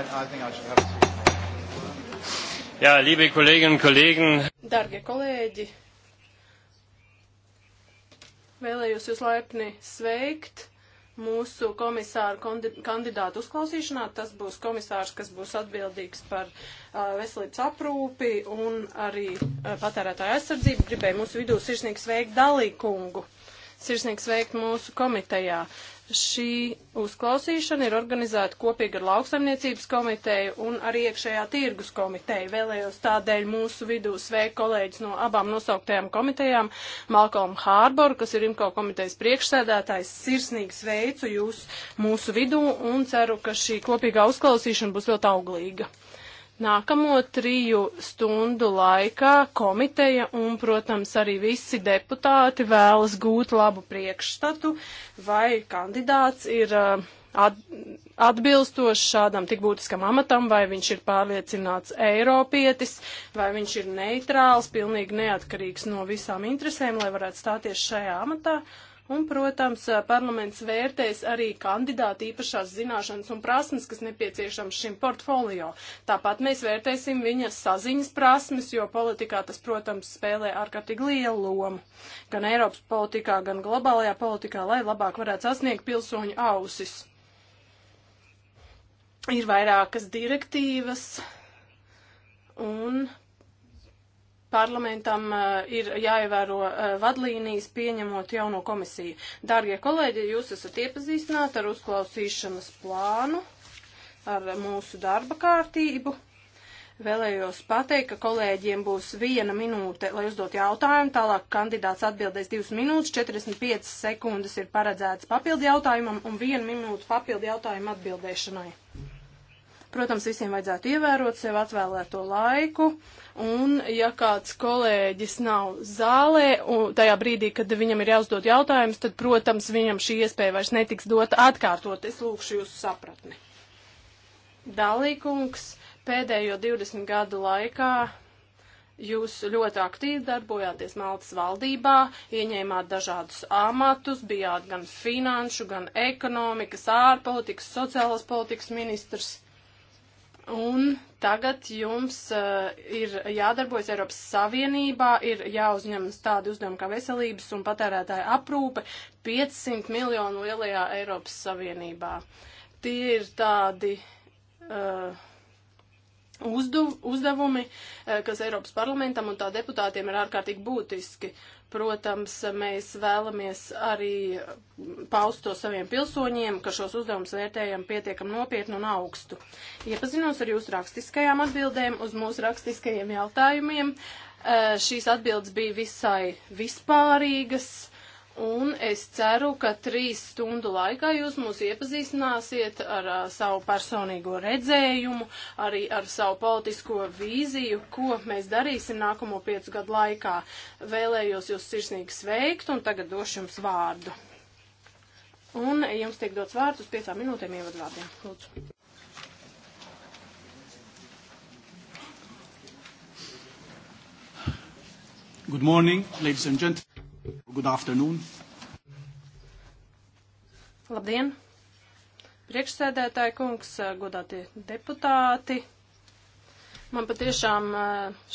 I, I think I should have Jā, liebe kolēģi un kolēģi. Dargie kolēģi, vēlējos jūs laipni sveikt mūsu komisāru kandidātu uzklausīšanā. Tas būs komisārs, kas būs atbildīgs par uh, veselības aprūpi un arī uh, patērētāju aizsardzību. Gribēju mūsu vidū sirsnīgi sveikt dalīkungu, sirsnīgi sveikt mūsu komitejā. Šī uzklausīšana ir organizēta kopīgi ar lauksaimniecības komiteju un arī iekšējā tirgus komiteju. Vēlējos tādēļ mūsu vidū sveikt kolēģis no abām nosauktajām komitejām, Malcolm Hārboru, kas ir IMCO komitejas priekšsēdētājs. Sirsnīgi sveicu jūs mūsu vidū un ceru, ka šī kopīgā uzklausīšana būs ļoti auglīga. Nākamo triju stundu laikā komiteja un, protams, arī visi deputāti vēlas gūt labu priekšstatu, vai kandidāts ir uh, atbilstošs šādam tik būtiskam amatam, vai viņš ir pārliecināts eiropietis, vai viņš ir neitrāls, pilnīgi neatkarīgs no visām interesēm, lai varētu stāties šajā amatā. Uh, Un, protams, parlaments vērtēs arī kandidāti īpašās zināšanas un prasmes, kas nepieciešams šim portfolio. Tāpat mēs vērtēsim viņa saziņas prasmes, jo politikā tas, protams, spēlē ārkārtīgi lielu lomu. Gan Eiropas politikā, gan globālajā politikā, lai labāk varētu sasniegt pilsoņu ausis. Ir vairākas direktīvas un Parlamentam eh, ir jāievēro eh, vadlīnijas, pieņemot jauno komisiju. Dārgie kolēģi, jūs esat iepazīstināti ar uzklausīšanas plānu, ar mūsu darba kārtību. Vēlējos pateikt, ka kolēģiem būs viena minūte, lai uzdot jautājumu, tālāk kandidāts atbildēs divas minūtes, 45 sekundes ir paredzēts papildu jautājumam un viena minūte papildu jautājumu atbildēšanai. Protams, visiem vajadzētu ievērot sev atvēlēto laiku Un, ja kāds kolēģis nav zālē, un tajā brīdī, kad viņam ir jāuzdod jautājums, tad, protams, viņam šī iespēja vairs netiks dota atkārtot. Es lūkšu jūsu sapratni. Dalīkungs, pēdējo 20 gadu laikā jūs ļoti aktīvi darbojāties Maltas valdībā, ieņēmāt dažādus amatus, bijāt gan finanšu, gan ekonomikas, ārpolitikas, sociālas politikas ministrs un tagad jums uh, ir jādarbojas Eiropas Savienībā, ir jāuzņemas tādi uzdevumi kā veselības un patērētāja aprūpe 500 miljonu lielajā Eiropas Savienībā. Tie ir tādi uh, uzdu, uzdevumi, uh, kas Eiropas parlamentam un tā deputātiem ir ārkārtīgi būtiski. Uh, Protams, mēs vēlamies arī paust to saviem pilsoņiem, ka šos uzdevumus vērtējam pietiekam nopietnu un augstu. Iepazinos ar jūsu rakstiskajām atbildēm uz mūsu rakstiskajiem jautājumiem. Šīs atbildes bija visai vispārīgas Un es ceru, ka trīs stundu laikā jūs mūs iepazīstināsiet ar, ar savu personīgo redzējumu, arī ar savu politisko vīziju, ko mēs darīsim nākamo piecu gadu laikā. Vēlējos jūs sirsnīgi sveikt un tagad došu jums vārdu. Un jums tiek dots vārds uz piecām minūtēm ievadvārdiem. Lūdzu. Good morning, ladies and gentlemen. Good afternoon. Labdien! Priekšsēdētāji kungs, godātie deputāti. Man patiešām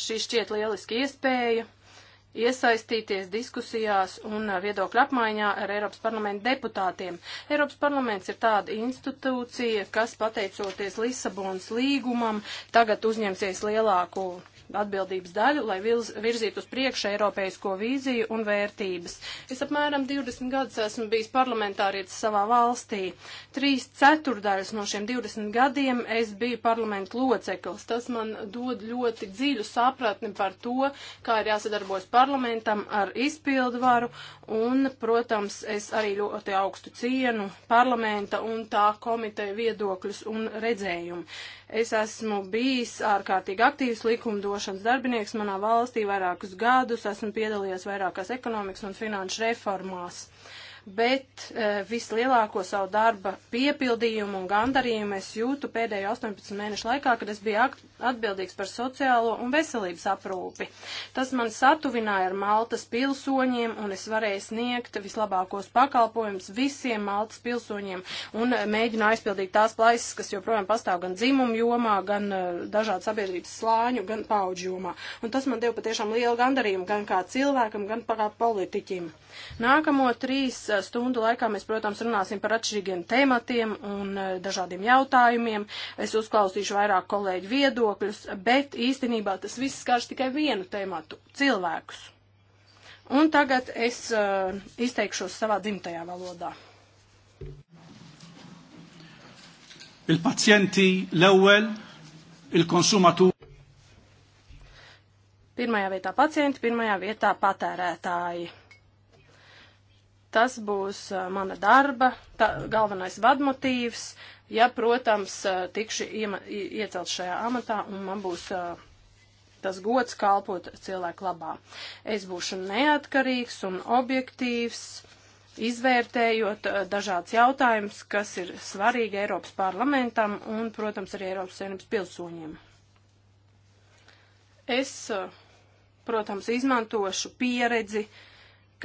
šī šķiet lieliski iespēja iesaistīties diskusijās un viedokļu apmaiņā ar Eiropas parlamenta deputātiem. Eiropas parlaments ir tāda institūcija, kas pateicoties Lisabonas līgumam tagad uzņemsies lielāku atbildības daļu, lai virzītu uz priekšu eiropeisko vīziju un vērtības. Es apmēram 20 gadus esmu bijis parlamentārietis savā valstī. Trīs ceturdaļas no šiem 20 gadiem es biju parlamentu loceklis. Tas man dod ļoti dziļu sapratni par to, kā ir jāsadarbojas parlamentam ar izpildvaru un, protams, es arī ļoti augstu cienu parlamenta un tā komiteja viedokļus un redzējumu. Es esmu bijis ārkārtīgi aktīvs likumdošanas darbinieks manā valstī vairākus gadus, esmu piedalījies vairākās ekonomikas un finanšu reformās. Uh, bet uh, vislielāko savu darba piepildījumu un gandarījumu es jūtu pēdējo 18 mēnešu laikā, kad es biju atbildīgs par sociālo un veselības aprūpi. Tas man satuvināja ar Maltas pilsoņiem, un es varēju sniegt vislabākos pakalpojumus visiem Maltas pilsoņiem, un eh, mēģināju aizpildīt tās plaisas, kas joprojām pastāv gan dzimumu jomā, gan uh, dažādu sabiedrības slāņu, gan paudžu jomā. Un tas man deva patiešām lielu gandarījumu gan kā cilvēkam, gan kā politiķim. Nākamo trīs Uh, stundu laikā mēs, protams, runāsim par atšķirīgiem tematiem un uh, dažādiem jautājumiem. Es uzklausīšu vairāk kolēģu viedokļus, bet īstenībā tas viss skars tikai vienu tematu - cilvēkus. Un tagad es uh, izteikšos savā dzimtajā valodā. Il-pazjenti l-ewwel, il-konsumatur. Pirmajā vietā pacienti, pirmajā vietā patērētāji. Tas būs mana darba tā, galvenais vadmotīvs, ja, protams, tikšu iecelt šajā amatā un man būs tas gods kalpot cilvēku labā. Es būšu neatkarīgs un objektīvs, izvērtējot dažādas jautājumas, kas ir svarīgi Eiropas parlamentam un, protams, arī Eiropas Savienības pilsoņiem. Es, protams, izmantošu pieredzi, uh,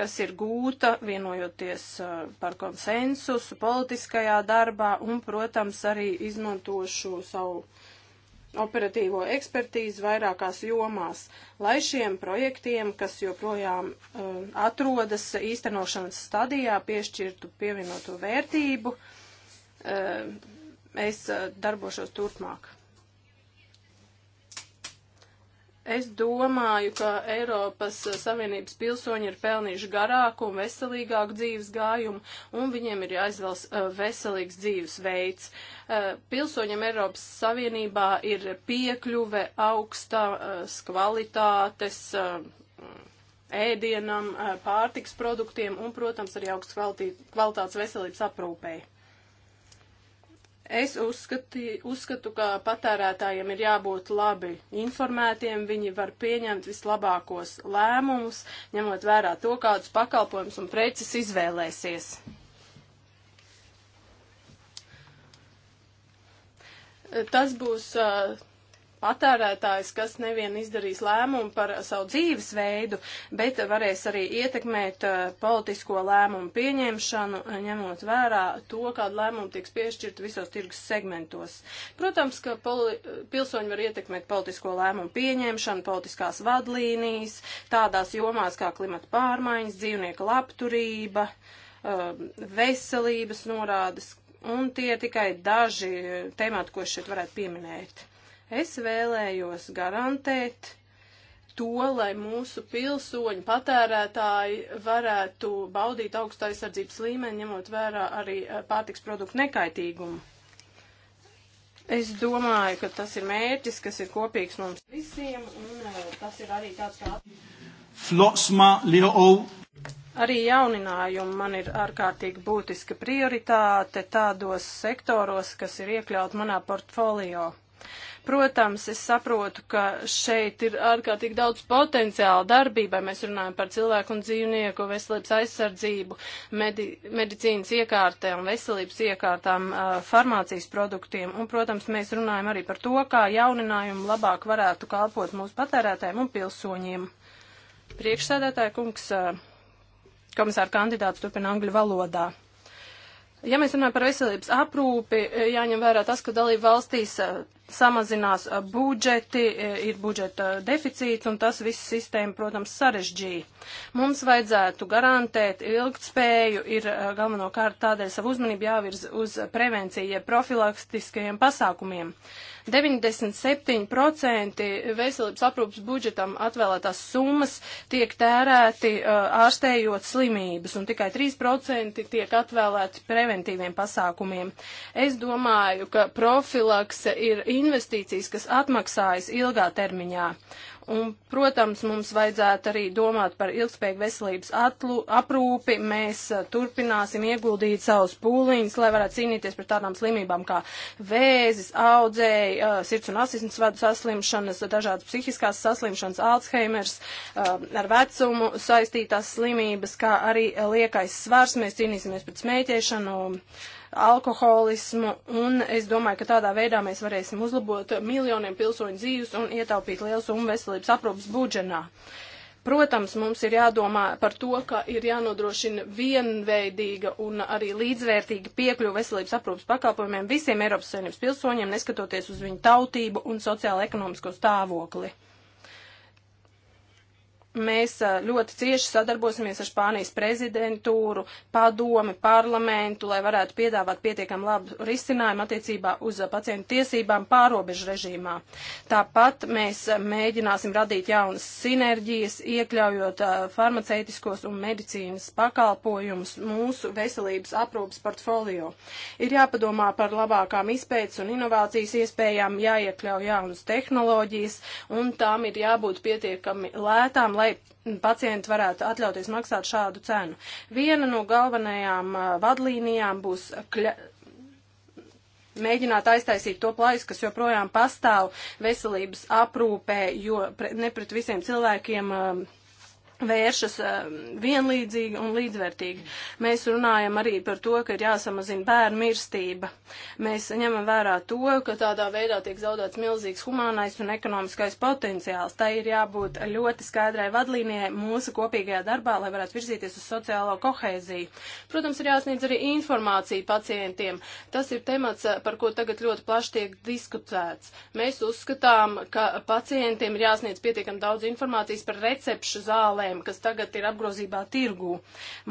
kas ir gūta vienojoties eh, par konsensusu politiskajā darbā un, protams, arī izmantošu savu operatīvo ekspertīzi vairākās jomās, lai šiem projektiem, kas joprojām uh, atrodas īstenošanas stadijā, piešķirtu pievienoto vērtību, uh, es uh, darbošos turpmāk. Es domāju, ka Eiropas Savienības pilsoņi ir pelnījuši garāku un veselīgāku dzīves gājumu, un viņiem ir jāizvēlas uh, veselīgs dzīves veids. Uh, pilsoņiem Eiropas Savienībā ir piekļuve augstas kvalitātes uh, ēdienam, pārtiks produktiem un, protams, arī augsts kvalitātes veselības aprūpēji. Es uzskati, uzskatu, ka patērētājiem ir jābūt labi informētiem, viņi var pieņemt vislabākos lēmumus, ņemot vērā to, kādus pakalpojumus un preces izvēlēsies. Tas būs uh, patērētājs, kas nevien izdarīs lēmumu par savu dzīvesveidu, bet varēs arī ietekmēt uh, politisko lēmumu pieņemšanu, ņemot vērā to, kādu lēmumu tiks piešķirt visos tirgus segmentos. Protams, ka poli, pilsoņi var ietekmēt politisko lēmumu pieņemšanu, politiskās vadlīnijas, tādās jomās kā klimata pārmaiņas, dzīvnieka labturība, uh, veselības norādes, un tie tikai daži temati, ko šeit varētu pieminēt. Es vēlējos garantēt to, lai mūsu pilsoņu patērētāji varētu baudīt augstu aizsardzības līmeni, ņemot vērā arī eh, pārtiks produktu nekaitīgumu. Es domāju, ka tas ir mērķis, kas ir kopīgs mums visiem, un eh, tas ir arī tāds kā. Flosma, Leo. Arī jauninājumi man ir ārkārtīgi būtiska prioritāte tādos sektoros, kas ir iekļaut manā portfolio. Protams, es saprotu, ka šeit ir ārkārtīgi daudz potenciāla darbībai. Mēs runājam par cilvēku un dzīvnieku veselības aizsardzību, medi medicīnas iekārtēm, veselības iekārtām, farmācijas produktiem. Un, protams, mēs runājam arī par to, kā jauninājumu labāk varētu kalpot mūsu patērētājiem un pilsoņiem. Priekšsēdētāja kungs, komisāra kandidāts turpina angļu valodā. Ja mēs runājam par veselības aprūpi, jāņem vērā tas, ka dalību valstīs samazinās budžeti, e, ir budžeta deficīts, un tas viss sistēma, protams, sarežģīja. Mums vajadzētu garantēt ilgtspēju, ir galvenokārt tādēļ savu uzmanību jāvirz uz prevenciju, profilaktiskajiem pasākumiem. 97% veselības aprūpas budžetam atvēlētās summas tiek tērēti ārstējot slimības, un tikai 3% tiek atvēlēti preventīviem pasākumiem. Es domāju, ka profilakse ir investīcijas, kas atmaksājas ilgā termiņā. Un, protams, mums vajadzētu arī domāt par ilgspējīgu veselības atlu, aprūpi. Mēs eh, turpināsim ieguldīt savus pūliņus, lai varētu cīnīties par tādām slimībām kā vēzis, audzēji, eh, sirds un asins vadu saslimšanas, dažādas psihiskās saslimšanas, Alzheimers, eh, ar vecumu saistītās slimības, kā arī liekais svars. Mēs cīnīsimies pret smēķēšanu. Un, alkoholismu, un es domāju, ka tādā veidā mēs varēsim uzlabot miljoniem pilsoņu dzīves un ietaupīt lielu summu veselības aprūpas budžetā. Protams, mums ir jādomā par to, ka ir jānodrošina vienveidīga un arī līdzvērtīga piekļuva veselības aprūpas pakalpojumiem visiem Eiropas Savienības pilsoņiem, neskatoties uz viņu tautību un sociālo-ekonomisko stāvokli. Mēs ļoti cieši sadarbosimies ar Spānijas prezidentūru, padomi, parlamentu, lai varētu piedāvāt pietiekam labu risinājumu attiecībā uz pacientu tiesībām pārobežu režīmā. Tāpat mēs mēģināsim radīt jaunas sinerģijas, iekļaujot farmaceitiskos un medicīnas pakalpojumus mūsu veselības aprūpas portfolio. Ir jāpadomā par labākām izpētes un inovācijas iespējām, jāiekļauj jaunas tehnoloģijas, un tām ir jābūt pietiekami lētām, lai pacienti varētu atļauties maksāt šādu cenu. Viena no galvenajām uh, vadlīnijām būs kļa... mēģināt aiztaisīt to plaisu, kas joprojām pastāv veselības aprūpē, jo ne pret visiem cilvēkiem uh, vēršas ehm, vienlīdzīgi un līdzvērtīgi. Mēs runājam arī par to, ka ir jāsamazina bērnu mirstība. Mēs ņemam vērā to, ka tādā veidā tiek zaudēts milzīgs humānais un ekonomiskais potenciāls. Tā ir jābūt ļoti skaidrai vadlīnijai mūsu kopīgajā darbā, lai varētu virzīties uz sociālo kohēziju. Protams, ir jāsniedz arī informācija pacientiem. Tas ir temats, eh, par ko tagad ļoti plaši tiek diskutēts. Mēs uzskatām, ka pacientiem ir jāsniedz pietiekam daudz informācijas par recepšu zālēm sistēma, kas tagad ir apgrozībā tirgū.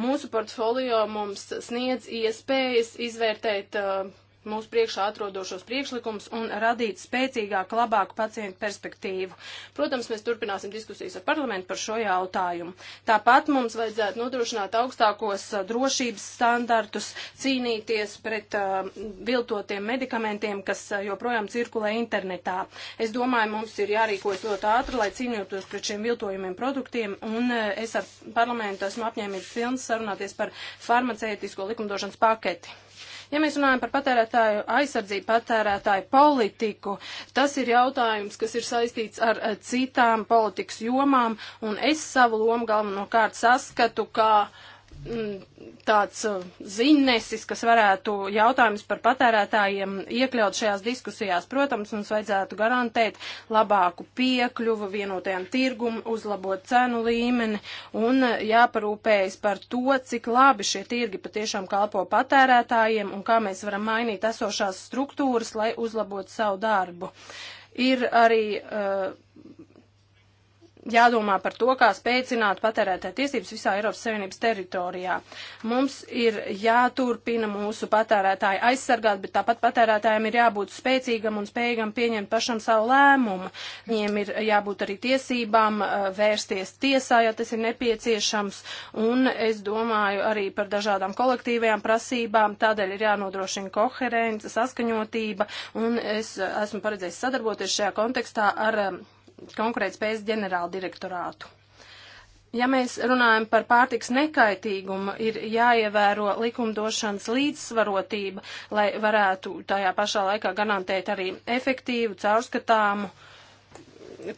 Mūsu portfolio mums sniedz iespējas izvērtēt uh, mūsu priekšā atrodošos priekšlikumus un radīt spēcīgāku, labāku pacientu perspektīvu. Protams, mēs turpināsim diskusijas ar parlamentu par šo jautājumu. Tāpat mums vajadzētu nodrošināt augstākos drošības standartus, cīnīties pret uh, viltotiem medikamentiem, kas uh, joprojām cirkulē internetā. Es domāju, mums ir jārīkojas ļoti ātri, lai cīnītos pret šiem viltojumiem produktiem, un uh, es ar parlamentu esmu apņēmības pilns sarunāties par farmacētisko likumdošanas paketi. Ja mēs runājam par patērētāju aizsardzību, patērētāju politiku, tas ir jautājums, kas ir saistīts ar eh, citām politikas jomām, un es savu lomu galvenokārt saskatu kā uh, Mm, tāds uh, ziņnesis, kas varētu jautājumus par patērētājiem iekļaut šajās diskusijās. Protams, mums vajadzētu garantēt labāku piekļuvu vienotajam tirgumu, uzlabot cenu līmeni un uh, jāparūpējas par to, cik labi šie tirgi patiešām kalpo patērētājiem un kā mēs varam mainīt esošās struktūras, lai uzlabotu savu darbu. Ir arī uh, jādomā par to, kā spēcināt patērētāju tiesības visā Eiropas Savienības teritorijā. Mums ir jāturpina mūsu patērētāji aizsargāt, bet tāpat patērētājiem ir jābūt spēcīgam un spējīgam pieņemt pašam savu lēmumu. Viņiem ir jābūt arī tiesībām eh, vērsties tiesā, ja tas ir nepieciešams, un es domāju arī par dažādām kolektīvajām prasībām, tādēļ ir jānodrošina koherence, saskaņotība, un es esmu paredzējis sadarboties šajā kontekstā ar eh, konkurētspējas ģenerāla direktorātu. Ja mēs runājam par pārtiks nekaitīgumu, ir jāievēro likumdošanas līdzsvarotība, lai varētu tajā pašā laikā garantēt arī efektīvu, caurskatāmu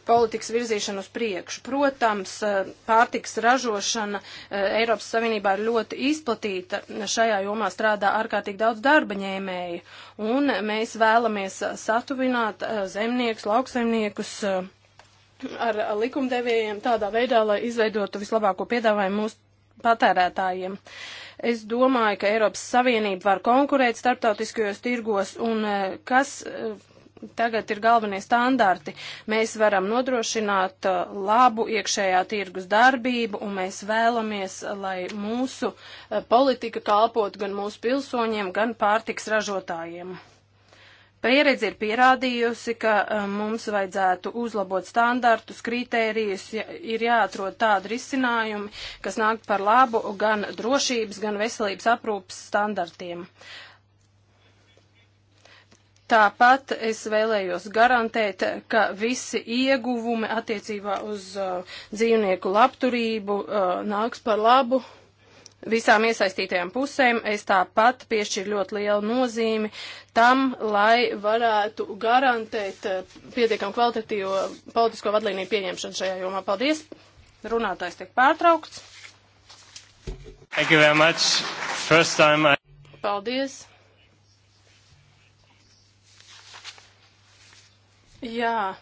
politikas virzīšanu uz priekšu. Protams, pārtiks ražošana eh, Eiropas Savienībā ir ļoti izplatīta. Šajā jomā strādā ārkārtīgi daudz darba ņēmēju, un mēs vēlamies satuvināt eh, zemniekus, lauksaimniekus eh, ar likumdevējiem tādā veidā, lai izveidotu vislabāko piedāvājumu mūsu patērētājiem. Es domāju, ka Eiropas Savienība var konkurēt starptautiskajos tirgos un e, kas e, tagad ir galvenie standarti. Mēs varam nodrošināt e, labu iekšējā tirgus darbību, un mēs vēlamies, lai mūsu politika kalpotu gan mūsu pilsoņiem, gan pārtiks ražotājiem. Pieredze ir pierādījusi, ka eh, mums vajadzētu uzlabot standartus, kritērijus, ir jāatrod tādi risinājumi, kas nāk par labu gan drošības, gan veselības aprūpas standartiem. Tāpat es vēlējos garantēt, ka visi ieguvumi attiecībā uz uh, dzīvnieku labturību uh, nāks par labu visām iesaistītajām pusēm. Es tāpat piešķiru ļoti lielu nozīmi tam, lai varētu garantēt eh, pietiekam kvalitatīvo politisko vadlīniju pieņemšanu šajā jomā. Paldies! Runātājs tiek pārtraukts. Thank you very much. First time I... Paldies! Jā. Yeah.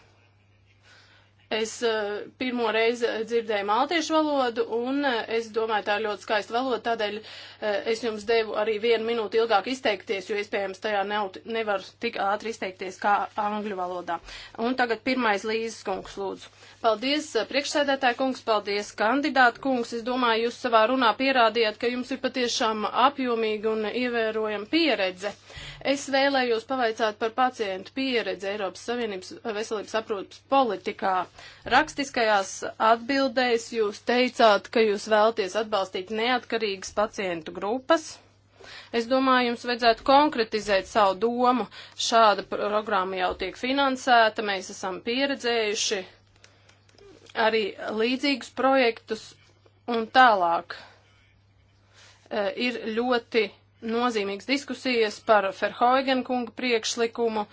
Es eh, pirmo reizi dzirdēju maltiešu valodu, un eh, es domāju, tā ir ļoti skaista valoda, tādēļ eh, es jums devu arī vienu minūti ilgāk izteikties, jo iespējams tajā nav, nevar tik ātri izteikties kā angļu valodā. Un tagad pirmais Līzes kungs lūdzu. Paldies, uh, priekšsēdētāja kungs, paldies, kandidāta kungs. Es domāju, jūs savā runā pierādījāt, ka jums ir patiešām apjomīga un ievērojama pieredze. Es vēlējos pavaicāt par pacientu pieredzi Eiropas Savienības veselības aprūpas politikā. Rakstiskajās atbildēs jūs teicāt, ka jūs vēlties atbalstīt neatkarīgas pacientu grupas. Es domāju, jums vajadzētu konkretizēt savu domu. Šāda programma jau tiek finansēta, mēs esam pieredzējuši arī līdzīgus projektus un tālāk. E, ir ļoti nozīmīgas diskusijas par Ferhoigen kunga priekšlikumu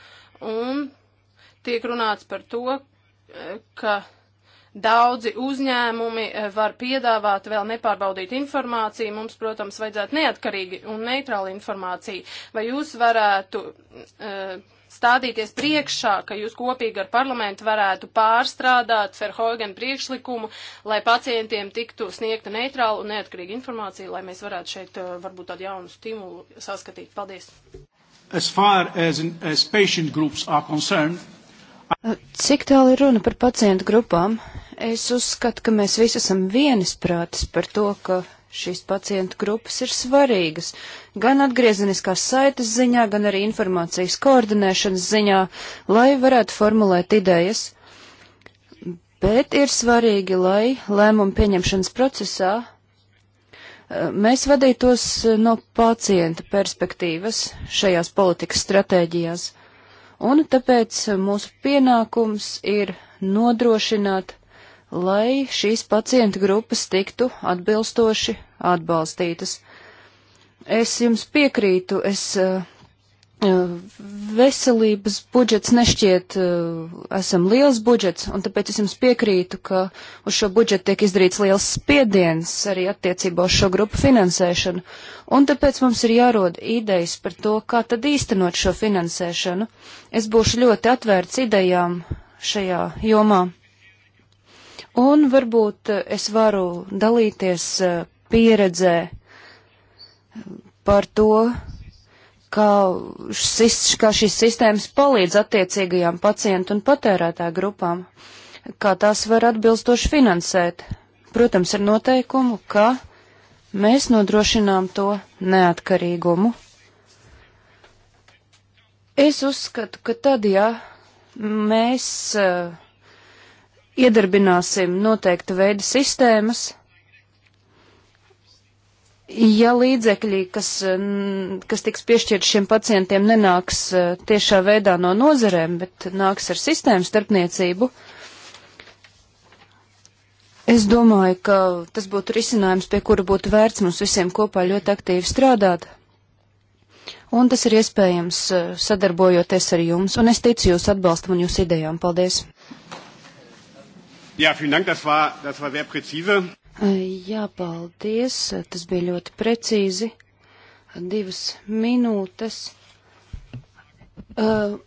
un tiek runāts par to, e, ka daudzi uzņēmumi e, var piedāvāt vēl nepārbaudīt informāciju. Mums, protams, vajadzētu neatkarīgi un neitrāli informāciju. Vai jūs varētu uh, stādīties priekšā, ka jūs kopīgi ar parlamentu varētu pārstrādāt Ferhogen priekšlikumu, lai pacientiem tiktu sniegta neitrāla un neatkarīga informācija, lai mēs varētu šeit eh, varbūt tādu jaunu stimulu saskatīt. Paldies! As far as, as patient groups are concerned, uh, Cik tālu ir runa par pacientu grupām? Es uzskatu, ka mēs visi esam vienisprātis par to, ka šīs pacientu grupas ir svarīgas gan atgriezeniskās saites ziņā, gan arī informācijas koordinēšanas ziņā, lai varētu formulēt idejas. Bet ir svarīgi, lai lēmumu pieņemšanas procesā eh, mēs vadītos eh, no pacienta perspektīvas šajās politikas stratēģijās. Un tāpēc eh, mūsu pienākums ir nodrošināt lai šīs pacientu grupas tiktu atbilstoši atbalstītas. Es jums piekrītu, es eh, eh, veselības budžets nešķiet, eh, esam liels budžets, un tāpēc es jums piekrītu, ka uz šo budžetu tiek izdarīts liels spiediens arī attiecībā uz šo grupu finansēšanu, un tāpēc mums ir jārod idejas par to, kā tad īstenot šo finansēšanu. Es būšu ļoti atvērts idejām šajā jomā. Un varbūt eh, es varu dalīties eh, pieredzē eh, par to, kā, šis, kā šīs sistēmas palīdz attiecīgajām pacientu un patērētāju grupām, kā tās var atbilstoši finansēt. Protams, ar noteikumu, ka mēs nodrošinām to neatkarīgumu. Es uzskatu, ka tad, ja mēs uh, iedarbināsim noteikta veida sistēmas, ja līdzekļi, kas, kas tiks piešķirt šiem pacientiem, nenāks e, tiešā veidā no nozerēm, bet nāks ar sistēmu starpniecību, es domāju, ka tas būtu risinājums, pie kura būtu vērts mums visiem kopā ļoti aktīvi strādāt. Un tas ir iespējams e, sadarbojoties ar jums, un es ticu jūsu atbalstam un jūsu idejām. Paldies! Jā, Dank, das war, das war sehr präzise. Jā, paldies. Tas bija ļoti precīzi. Divas minūtes. Uh,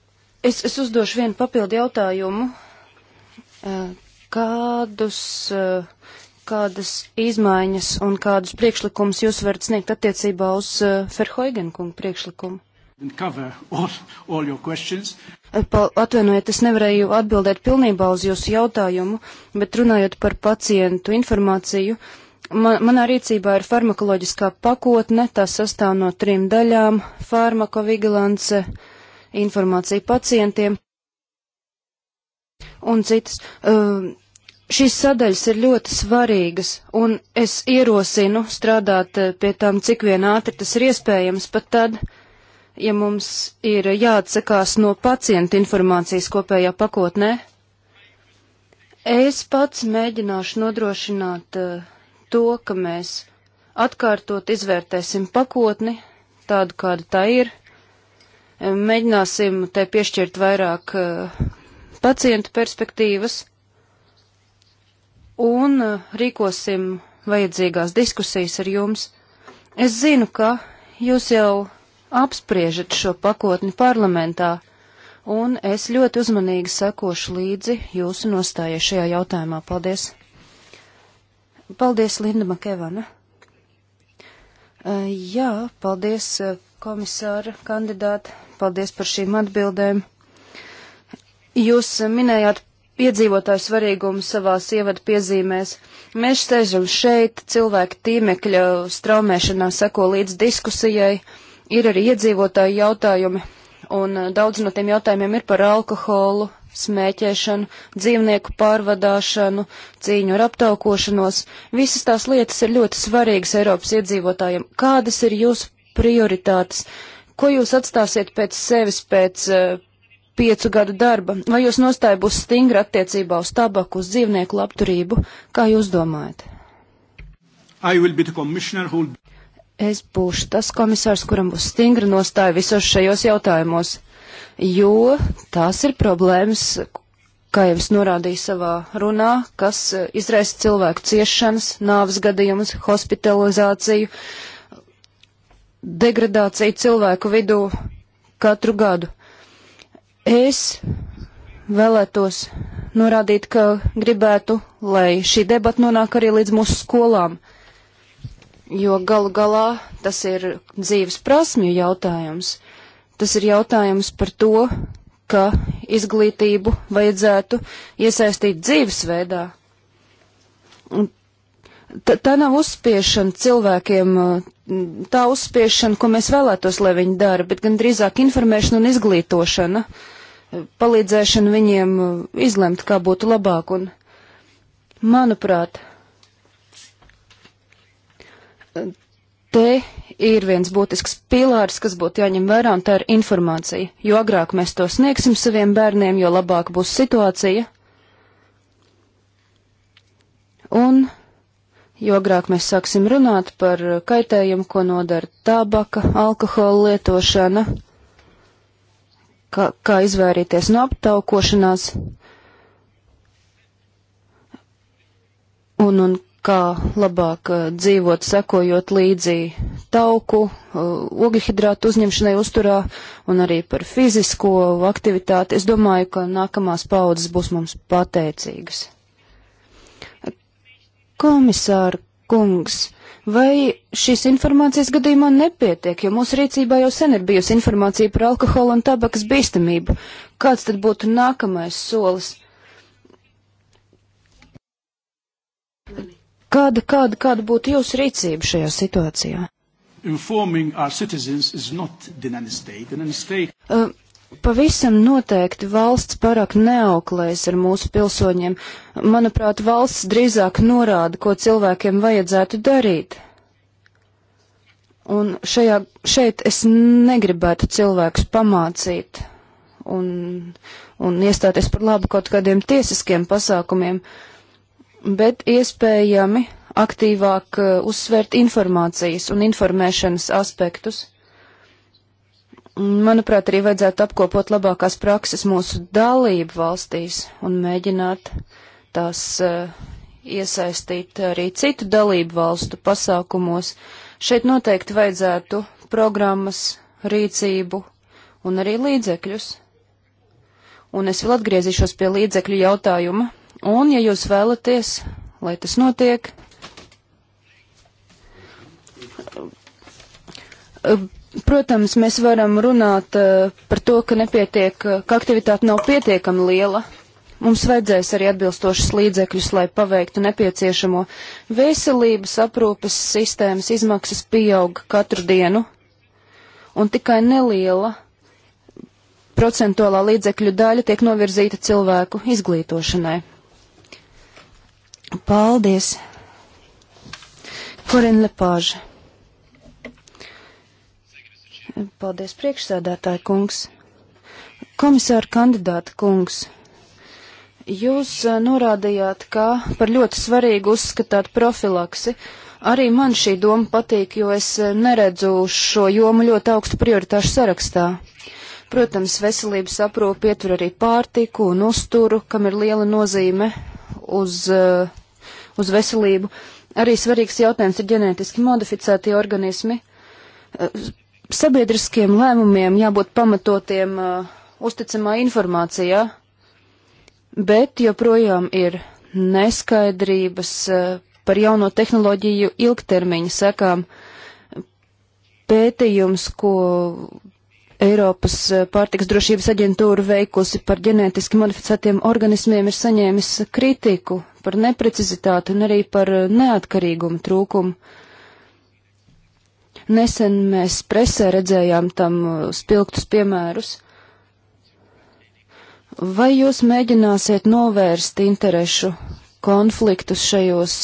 es, es uzdošu vienu papildu jautājumu. Uh, kādus, uh, kādas izmaiņas un kādus priekšlikumus jūs varat sniegt attiecībā uz Ferhoigenkungu priekšlikumu? Atvainojiet, es nevarēju atbildēt pilnībā uz jūsu jautājumu, bet runājot par pacientu informāciju, man, manā rīcībā ir farmakoloģiskā pakotne, tā sastāv no trim daļām - farmakovigilance, informācija pacientiem un citas. Uh, šīs sadaļas ir ļoti svarīgas, un es ierosinu strādāt uh, pie tām, cik vien ātri tas ir iespējams, pat tad, uh, ja mums ir jāatsakās no pacienta informācijas kopējā pakotnē? Es pats mēģināšu nodrošināt uh, to, ka mēs atkārtot izvērtēsim pakotni tādu, kāda tā ir. Eh, mēģināsim tai piešķirt vairāk uh, eh, pacientu perspektīvas un uh, rīkosim vajadzīgās diskusijas ar jums. Es zinu, ka jūs jau apspriežat šo pakotni parlamentā, un es ļoti uzmanīgi sekošu līdzi jūsu nostājai šajā jautājumā. Paldies! Paldies, Linda Makevana! Jā, paldies, komisāra kandidāti, paldies par šīm atbildēm. Jūs minējāt iedzīvotāju svarīgumu savās ievadu piezīmēs. Mēs sēžam šeit, cilvēki tīmekļa straumēšanā seko līdz diskusijai. Uh, ir arī iedzīvotāji jautājumi, un uh, daudz no tiem jautājumiem ir par alkoholu, smēķēšanu, dzīvnieku pārvadāšanu, cīņu ar aptaukošanos. Visas tās lietas ir ļoti svarīgas Eiropas iedzīvotājiem. Kādas ir jūsu prioritātes? Ko jūs atstāsiet pēc sevis, pēc uh, piecu gadu darba? Vai jūs nostāja būs stingra attiecībā uz tabaku, uz dzīvnieku labturību? Kā jūs domājat? Will... Es būšu tas komisārs, kuram būs stingra nostāja visos šajos jautājumos, jo tās ir problēmas, kā jau es norādīju savā runā, kas eh, izraisa cilvēku ciešanas, nāves gadījumus, hospitalizāciju, degradāciju cilvēku vidū katru gadu. Es vēlētos norādīt, ka gribētu, lai šī debata nonāk arī līdz mūsu skolām jo galu galā tas ir dzīves prasmju jautājums. Tas ir jautājums par to, ka izglītību vajadzētu iesaistīt dzīvesveidā. Un T tā nav uzspiešana cilvēkiem, tā uzspiešana, ko mēs vēlētos, lai viņi dara, bet gan drīzāk informēšana un izglītošana, palīdzēšana viņiem izlemt, kā būtu labāk. Un, manuprāt, Te ir viens būtisks pilārs, kas būtu jāņem vērā, un tā ir informācija. Jo agrāk mēs to sniegsim saviem bērniem, jo labāk būs situācija. Un jo agrāk mēs sāksim runāt par kaitējumu, ko nodara tabaka, alkohola lietošana, kā, kā izvairīties no aptaukošanās un, un kā labāk uh, dzīvot, sekojot līdzi tauku, uh, ogļhidrātu uzņemšanai uzturā un arī par fizisko aktivitāti. Es domāju, ka nākamās paudzes būs mums pateicīgas. Komisāra kungs, vai šīs informācijas gadījumā nepietiek, jo mūsu rīcībā jau sen ir bijusi informācija par alkoholu un tabakas bīstamību? Kāds tad būtu nākamais solis? Kāda, kāda, kāda būtu jūsu rīcība šajā situācijā? State. State... Uh, pavisam noteikti valsts pārāk neauklējas ar mūsu pilsoņiem. Manuprāt, valsts drīzāk norāda, ko cilvēkiem vajadzētu darīt. Un šajā, šeit es negribētu cilvēkus pamācīt un, un iestāties par labu kaut kādiem tiesiskiem pasākumiem. Uh, bet iespējami aktīvāk eh, uzsvērt informācijas un informēšanas aspektus. Manuprāt, arī vajadzētu apkopot labākās prakses mūsu dalību valstīs un mēģināt tās uh, iesaistīt arī citu dalību valstu pasākumos. Šeit noteikti vajadzētu programmas, rīcību un arī līdzekļus. Un es vēl atgriezīšos pie līdzekļu jautājuma, Un, ja jūs vēlaties, lai tas notiek, protams, mēs varam runāt eh, par to, ka nepietiek, ka aktivitāte nav pietiekami liela. Mums vajadzēs arī atbilstošas līdzekļus, lai paveiktu nepieciešamo. Veselības aprūpes sistēmas izmaksas pieaug katru dienu, un tikai neliela procentuālā līdzekļu daļa tiek novirzīta cilvēku izglītošanai. Paldies! Korin Lepāža. Paldies, priekšsēdētāji kungs. Komisāra kandidāta kungs. Jūs eh, norādījāt, ka par ļoti svarīgu uzskatāt profilaksi. Arī man šī doma patīk, jo es eh, neredzu šo jomu ļoti augstu prioritāšu sarakstā. Protams, veselības aprūpe ietver arī pārtiku un uzturu, kam ir liela nozīme uz uh, uz veselību. Arī svarīgs jautājums ir ģenētiski modificētie organismi. Eh, sabiedriskiem lēmumiem jābūt pamatotiem uh, uzticamā informācijā, bet joprojām ir neskaidrības uh, par jauno tehnoloģiju ilgtermiņa sekām. Pētījums, ko Eiropas eh, pārtiks drošības aģentūra veikusi par ģenētiski modificētiem organismiem ir saņēmis kritiku par neprecizitāti un arī par eh, neatkarīgumu trūkumu. Nesen mēs presē redzējām tam eh, spilgtus piemērus. Vai jūs mēģināsiet novērst interešu konfliktus šajos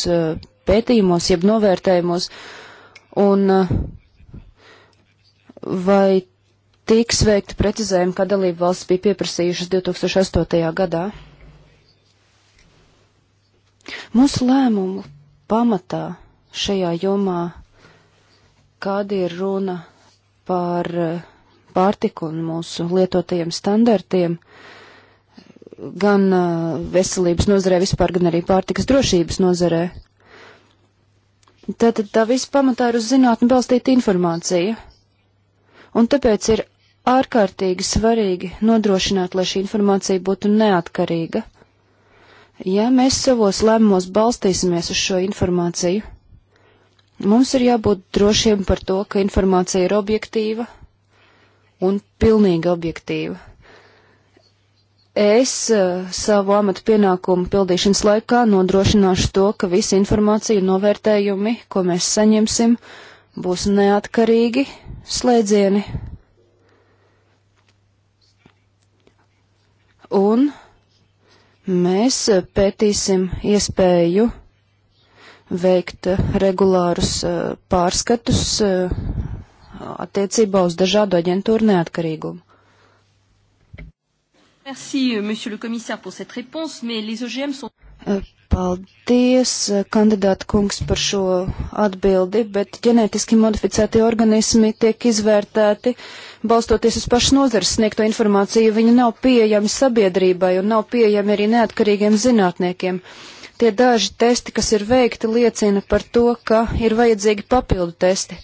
pētījumos, jeb novērtējumos, un vai tiks veikti precizējumi, kā dalību valsts bija pieprasījušas 2008. gadā. Mūsu lēmumu pamatā šajā jomā, kāda ir runa par eh, pārtiku un mūsu lietotajiem standartiem, gan eh, veselības nozarē vispār, gan arī pārtikas drošības nozarē. Tātad tā, tā viss pamatā ir uz zinātni balstīta informācija. Un tāpēc ir ārkārtīgi svarīgi nodrošināt, lai šī informācija būtu neatkarīga. Ja mēs savos lēmumos balstīsimies uz šo informāciju, mums ir jābūt drošiem par to, ka informācija ir objektīva un pilnīgi objektīva. Es eh, savu amatu pienākumu pildīšanas laikā nodrošināšu to, ka visa informācija un novērtējumi, ko mēs saņemsim, būs neatkarīgi slēdzieni un mēs pētīsim iespēju veikt regulārus eh, pārskatus eh, attiecībā uz dažādu aģentūru neatkarīgumu. Merci, euh, monsieur le commissaire, pour cette réponse, mais les OGM sont. Eh, paldies, kandidāta kungs, par šo atbildi, bet ģenētiski modificēti organismi tiek izvērtēti uh, balstoties uz pašu nozares sniegto informāciju, viņi nav pieejami sabiedrībai un nav pieejami arī neatkarīgiem zinātniekiem. Tie daži testi, kas ir veikti, liecina par to, ka ir vajadzīgi papildu testi.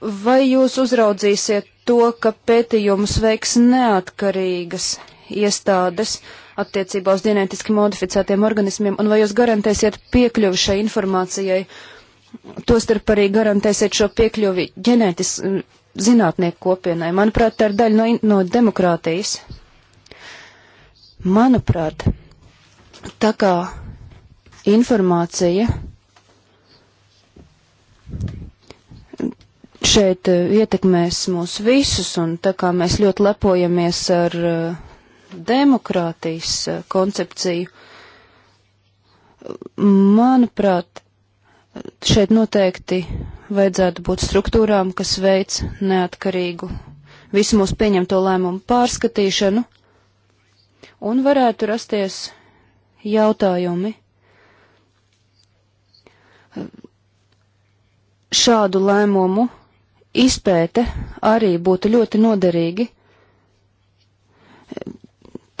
Vai jūs uzraudzīsiet to, ka pētījumus veiks neatkarīgas iestādes attiecībā uz ģenētiski modificētiem organismiem, un vai jūs garantēsiet piekļuvi šai informācijai? Tostarp arī garantēsiet šo piekļuvi ģenētis, zinātnieku kopienai. Manuprāt, tā ir daļa no, no demokrātijas. Manuprāt, tā kā informācija šeit eh, ietekmēs mūs visus, un tā kā mēs ļoti lepojamies ar eh, demokrātijas eh, koncepciju, manuprāt, šeit noteikti vajadzētu būt struktūrām, kas veic neatkarīgu visu mūsu pieņemto lēmumu pārskatīšanu, un varētu rasties jautājumi šādu lēmumu izpēte arī būtu ļoti noderīgi.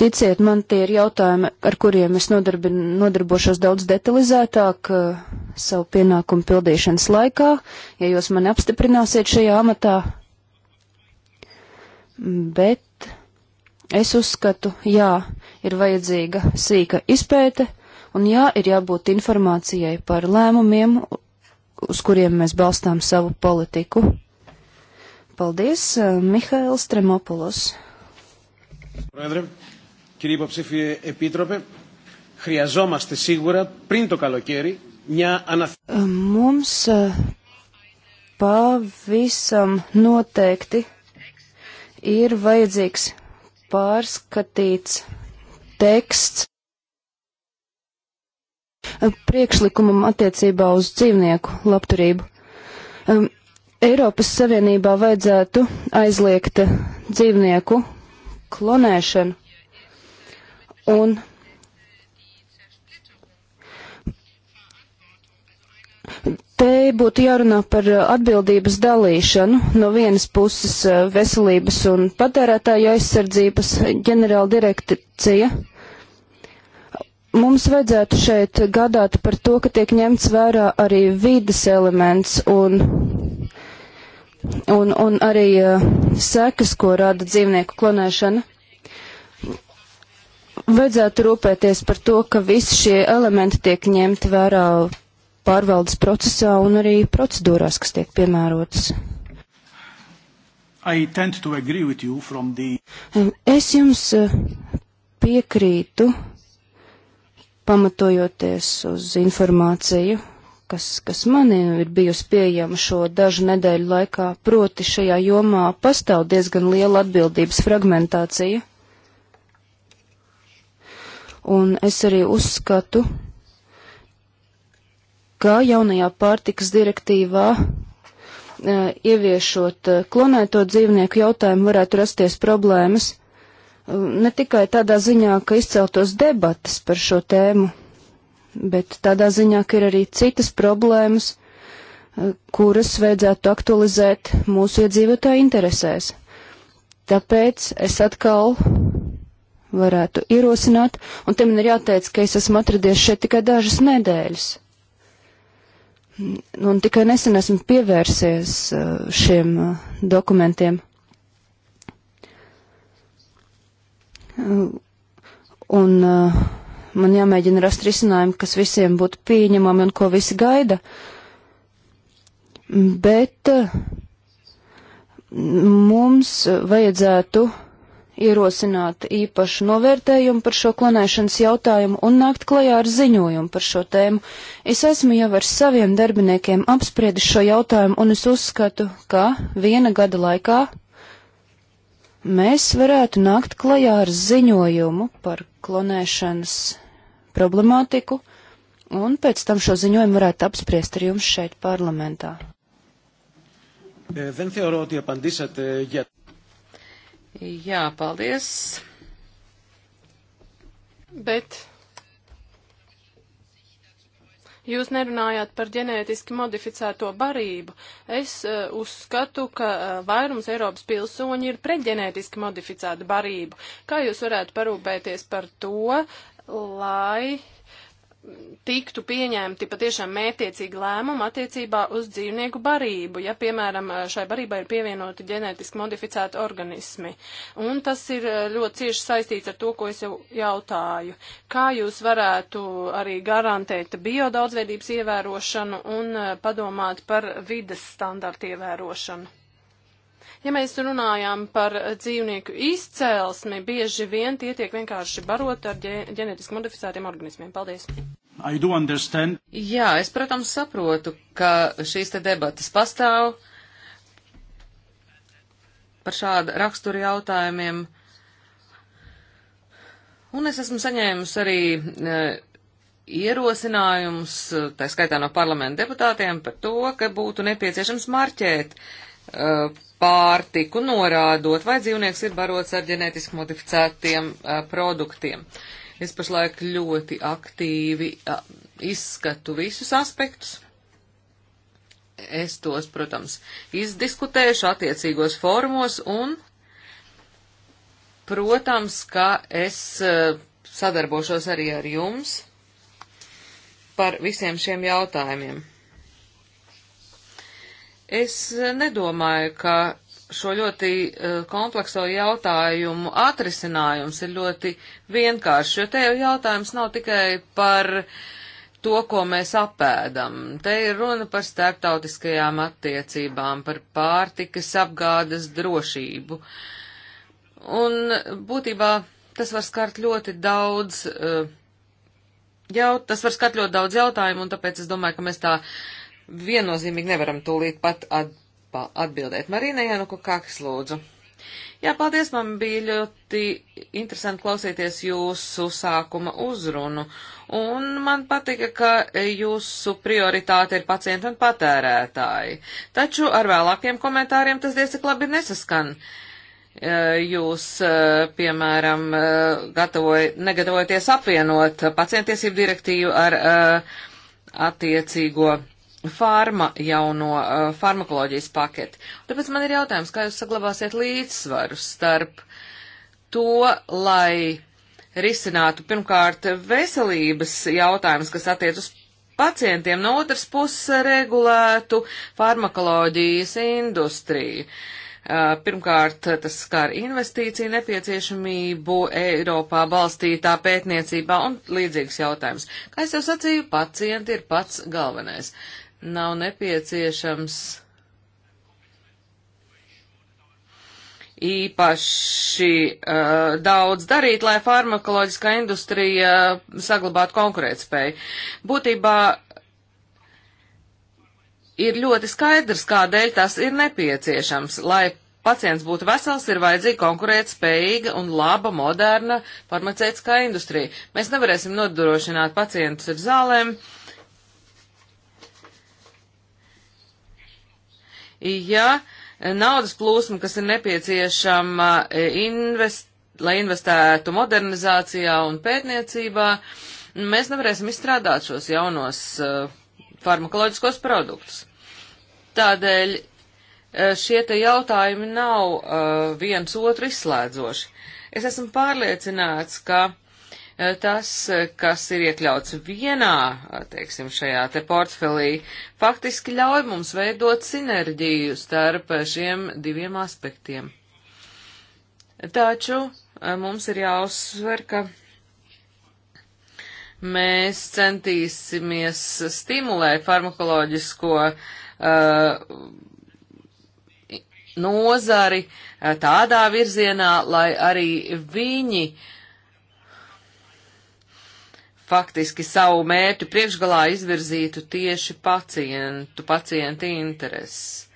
Ticiet, man tie ir jautājumi, ar kuriem es nodarbošos daudz detalizētāk eh, savu pienākumu pildīšanas laikā, ja jūs mani apstiprināsiet šajā amatā. Bet es uzskatu, jā, ir vajadzīga sīka izpēte, un jā, ir jābūt informācijai par lēmumiem, uz kuriem mēs balstām savu politiku. Paldies, eh, Mihails Tremopulos. Prēdri κύριε υποψήφιε επίτροπε, χρειαζόμαστε σίγουρα πριν το καλοκαίρι μια αναθεώρηση. Pavisam noteikti ir vajadzīgs pārskatīts teksts priekšlikumam attiecībā uz dzīvnieku labturību. Um, Eiropas Savienībā vajadzētu aizliegt dzīvnieku klonēšanu. Un Te būtu jārunā par uh, atbildības dalīšanu no vienas puses uh, veselības un patērētāju aizsardzības ģenerāla direkcija. Mums vajadzētu šeit gādāt par to, ka tiek ņemts vērā arī vides elements un, un, un arī uh, sekas, ko rada dzīvnieku klonēšana vajadzētu rūpēties par to, ka visi šie elementi tiek ņemti vērā pārvaldes procesā un arī procedūrās, kas tiek piemērotas. The... Um, es jums uh, piekrītu, pamatojoties uz informāciju, kas, kas man ir bijusi pieejama šo dažu nedēļu laikā, proti šajā jomā pastāv diezgan liela atbildības fragmentācija. Un es arī uzskatu, ka jaunajā pārtikas direktīvā e, ieviešot e, klonēto dzīvnieku jautājumu varētu rasties problēmas e, ne tikai tādā ziņā, ka izceltos debatas par šo tēmu, bet tādā ziņā, ka ir arī citas problēmas, kuras vajadzētu aktualizēt mūsu iedzīvotāju interesēs. Tāpēc es atkal varētu ierosināt, un te man ir jāteic, ka es esmu atradies šeit tikai dažas nedēļas. Mm, un tikai nesen esmu pievērsies uh, šiem uh, dokumentiem. Uh, un man jāmēģina rast risinājumu, kas visiem būtu pieņemami un ko visi gaida. Mm, bet mums vajadzētu uh, ierosināt īpašu novērtējumu par šo klonēšanas jautājumu un nākt klajā ar ziņojumu par šo tēmu. Es esmu jau ar saviem darbiniekiem apspriedis šo jautājumu un es uzskatu, ka viena gada laikā mēs varētu nākt klajā ar ziņojumu par klonēšanas problemātiku un pēc tam šo ziņojumu varētu apspriest ar jums šeit parlamentā. Δεν θεωρώ ότι απαντήσατε για Jā, paldies. Bet jūs nerunājāt par ģenētiski modificēto barību. Es uh, uzskatu, ka uh, vairums Eiropas pilsoņi ir pret ģenētiski modificētu barību. Kā jūs varētu parūpēties par to, lai tiktu pieņemti patiešām mētiecīgi lēmumi attiecībā uz dzīvnieku barību, ja, piemēram, šai barībai ir pievienoti ģenētiski modificēti organismi. Un tas ir eh, ļoti cieši saistīts ar to, ko es jau jautāju. Kā jūs varētu arī garantēt biodaudzveidības ievērošanu un eh, padomāt par vides standartu ievērošanu? Ja mēs runājam par eh, dzīvnieku izcēlesmi, bieži vien tie tiek vienkārši baroti ar ģenetiski modificētiem organismiem. Paldies! Jā, es, protams, saprotu, ka šīs te debatas pastāv par šādu raksturu jautājumiem. Un es esmu saņēmusi arī e, ierosinājumus, tā skaitā no parlamenta deputātiem, par to, ka būtu nepieciešams marķēt e, pārtiku, norādot, vai dzīvnieks ir barots ar ģenētiski modificētiem a, produktiem. Es pašlaik ļoti aktīvi a, izskatu visus aspektus. Es tos, protams, izdiskutēšu attiecīgos formos un, protams, ka es a, sadarbošos arī ar jums par visiem šiem jautājumiem. Es nedomāju, ka šo ļoti eh, komplekso jautājumu atrisinājums ir ļoti vienkāršs, jo te jau jautājums nav tikai par to, ko mēs apēdam. Te ir runa par starptautiskajām attiecībām, par pārtikas apgādes drošību. Un būtībā tas var skart ļoti daudz, eh, jau, tas var skart ļoti daudz jautājumu, un tāpēc es domāju, ka mēs tā viennozīmīgi nevaram tūlīt pat atbildēt. Marīna Jānuka Kaks lūdzu. Jā, paldies, man bija ļoti interesanti klausīties jūsu sākuma uzrunu, un man patika, ka jūsu prioritāte ir pacienti un patērētāji. Taču ar vēlākiem komentāriem tas diezgan labi nesaskan. E, jūs, e, piemēram, e, gatavoj, negatavojaties apvienot pacientiesību direktīvu ar attiecīgo farma jauno uh, farmakoloģijas paketi. Tāpēc man ir jautājums, kā jūs saglabāsiet līdzsvaru starp to, lai risinātu pirmkārt veselības jautājumus, kas attiec uz pacientiem, no otras puses regulētu farmakoloģijas industriju. Uh, pirmkārt, tas skar investīciju nepieciešamību Eiropā balstītā pētniecībā un līdzīgs jautājums. Kā es jau sacīju, pacienti ir pats galvenais. Uh, nav nepieciešams īpaši uh, daudz darīt, lai farmakoloģiskā industrija saglabātu konkurētspēju. Būtībā ir ļoti skaidrs, kādēļ tas ir nepieciešams, lai pacients būtu vesels, ir vajadzīga konkurētspējīga un laba, moderna farmaceitiskā industrija. Mēs nevarēsim nodrošināt pacientus ar zālēm, uh, ja naudas plūsma, kas ir nepieciešama e, invest, lai investētu modernizācijā un pētniecībā, mēs nevarēsim izstrādāt šos jaunos uh, farmakoloģiskos produktus. Tādēļ e, šie te jautājumi nav uh, viens otru izslēdzoši. Es esmu pārliecināts, ka Eh, tas, kas ir iekļauts vienā, eh, teiksim, šajā te portfelī, faktiski ļauj mums veidot sinerģiju starp eh, šiem diviem aspektiem. Taču mums ir jāuzsver, ka mēs centīsimies stimulēt farmakoloģisko uh, nozari tādā virzienā, lai arī viņi uh, faktiski savu mērķu priekšgalā izvirzītu tieši pacientu, pacienta intereses.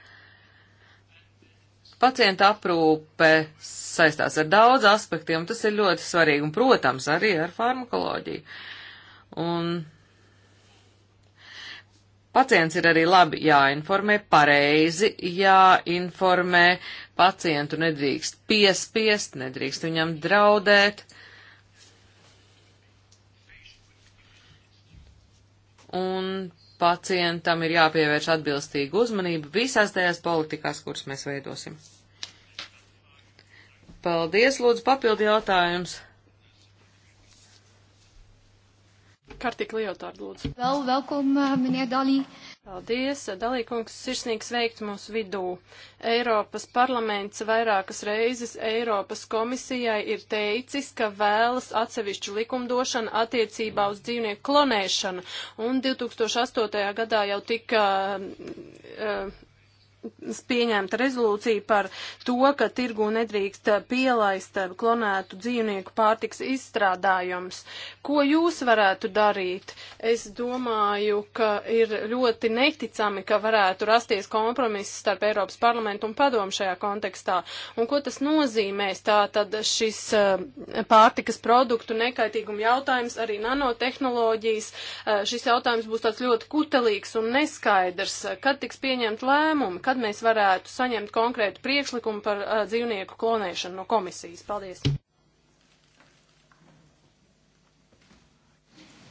Pacienta aprūpe saistās ar daudz aspektiem, tas ir ļoti svarīgi, un, protams, arī ar farmakoloģiju. Un pacients ir arī labi jāinformē, pareizi jāinformē, pacientu nedrīkst piespiest, nedrīkst viņam draudēt, un pacientam ir jāpievērš atbilstīga uzmanība visās tajās politikās, kuras mēs veidosim. Paldies, lūdzu, papildi jautājums. Kartika Liotārda, lūdzu. Wel, welkom, eh, meneer Dali. Paldies, dalīkungs, sirsnīgs veikt mūsu vidū. Eiropas parlaments vairākas reizes Eiropas komisijai ir teicis, ka vēlas atsevišķu likumdošanu attiecībā uz dzīvnieku klonēšanu, un 2008. gadā jau tika uh, pieņemta rezolūcija par to, ka tirgu nedrīkst pielaist klonētu dzīvnieku pārtiks izstrādājums. Ko jūs varētu darīt? Es domāju, ka ir ļoti neticami, ka varētu rasties kompromiss starp Eiropas parlamentu un padomu šajā kontekstā. Un ko tas nozīmēs? Tā tad šis eh, pārtikas produktu nekaitīguma jautājums, arī nanotehnoloģijas, eh, šis jautājums būs tāds ļoti kutelīgs un neskaidrs. Kad tiks pieņemt lēmumi? Kad tad mēs varētu saņemt konkrētu priekšlikumu par uh, dzīvnieku klonēšanu no komisijas. Paldies!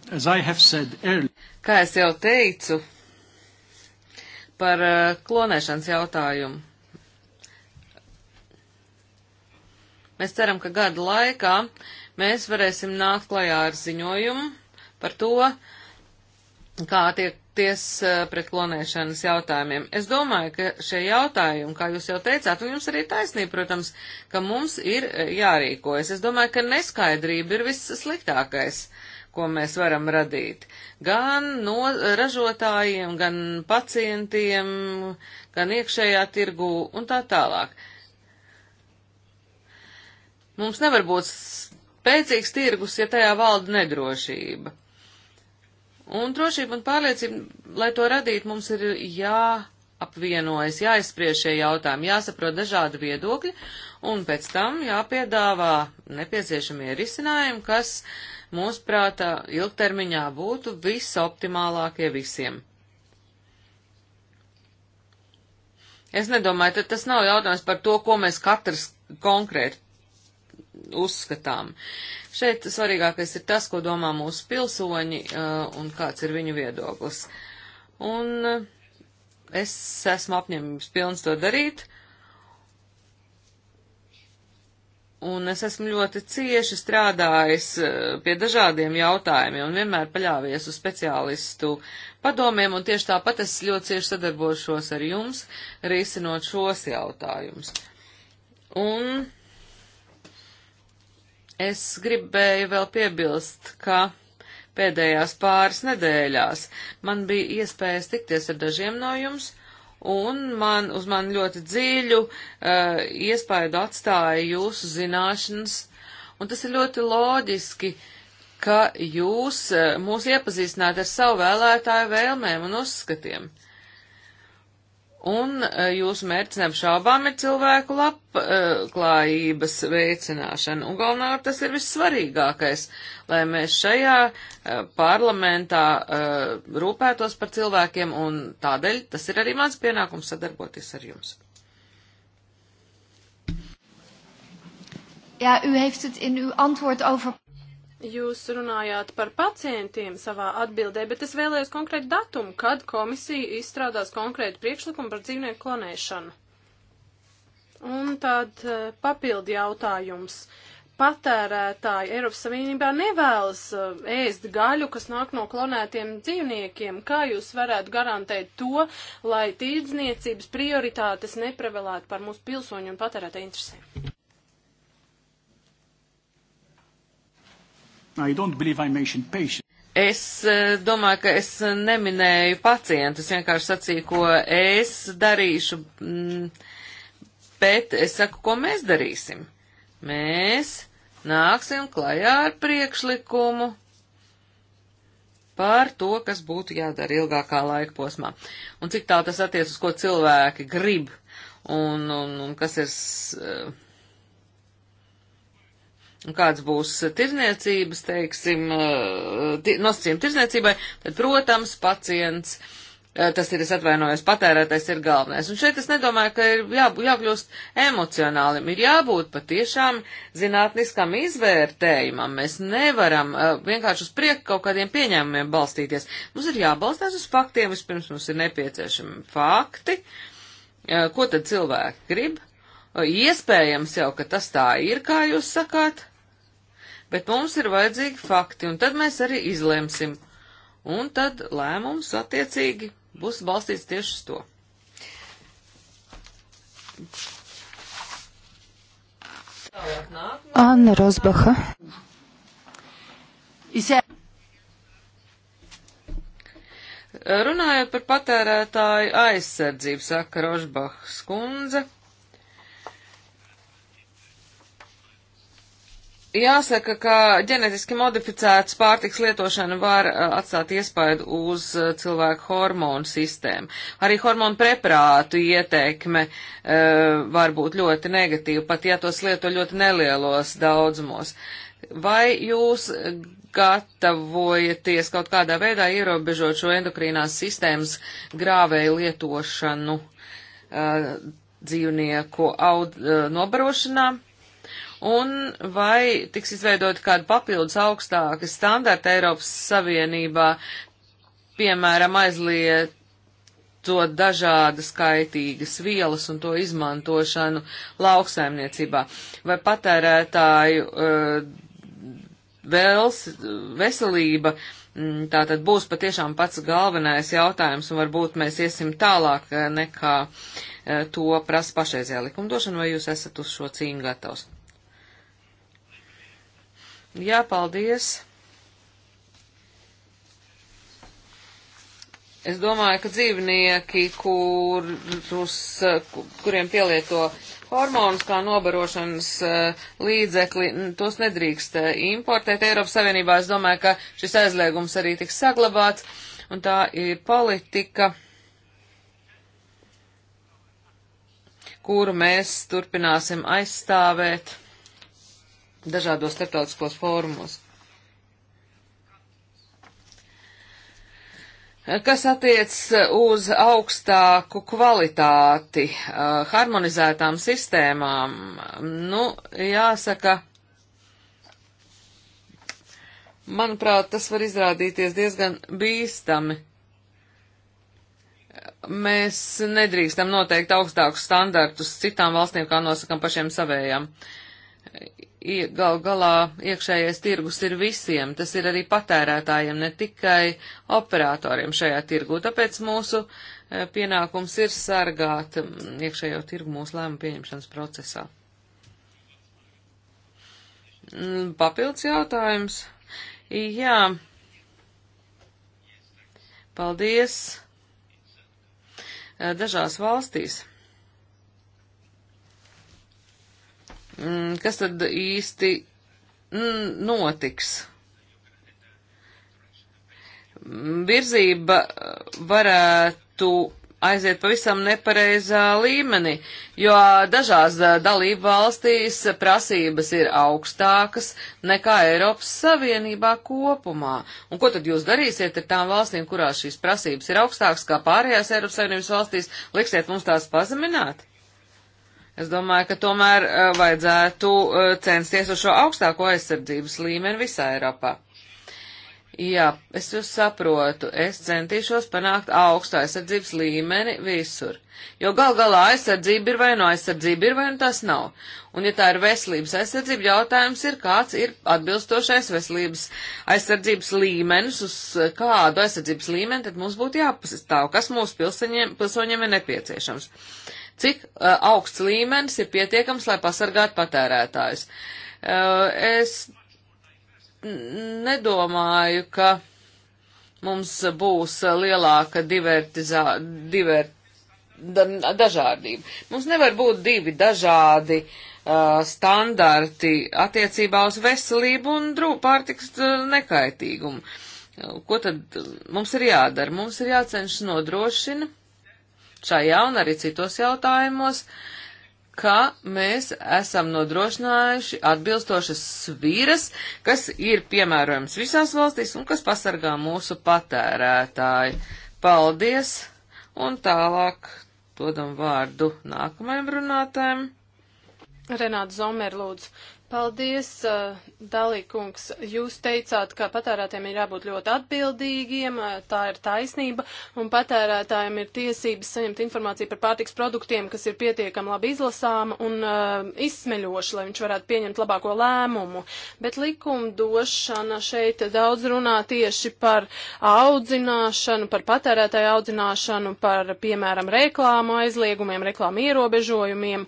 Early... Kā es jau teicu par uh, klonēšanas jautājumu, mēs ceram, ka gada laikā mēs varēsim nākt klajā ar ziņojumu par to, kā tiek ties eh, pret klonēšanas jautājumiem. Es domāju, ka šie jautājumi, kā jūs jau teicāt, un jums arī taisnība, protams, ka mums ir eh, jārīkojas. Es domāju, ka neskaidrība ir viss sliktākais, ko mēs varam radīt. Gan no eh, ražotājiem, gan pacientiem, gan iekšējā tirgu un tā tālāk. Mums nevar būt spēcīgs tirgus, ja tajā valda nedrošība. Un drošība un pārliecība, lai to radītu, mums ir jāapvienojas, jāizspriež šie jautājumi, jāsaprot dažādi viedokļi, un pēc tam jāpiedāvā nepieciešamie risinājumi, kas, mūsuprāt, ilgtermiņā būtu visoptimālākie visiem. Es nedomāju, tas nav jautājums par to, ko mēs katrs konkrēti uzskatām. Šeit svarīgākais ir tas, ko domā mūsu pilsoņi uh, un kāds ir viņu viedoklis. Un uh, es esmu apņēmības pilns to darīt. Un es esmu ļoti cieši strādājis uh, pie dažādiem jautājumiem un vienmēr paļāvies uz speciālistu padomiem, un tieši tāpat es ļoti cieši sadarbošos ar jums, risinot šos jautājumus. Un Es gribēju vēl piebilst, ka pēdējās pāris nedēļās man bija iespējas tikties ar dažiem no jums, un man, uz man ļoti dziļu uh, iespaidu atstāja jūsu zināšanas, un tas ir ļoti loģiski, ka jūs uh, mūs iepazīstināt ar savu vēlētāju vēlmēm un uzskatiem. Uh, Un e, jūsu mērķis neapšaubām ir cilvēku labklājības veicināšana. Un galvenokārt tas ir vissvarīgākais, lai mēs šajā e, parlamentā e, rūpētos par cilvēkiem, un tādēļ tas ir arī mans pienākums sadarboties ar jums. Ja, u heeft het in uw antwoord over. Jūs runājāt par pacientiem savā atbildē, bet es vēlējos konkrētu datumu, kad komisija izstrādās konkrētu priekšlikumu par dzīvnieku klonēšanu. Un tad eh, papildi jautājums. Patērētāji Eiropas Savienībā nevēlas eh, ēst gaļu, kas nāk no klonētiem dzīvniekiem. Kā jūs varētu garantēt to, lai tīrdzniecības prioritātes neprevelētu par mūsu pilsoņu un patērētāju interesēm? I don't believe I mentioned patients. Es eh, domāju, ka es neminēju pacientus, vienkārši sacīju, ko es darīšu, mm, bet es saku, ko mēs darīsim. Mēs nāksim klajā ar priekšlikumu par to, kas būtu jādara ilgākā laika posmā. Un cik tā tas attiec uz ko cilvēki grib un, un, un kas ir eh, kāds būs tirzniecības, teiksim, eh, nosacījumi tirzniecībai, tad, protams, pacients, eh, tas ir, es atvainojos, patērētais ir galvenais. Un šeit es nedomāju, ka ir jā, jākļūst emocionālim, ir jābūt patiešām zinātniskam izvērtējumam. Mēs nevaram eh, vienkārši uz prieku kaut kādiem pieņēmumiem balstīties. Mums ir jābalstās uz faktiem, vispirms mums ir nepieciešami fakti, ko tad cilvēki grib. Iespējams jau, ka tas tā ir, kā jūs sakāt bet mums ir vajadzīgi fakti, un tad mēs arī izlemsim. Un tad lēmums attiecīgi būs balstīts tieši uz to. Anna Rosbaha. Runājot par patērētāju aizsardzību, saka Rožbahs kundze, Jāsaka, ka ģenetiski modificēts pārtiks lietošana var uh, atstāt iespaidu uz uh, cilvēku hormonu sistēmu. Arī hormonu preparātu ietekme uh, var būt ļoti negatīva, pat ja tos lieto ļoti nelielos daudzumos. Vai jūs gatavojaties kaut kādā veidā ierobežot šo endokrīnās sistēmas grāvēju lietošanu uh, dzīvnieku aud, uh, nobarošanā? un vai tiks izveidot kādu papildus augstāku standartu Eiropas Savienībā, piemēram, aizlietot dažādas kaitīgas vielas un to izmantošanu lauksaimniecībā, vai patērētāju uh, vēls, veselība. Mm, tā tad būs patiešām pats galvenais jautājums, un varbūt mēs iesim tālāk eh, nekā uh, to prasa pašreizējā likumdošana, vai jūs esat uz šo cīņu gatavs? Jā, paldies. Es domāju, ka dzīvnieki, kurus, kuriem pielieto hormonus kā nobarošanas eh, līdzekli, tos nedrīkst eh, importēt Eiropas Savienībā. Es domāju, ka šis aizliegums arī tiks saglabāts, un tā ir politika, kuru mēs turpināsim aizstāvēt dažādos starptautiskos fórumos. Kas attiec uz augstāku kvalitāti eh, harmonizētām sistēmām, nu, jāsaka, manuprāt, tas var izrādīties diezgan bīstami. Mēs nedrīkstam noteikt augstākus standartus citām valstīm, kā nosakam pašiem savējām gal galā iekšējais tirgus ir visiem, tas ir arī patērētājiem, ne tikai operatoriem šajā tirgu. Tāpēc mūsu e, pienākums ir sargāt iekšējo tirgu mūsu lēmu pieņemšanas procesā. Mm, papildus jautājums. Jā. Paldies. E, dažās valstīs Mm, kas tad īsti notiks? Mm, virzība uh, varētu aiziet pavisam nepareizā līmenī, jo dažās uh, dalību valstīs prasības ir augstākas nekā Eiropas Savienībā kopumā. Un ko tad jūs darīsiet ar tām valstīm, kurās šīs prasības ir augstākas kā pārējās Eiropas Savienības valstīs? Liksiet mums tās pazemināt? Es domāju, ka tomēr eh, vajadzētu eh, censties uz šo augstāko aizsardzības līmeni visā Eiropā. Jā, es jūs saprotu, es centīšos panākt augstu aizsardzības līmeni visur, jo gal galā aizsardzība ir vai no nu aizsardzība ir vai no nu tas nav. Un ja tā ir veselības aizsardzība, jautājums ir, kāds ir atbilstošais veselības aizsardzības līmenis, uz kādu aizsardzības līmeni tad mums būtu jāpastāv, kas mūsu pilsoņiem, pilsoņiem ir nepieciešams. Uh, cik uh, augsts līmenis ir pietiekams, lai pasargātu patērētājus. Uh, es nedomāju, ka mums būs lielāka divertizā, divert, da, dažādība. Mums nevar būt divi dažādi uh, standarti attiecībā uz veselību un drū, pārtiks nekaitīgumu. Ko tad mums ir jādara? Mums ir jācenšas nodrošina šajā un arī citos jautājumos, ka mēs esam nodrošinājuši atbilstošas svīras, kas ir piemērojams visās valstīs un kas pasargā mūsu patērētāji. Paldies! Un tālāk dodam vārdu nākamajam runātājam. Renāta Zomēr lūdzu. Paldies, uh, Dalīkungs. Jūs teicāt, ka patērētiem ir jābūt ļoti atbildīgiem, uh, tā ir taisnība, un patērētājiem ir tiesības saņemt informāciju par pārtiks produktiem, kas ir pietiekami labi izlasāma un uh, izsmeļoša, lai viņš varētu pieņemt labāko lēmumu. Bet likumdošana šeit daudz runā tieši par audzināšanu, par patērētāju audzināšanu, par, piemēram, reklāmu aizliegumiem, reklāmu ierobežojumiem,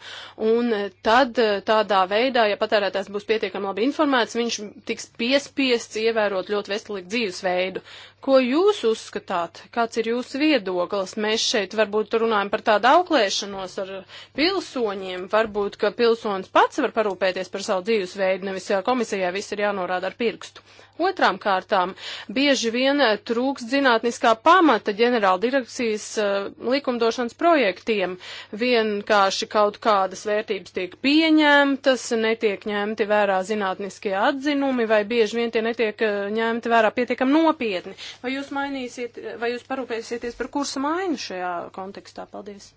un uh, tad tādā veidā, ja patērētājs patērētājs būs pietiekami labi informēts, viņš tiks piespiests ievērot ļoti veselīgu dzīvesveidu. Ko jūs uzskatāt? Kāds ir jūsu viedoklis? Mēs šeit varbūt runājam par tādu auklēšanos ar pilsoņiem. Varbūt, ka pilsonis pats var parūpēties par savu dzīvesveidu, nevis jau komisijā viss ir jānorāda ar pirkstu. Otrām kārtām, bieži vien trūks zinātniskā pamata ģenerāla direkcijas uh, likumdošanas projektiem. Vienkārši kaut kādas vērtības tiek pieņemtas, netiek ņemti vērā zinātniskie atzinumi vai bieži vien tie netiek uh, ņemti vērā pietiekam nopietni. Vai jūs mainīsiet, vai jūs parūpēsieties par kursa mainu šajā kontekstā? Paldies.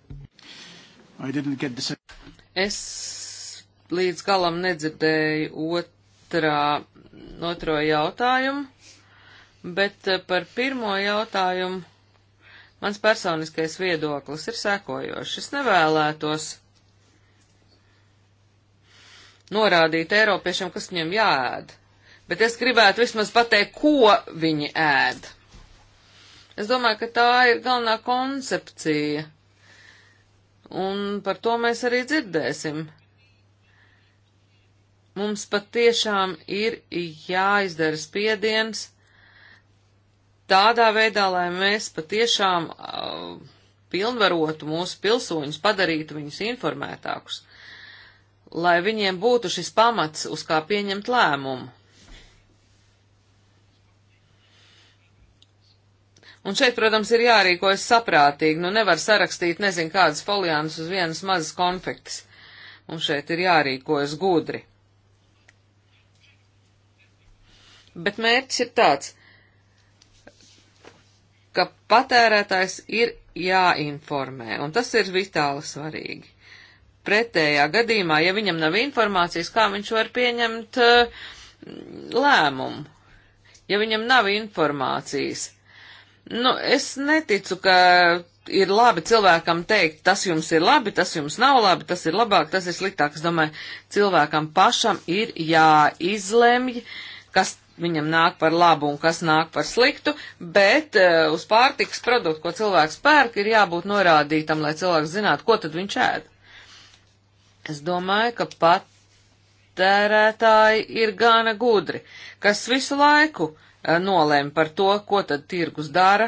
Es līdz galam nedzirdēju otrā, otro jautājumu, bet eh, par pirmo jautājumu mans personiskais viedoklis ir sekojošs. Es nevēlētos norādīt Eiropiešiem, kas viņiem jāēd bet es gribētu vismaz pateikt, ko viņi ēd. Es domāju, ka tā ir galvenā koncepcija, un par to mēs arī dzirdēsim. Mums patiešām ir jāizdara spiediens tādā veidā, lai mēs patiešām uh, pilnvarotu mūsu pilsoņus, padarītu viņus informētākus, lai viņiem būtu šis pamats, uz kā pieņemt lēmumu. Un šeit, protams, ir jārīkojas saprātīgi, nu nevar sarakstīt nezin kādas foliānas uz vienas mazas konfektes. Un šeit ir jārīkojas gudri. Bet mērķis ir tāds, ka patērētājs ir jāinformē, un tas ir vitāli svarīgi. Pretējā gadījumā, ja viņam nav informācijas, kā viņš var pieņemt uh, lēmumu, ja viņam nav informācijas, Nu, es neticu, ka ir labi cilvēkam teikt, tas jums ir labi, tas jums nav labi, tas ir labāk, tas ir sliktāk. Es domāju, cilvēkam pašam ir jāizlemj, kas viņam nāk par labu un kas nāk par sliktu, bet uh, uz pārtikas produktu, ko cilvēks pērk, ir jābūt norādītam, lai cilvēks zinātu, ko tad viņš ēd. Es domāju, ka patērētāji ir gana gudri, kas visu laiku uh, Eh, nolēma par to, ko tad tirgus dara.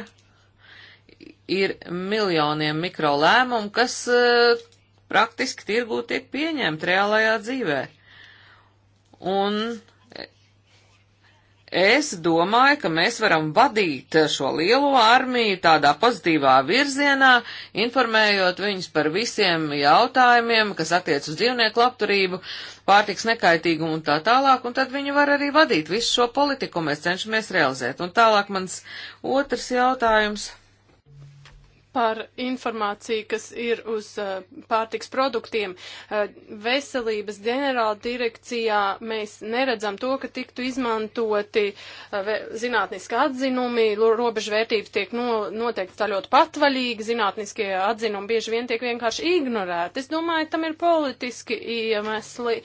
Ir miljoniem mikro lēmumu, kas eh, praktiski tirgū tiek pieņemti reālajā dzīvē. Un Es domāju, ka mēs varam vadīt šo lielo armiju tādā pozitīvā virzienā, informējot viņus par visiem jautājumiem, kas attiec uz dzīvnieku labturību, pārtiks nekaitīgumu un tā tālāk, un tad viņi var arī vadīt visu šo politiku, ko mēs cenšamies realizēt. Un tālāk mans otrs jautājums par informāciju, kas ir uz uh, pārtiks produktiem. Uh, veselības ģenerāla direkcijā mēs neredzam to, ka tiktu izmantoti uh, zinātniski atzinumi, robežvērtības tiek no, noteikti tā ļoti patvaļīgi, zinātniskie atzinumi bieži vien tiek vienkārši ignorēti. Es domāju, tam ir politiski iemesli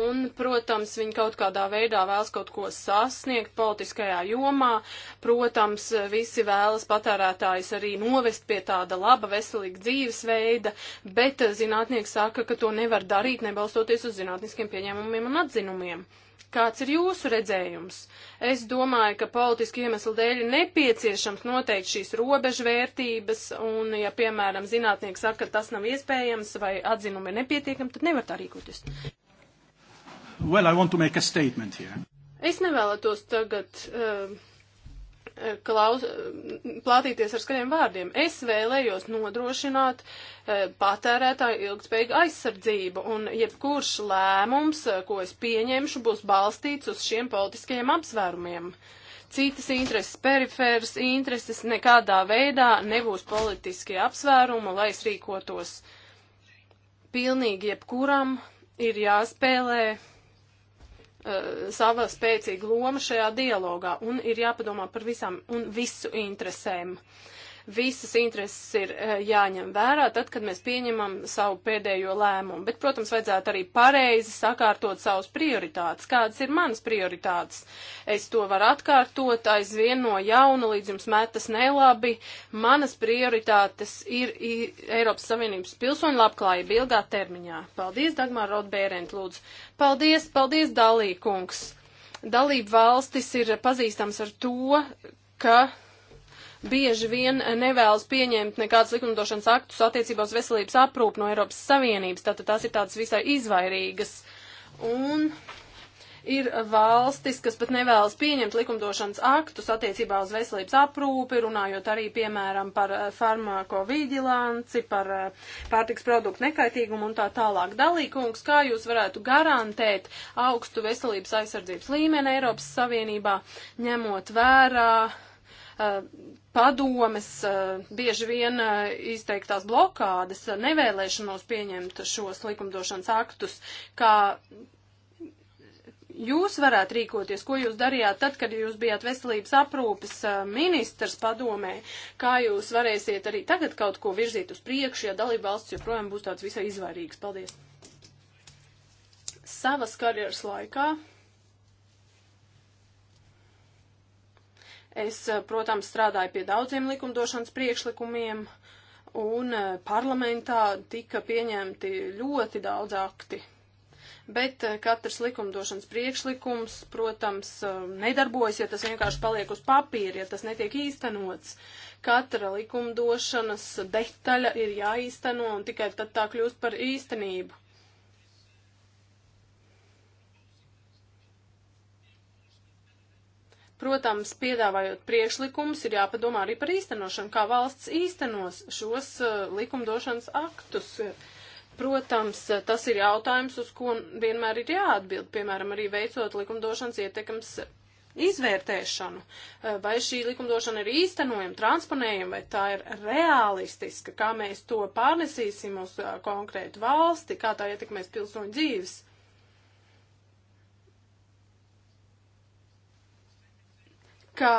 un, protams, viņi kaut kādā veidā vēlas kaut ko sasniegt politiskajā jomā. Protams, visi vēlas patērētājs arī novest pie tā, tāda laba, veselīga dzīvesveida, bet eh, zinātnieki saka, ka to nevar darīt, nebalstoties uz zinātniskiem pieņēmumiem un atzinumiem. Kāds ir jūsu redzējums? Es domāju, ka politiski iemesli dēļ ir nepieciešams noteikt šīs robežvērtības, un ja, piemēram, zinātnieki saka, ka tas nav iespējams vai atzinumi ir nepietiekami, tad nevar tā rīkoties. Well, I want to make a statement here. Es nevēlētos tagad uh, klaus, plātīties ar skaļiem vārdiem. Es vēlējos nodrošināt e, patērētāju ilgspējīgu aizsardzību, un jebkurš lēmums, e, ko es pieņemšu, būs balstīts uz šiem politiskajiem apsvērumiem. Citas intereses, perifēras intereses nekādā veidā nebūs politiskie apsvērumi, lai es rīkotos pilnīgi jebkuram ir jāspēlē Eh, sava spēcīga loma šajā dialogā un ir jāpadomā par visām un visu interesēm. Uh, Visas intereses ir eh, jāņem vērā tad, kad mēs pieņemam savu pēdējo lēmumu. Bet, protams, vajadzētu arī pareizi sakārtot savus prioritātes. Kādas ir manas prioritātes? Es to varu atkārtot aizvien no jauna, līdz jums metas nelabi. Manas prioritātes ir Eiropas Savienības pilsoņu labklājība ilgā termiņā. Paldies, Dagmar Rotbērent, lūdzu. Paldies, paldies, Dalīkungs dalību valstis ir pazīstams ar to, ka bieži vien nevēlas pieņemt nekādus likumdošanas aktus attiecībā uz veselības aprūpu no Eiropas Savienības. Tātad tās ir tādas visai izvairīgas. Un ir valstis, kas pat nevēlas pieņemt likumdošanas aktus attiecībā uz veselības aprūpi, runājot arī, piemēram, par eh, farmakoviģilanci, par eh, pārtiks produktu nekaitīgumu un tā tālāk. Dalīkungs, kā jūs varētu garantēt augstu veselības aizsardzības līmeni Eiropas Savienībā, ņemot vērā uh, Eh, padomes eh, bieži vien eh, izteiktās blokādes, nevēlēšanos pieņemt šos likumdošanas aktus, kā jūs varētu rīkoties, ko jūs darījāt tad, kad jūs bijāt veselības aprūpes ministrs padomē, kā jūs varēsiet arī tagad kaut ko virzīt uz priekšu, ja dalība valsts joprojām būs tāds visai izvairīgs. Paldies! Savas karjeras laikā Es, eh, protams, strādāju pie daudziem likumdošanas priekšlikumiem, un eh, parlamentā tika pieņemti ļoti daudz akti. Bet eh, katrs likumdošanas priekšlikums, protams, nedarbojas, ja tas vienkārši paliek uz papīra, ja tas netiek īstenots. Katra likumdošanas detaļa ir jāīsteno, un tikai tad tā kļūst par īstenību. Protams, piedāvājot priekšlikumus, ir jāpadomā arī par īstenošanu, kā valsts īstenos šos eh, likumdošanas aktus. Protams, eh, tas ir jautājums, uz ko vienmēr ir jāatbild, piemēram, arī veicot likumdošanas ietekams izvērtēšanu, eh, vai šī likumdošana ir īstenojama, transponējama, vai tā ir realistiska, kā mēs to pārnesīsim uz konkrētu valsti, kā tā ietekmēs pilsoņu dzīves. kā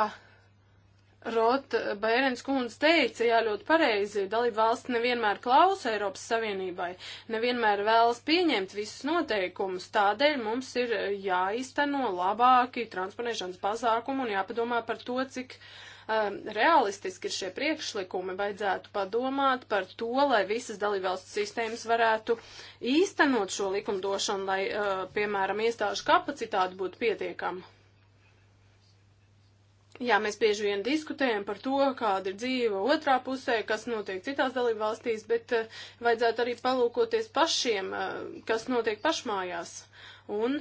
Rota Bērens kundze teica, jā, ļoti pareizi, dalība valsts nevienmēr klausa Eiropas Savienībai, nevienmēr vēlas pieņemt visus noteikumus, tādēļ mums ir jāizteno labāki transponēšanas pasākumi un jāpadomā par to, cik um, realistiski ir šie priekšlikumi, vajadzētu padomāt par to, lai visas dalībvalsts sistēmas varētu īstenot šo likumdošanu, lai, uh, piemēram, iestāžu kapacitāte būtu pietiekama. Jā, mēs bieži vien diskutējam par to, kāda ir dzīve otrā pusē, kas notiek citās dalību valstīs, bet eh, vajadzētu arī palūkoties pašiem, eh, kas notiek pašmājās. Un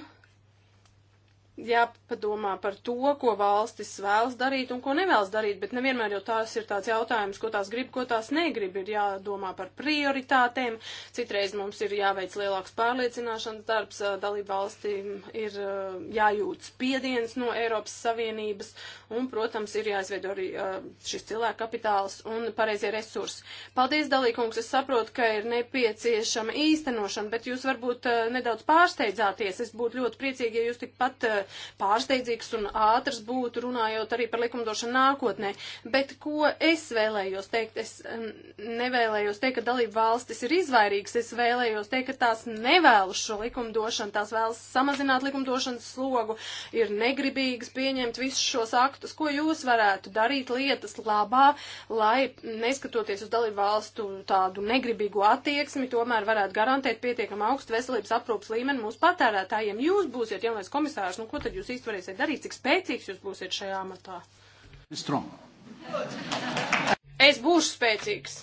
jāpadomā par to, ko valstis vēlas darīt un ko nevēlas darīt, bet nevienmēr jau tās ir tāds jautājums, ko tās grib, ko tās negrib. Ir jādomā par prioritātēm, citreiz mums ir jāveic lielāks pārliecināšanas darbs, dalību valstīm ir jājūt spiediens no Eiropas Savienības un, protams, ir jāizveido arī šis cilvēka kapitāls un pareizie resursi. Paldies, dalīkungs, es saprotu, ka ir nepieciešama īstenošana, bet jūs varbūt nedaudz pārsteidzāties. Es būtu ļoti priecīgi, ja jūs tikpat pārsteidzīgs un ātrs būtu, runājot arī par likumdošanu nākotnē. Bet ko es vēlējos teikt? Es nevēlējos teikt, ka dalību valstis ir izvairīgas. Es vēlējos teikt, ka tās nevēlas šo likumdošanu, tās vēlas samazināt likumdošanas slogu, ir negribīgas pieņemt visus šos aktus. Ko jūs varētu darīt lietas labā, lai neskatoties uz dalību valstu tādu negribīgu attieksmi, tomēr varētu garantēt pietiekam augstu veselības aprūpas līmeni mūsu patērētājiem? Jūs būsiet jaunais komisārs, nu, ko tad jūs īsti varēsiet darīt, cik spēcīgs jūs būsiet šajā amatā? Strong. Es būšu spēcīgs.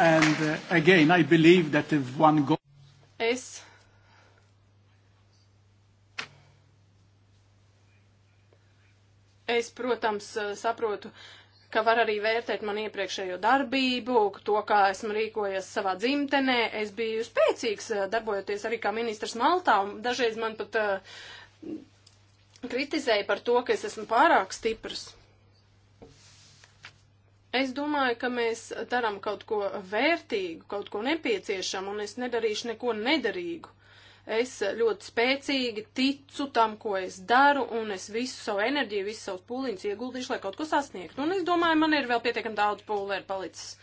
And uh, again, I believe that if one goes. Es Es, protams, uh, saprotu, ka var arī vērtēt man iepriekšējo darbību, to, kā esmu rīkojies savā dzimtenē. Es biju spēcīgs, eh, darbojoties arī kā ministrs Maltā, un dažreiz man pat uh, kritizēja par to, ka es esmu pārāk stiprs. Es domāju, ka mēs darām kaut ko vērtīgu, kaut ko nepieciešamu, un es nedarīšu neko nedarīgu. Es ļoti spēcīgi ticu tam, ko es daru, un es visu savu enerģiju, visu savus pūliņus ieguldīšu, lai kaut ko sasniegtu. Un es domāju, man ir vēl pietiekami daudz pūlēru palicis.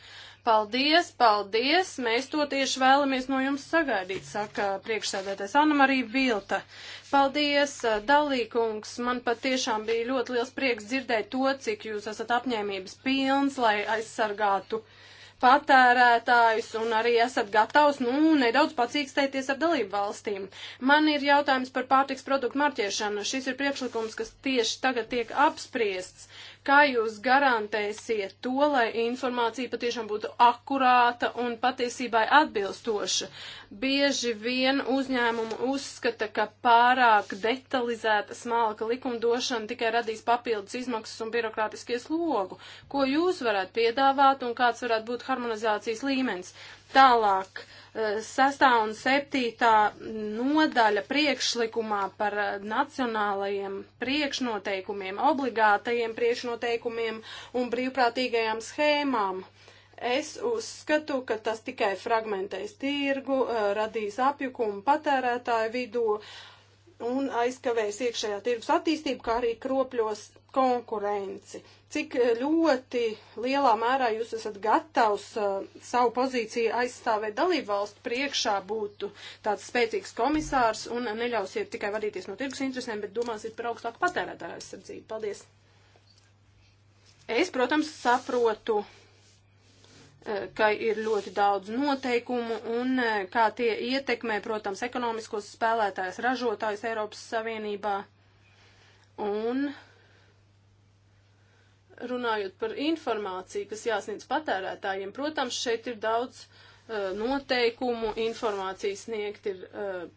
Paldies, paldies! Mēs to tieši vēlamies no jums sagaidīt, saka priekšsēdētais Anna-Marija Vilta. Paldies, dalīkungs! Man pat tiešām bija ļoti liels prieks dzirdēt to, cik jūs esat apņēmības pilns, lai aizsargātu uh, patērētājus un arī esat gatavs, nu, nedaudz pacīkstēties ar dalību valstīm. Man ir jautājums par pārtiks produktu marķēšanu. Šis ir priekšlikums, kas tieši tagad tiek apspriests. Kā jūs garantēsiet to, lai informācija patiešām būtu akurāta un patiesībai atbilstoša? Bieži vien uzņēmumu uzskata, ka pārāk detalizēta smalka likumdošana tikai radīs papildus izmaksas un birokrātiskie slogu. Ko jūs varētu piedāvāt un kāds varētu būt harmonizācijas līmenis? Tālāk, eh, sastā un septītā nodaļa priekšlikumā par eh, nacionālajiem priekšnoteikumiem, obligātajiem priekšnoteikumiem un brīvprātīgajām schēmām. Es uzskatu, ka tas tikai fragmentēs tirgu, eh, radīs apjukumu patērētāju vidū un aizkavēs iekšējā tirgus attīstību, kā arī kropļos konkurenci. Cik ļoti lielā mērā jūs esat gatavs uh, savu pozīciju aizstāvēt dalību valstu priekšā būtu tāds spēcīgs komisārs un neļausiet tikai vadīties no tirgus interesēm, bet domāsiet par augstāku patērētāju aizsardzību. Paldies! Es, protams, saprotu, uh, ka ir ļoti daudz noteikumu un uh, kā tie ietekmē, protams, ekonomiskos spēlētājus, ražotājus Eiropas Savienībā. Un runājot par informāciju, kas jāsniedz patērētājiem, protams, šeit ir daudz uh, noteikumu, informācija sniegt ir uh,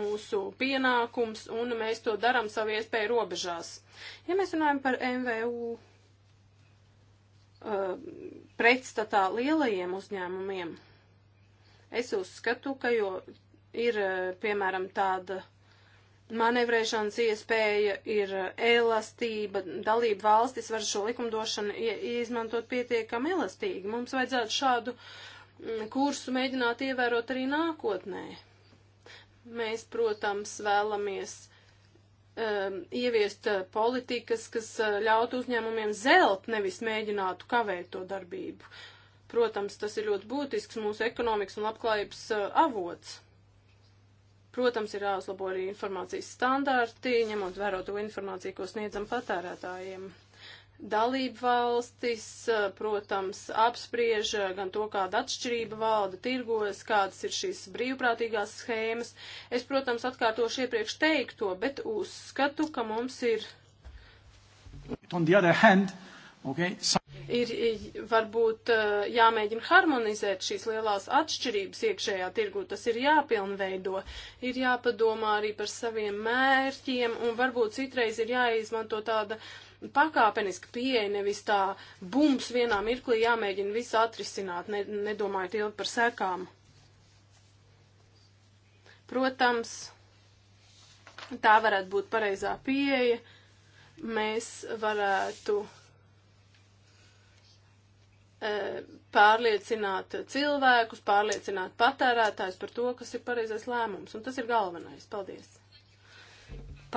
mūsu pienākums, un mēs to darām savu iespēju robežās. Ja mēs runājam par MVU uh, pretstatā lielajiem uzņēmumiem, es uzskatu, ka jo ir, uh, piemēram, tāda manevrēšanas iespēja ir eh, elastība, dalība valstis var šo likumdošanu izmantot pietiekami elastīgi. Mums vajadzētu šādu mm, kursu mēģināt ievērot arī nākotnē. Mēs, protams, vēlamies um, ieviest eh, politikas, kas eh, ļautu uzņēmumiem zelt, nevis mēģinātu kavēt to darbību. Protams, tas ir ļoti būtisks mūsu ekonomikas un labklājības uh, avots. Protams, ir jāuzlabo arī informācijas standarti, ņemot vērā to informāciju, ko sniedzam patērētājiem. Dalību valstis, eh, protams, apspriež eh, gan to, kāda atšķirība valda tirgos, kādas ir šīs brīvprātīgās schēmas. Es, protams, atkārtošu iepriekš teikto, bet uzskatu, ka mums ir. On the other hand, uh, Okay. So... Ir varbūt uh, jāmēģina harmonizēt šīs lielās atšķirības iekšējā tirgu, tas ir jāpilnveido, ir jāpadomā arī par saviem mērķiem un varbūt citreiz ir jāizmanto tāda pakāpeniska pieeja, nevis tā bums vienā mirklī jāmēģina visu atrisināt, ne, nedomājot ilgi par sekām. Protams, tā varētu būt pareizā pieeja. Mēs varētu E, pārliecināt cilvēkus, pārliecināt patērētājus par to, kas ir pareizais lēmums. Un tas ir galvenais. Paldies!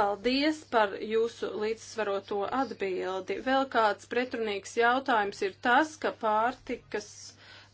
Paldies par jūsu līdzsvaroto atbildi. Vēl kāds pretrunīgs jautājums ir tas, ka pārtikas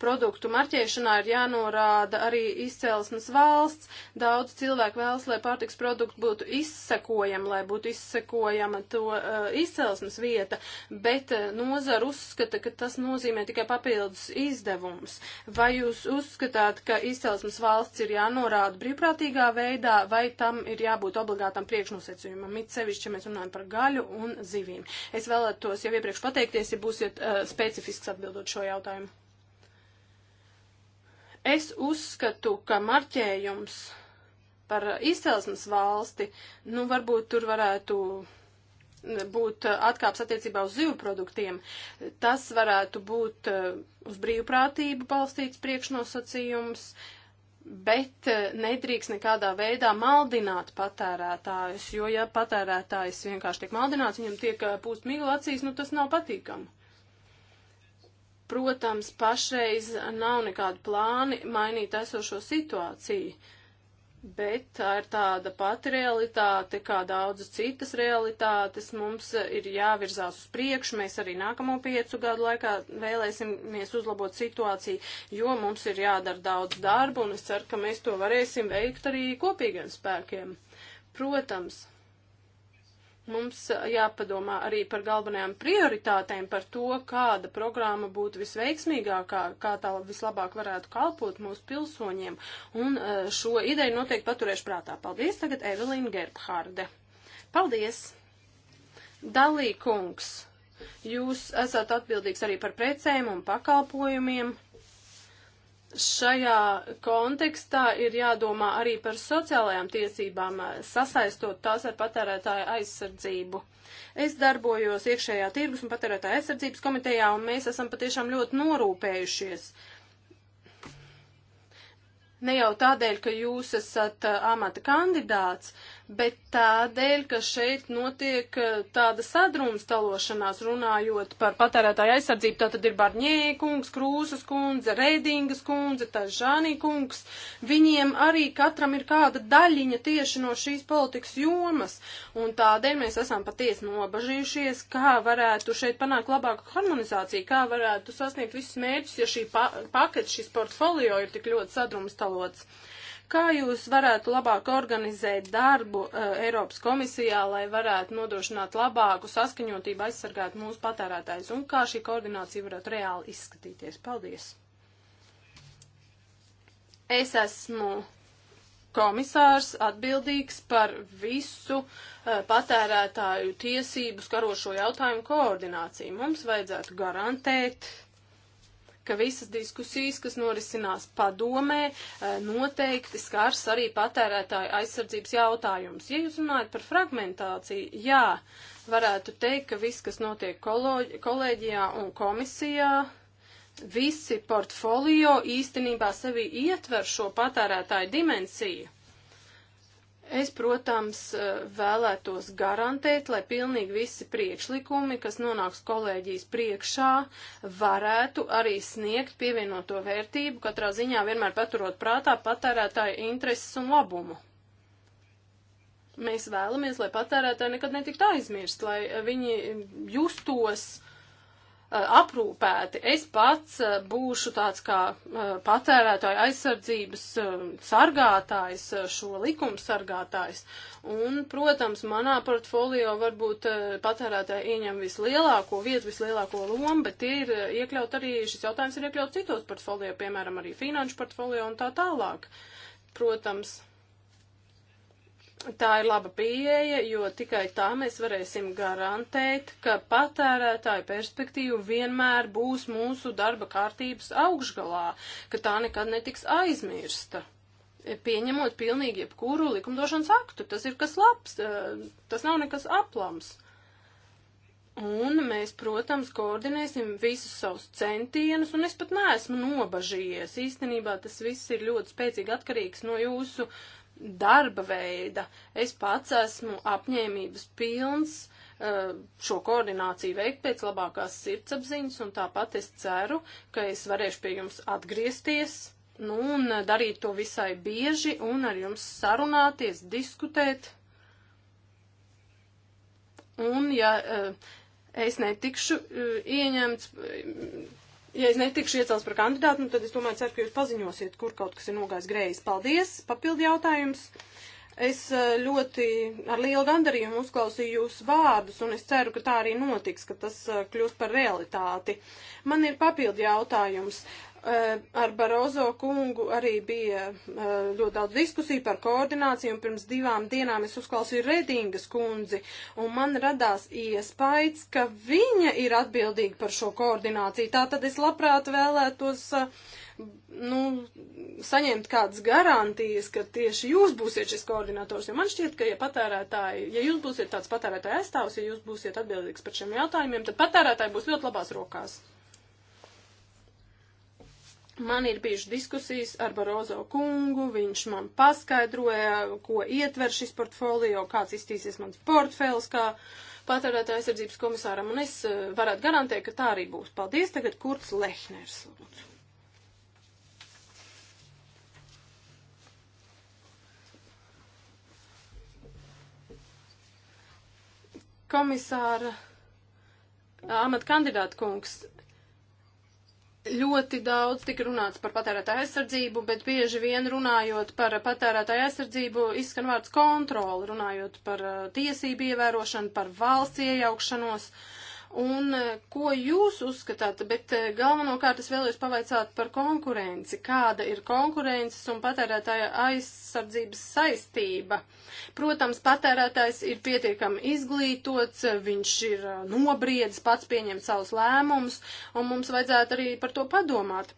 produktu marķēšanā ir jānorāda arī izcelsmes valsts. Daudz cilvēku vēlas, lai pārtiks produktu būtu izsekojama, lai būtu izsekojama to uh, izcelsmes vieta, bet uh, nozara uzskata, ka tas nozīmē tikai papildus izdevums. Vai jūs uzskatāt, ka izcelsmes valsts ir jānorāda brīvprātīgā veidā, vai tam ir jābūt obligātam priekšnosacījumam, it sevišķi, ja mēs runājam par gaļu un zivīm? Es vēlētos jau iepriekš pateikties, ja būsiet uh, specifisks atbildot šo jautājumu. Es uzskatu, ka marķējums par izcelsmes valsti, nu varbūt tur varētu būt atkāps attiecībā uz zivu produktiem. Tas varētu būt eh, uz brīvprātību balstīts priekšnosacījums, bet eh, nedrīkst nekādā veidā maldināt patērētājus, jo ja patērētājs vienkārši tiek maldināts, viņam tiek eh, pūst migla acīs, nu tas nav patīkami. Protams, pašreiz nav nekādu plāni mainīt esošo situāciju, bet tā ir tāda pati realitāte, kā daudzas citas realitātes. Mums ir jāvirzās uz priekšu, mēs arī nākamo piecu gadu laikā vēlēsimies uzlabot situāciju, jo mums ir jādara daudz darbu, un es ceru, ka mēs to varēsim veikt arī kopīgiem spēkiem. Protams, Mums jāpadomā arī par galvenajām prioritātēm, par to, kāda programma būtu visveiksmīgākā, kā tā vislabāk varētu kalpot mūsu pilsoņiem. Un šo ideju noteikti paturēšu prātā. Paldies tagad Evelīna Gerbhārde. Paldies! Dalīkungs, jūs esat atbildīgs arī par precēm un pakalpojumiem šajā kontekstā ir jādomā arī par sociālajām tiesībām, eh, sasaistot tās ar patērētāju aizsardzību. Es darbojos iekšējā tirgus un patērētāja aizsardzības komitejā, un mēs esam patiešām ļoti norūpējušies. Ne jau tādēļ, ka jūs esat eh, amata kandidāts, uh, bet tādēļ, ka šeit notiek eh, tāda sadrumstalošanās runājot par patērētāju aizsardzību. Tā tad ir Barņē kungs, Krūzes kundze, Reidingas kundze, Tažānī kungs. Viņiem arī katram ir kāda daļiņa tieši no šīs politikas jomas, un tādēļ mēs esam patiesi nobažījušies, kā varētu šeit panākt labāku harmonizāciju, kā varētu sasniegt visus mērķus, ja šī pa pakete, šis portfolio ir tik ļoti sadrumstalots. Kā jūs varētu labāk organizēt darbu uh, Eiropas komisijā, lai varētu nodrošināt labāku saskaņotību, aizsargāt mūsu patērētājus? Un kā šī koordinācija varētu reāli izskatīties? Paldies! Es esmu komisārs atbildīgs par visu uh, patērētāju tiesību skarošo jautājumu koordināciju. Mums vajadzētu garantēt uh, ka visas diskusijas, kas norisinās padomē, eh, noteikti skars arī patērētāju aizsardzības jautājumus. Ja jūs runājat par fragmentāciju, jā, varētu teikt, ka viss, kas notiek kolēģijā un komisijā, visi portfolio īstenībā sevi ietver šo patērētāju dimensiju. Es, protams, eh, vēlētos garantēt, lai pilnīgi visi priekšlikumi, kas nonāks kolēģijas priekšā, varētu arī sniegt pievienoto vērtību, katrā ziņā vienmēr paturot prātā patērētāju intereses un labumu. Mēs vēlamies, lai patērētāji nekad netiktu aizmirst, lai viņi justos Uh, aprūpēti. Es pats uh, būšu tāds kā uh, patērētāja aizsardzības sargātājs, šo likumu sargātājs. Un, protams, manā portfolio varbūt patērētāji ieņem vislielāko vietu, vislielāko lomu, bet tie ir iekļaut arī, šis jautājums ir iekļaut citos portfolio, piemēram, arī finanšu portfolio un tā tālāk. Protams, Tā ir laba pieeja, jo tikai tā mēs varēsim garantēt, ka patērētāju perspektīva vienmēr būs mūsu darba kārtības augšgalā, ka tā nekad netiks aizmirsta. Pieņemot pilnīgi jebkuru likumdošanas aktu, tas ir kas labs, eh, tas nav nekas aplams. Un mēs, protams, koordinēsim visus savus centienus, un es pat neesmu nobažījies. Īstenībā tas viss ir ļoti spēcīgi atkarīgs no jūsu uh, darba veida. Es pats esmu apņēmības pilns eh, šo koordināciju veikt pēc labākās sirdsapziņas, un tāpat es ceru, ka es varēšu pie jums atgriezties, nu, un darīt to visai bieži, un ar jums sarunāties, diskutēt. Un, ja eh, es netikšu eh, ieņemts ja es netikšu iecelts par kandidātu, nu, tad es tomēr ceru, ka jūs paziņosiet, kur kaut kas ir nogājis greizi. Paldies! Papildi jautājums! Es eh, ļoti ar lielu gandarījumu uzklausīju jūsu vārdus, un es ceru, ka tā arī notiks, ka tas eh, kļūst par realitāti. Man ir papildi jautājums. Eh, ar Barozo kungu arī bija eh, ļoti daudz diskusiju par koordināciju, un pirms divām dienām es uzklausīju Redingas kundzi, un man radās iespējas, ka viņa ir atbildīga par šo koordināciju. Tātad es labprāt vēlētos eh, nu, saņemt kādas garantijas, ka tieši jūs būsiet šis koordinators, jo man šķiet, ka ja patērētāji, ja jūs būsiet tāds patērētāja aizstāvs, ja jūs būsiet atbildīgs par šiem jautājumiem, tad patērētāji būs ļoti labās rokās. Man ir bijušas diskusijas ar Barozo kungu, viņš man paskaidroja, ko ietver šis portfolio, kāds izstīsies mans portfels, kā patērētāja aizsardzības komisāram, un es eh, varētu garantēt, ka tā arī būs. Paldies, tagad Kurts Lehners. Komisāra eh, amat kandidāta kungs, Ļoti daudz tika runāts par patērētāju aizsardzību, bet bieži vien runājot par patērētāju aizsardzību izskan vārds kontroli, runājot par uh, tiesību ievērošanu, par valsts iejaukšanos. Uh, un eh, ko jūs uzskatāt, bet eh, galvenokārt es vēlos pavaicāt par konkurenci. Kāda ir konkurences un patērētāja aizsardzības saistība? Protams, patērētājs ir pietiekami izglītots, viņš ir eh, nobriedis, pats pieņem savus lēmumus, un mums vajadzētu arī par to padomāt.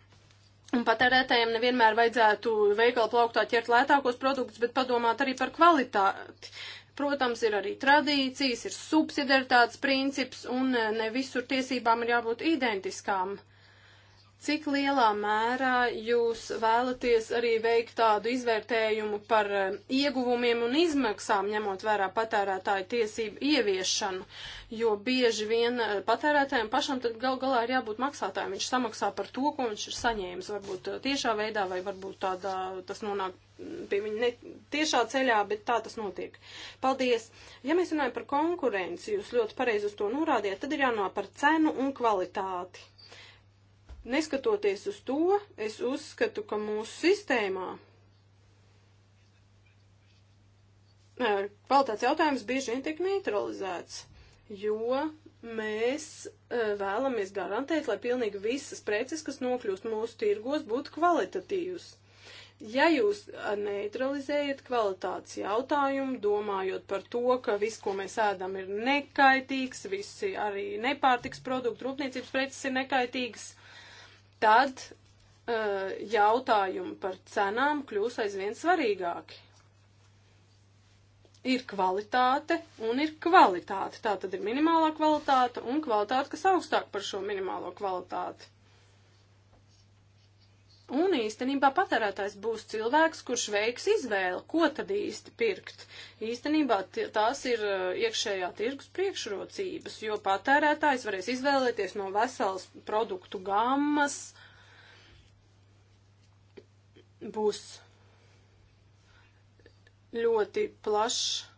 Un patērētājiem nevienmēr vajadzētu veikalu plauktā ķert lētākos produktus, bet padomāt arī par kvalitāti. Protams, ir arī tradīcijas, ir subsidiaritātes princips, un eh, ne visur tiesībām ir jābūt identiskām. Cik lielā mērā jūs vēlaties arī veikt tādu izvērtējumu par eh, ieguvumiem un izmaksām, ņemot vērā patērētāju tiesību ieviešanu, jo bieži vien eh, patērētājiem pašam tad gal galā ir jābūt maksātājiem. Viņš samaksā par to, ko viņš ir saņēmis, varbūt eh, tiešā veidā vai varbūt tādā tas nonāk mm, pie viņa ne tiešā ceļā, bet tā tas notiek. Paldies! Ja mēs runājam par konkurenci, jūs ļoti pareizi uz to norādījāt, tad ir jānāk par cenu un kvalitāti Neskatoties uz to, es uzskatu, ka mūsu sistēmā eh, kvalitātes jautājums bieži vien tiek neutralizēts, jo mēs eh, vēlamies garantēt, lai pilnīgi visas preces, kas nokļūst mūsu tirgos, būtu kvalitatīvas. Ja jūs eh, neutralizējat kvalitātes jautājumu, domājot par to, ka viss, ko mēs ēdam, ir nekaitīgs, visi arī nepārtiks produktu, rūpniecības preces ir nekaitīgas, tad uh, jautājumi par cenām kļūs aizvien svarīgāki. Ir kvalitāte un ir kvalitāte. Tā tad ir minimālā kvalitāte un kvalitāte, kas augstāk par šo minimālo kvalitāti. Un īstenībā patērētājs būs cilvēks, kurš veiks izvēli, ko tad īsti pirkt. Īstenībā tās ir uh, iekšējā tirgus priekšrocības, jo patērētājs varēs izvēlēties no veselas produktu gammas, būs ļoti plašs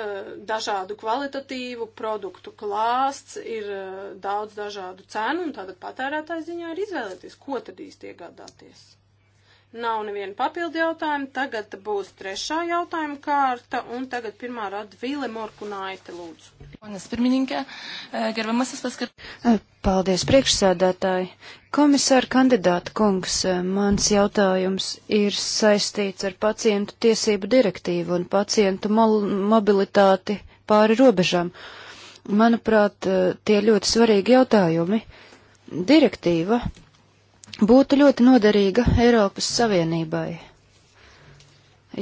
Eh, dažādu kvalitatīvu produktu klāsts, ir eh, daudz dažādu cenu, un tātad patērētāji ziņā ir izvēlēties, ko tad īsti iegādāties. Nav neviena papildu jautājuma. Tagad būs trešā jautājuma kārta. Un tagad pirmā rada Vīle Morkunaite, lūdzu. Manas pirmininkē, eh, garbamas es paskatu. Eh, paldies, priekšsēdētāji. Komisāra kandidāta kungs, eh, mans jautājums ir saistīts ar pacientu tiesību direktīvu un pacientu mobilitāti pāri robežām. Manuprāt, tie ļoti svarīgi jautājumi. Direktīva būtu ļoti noderīga Eiropas Savienībai,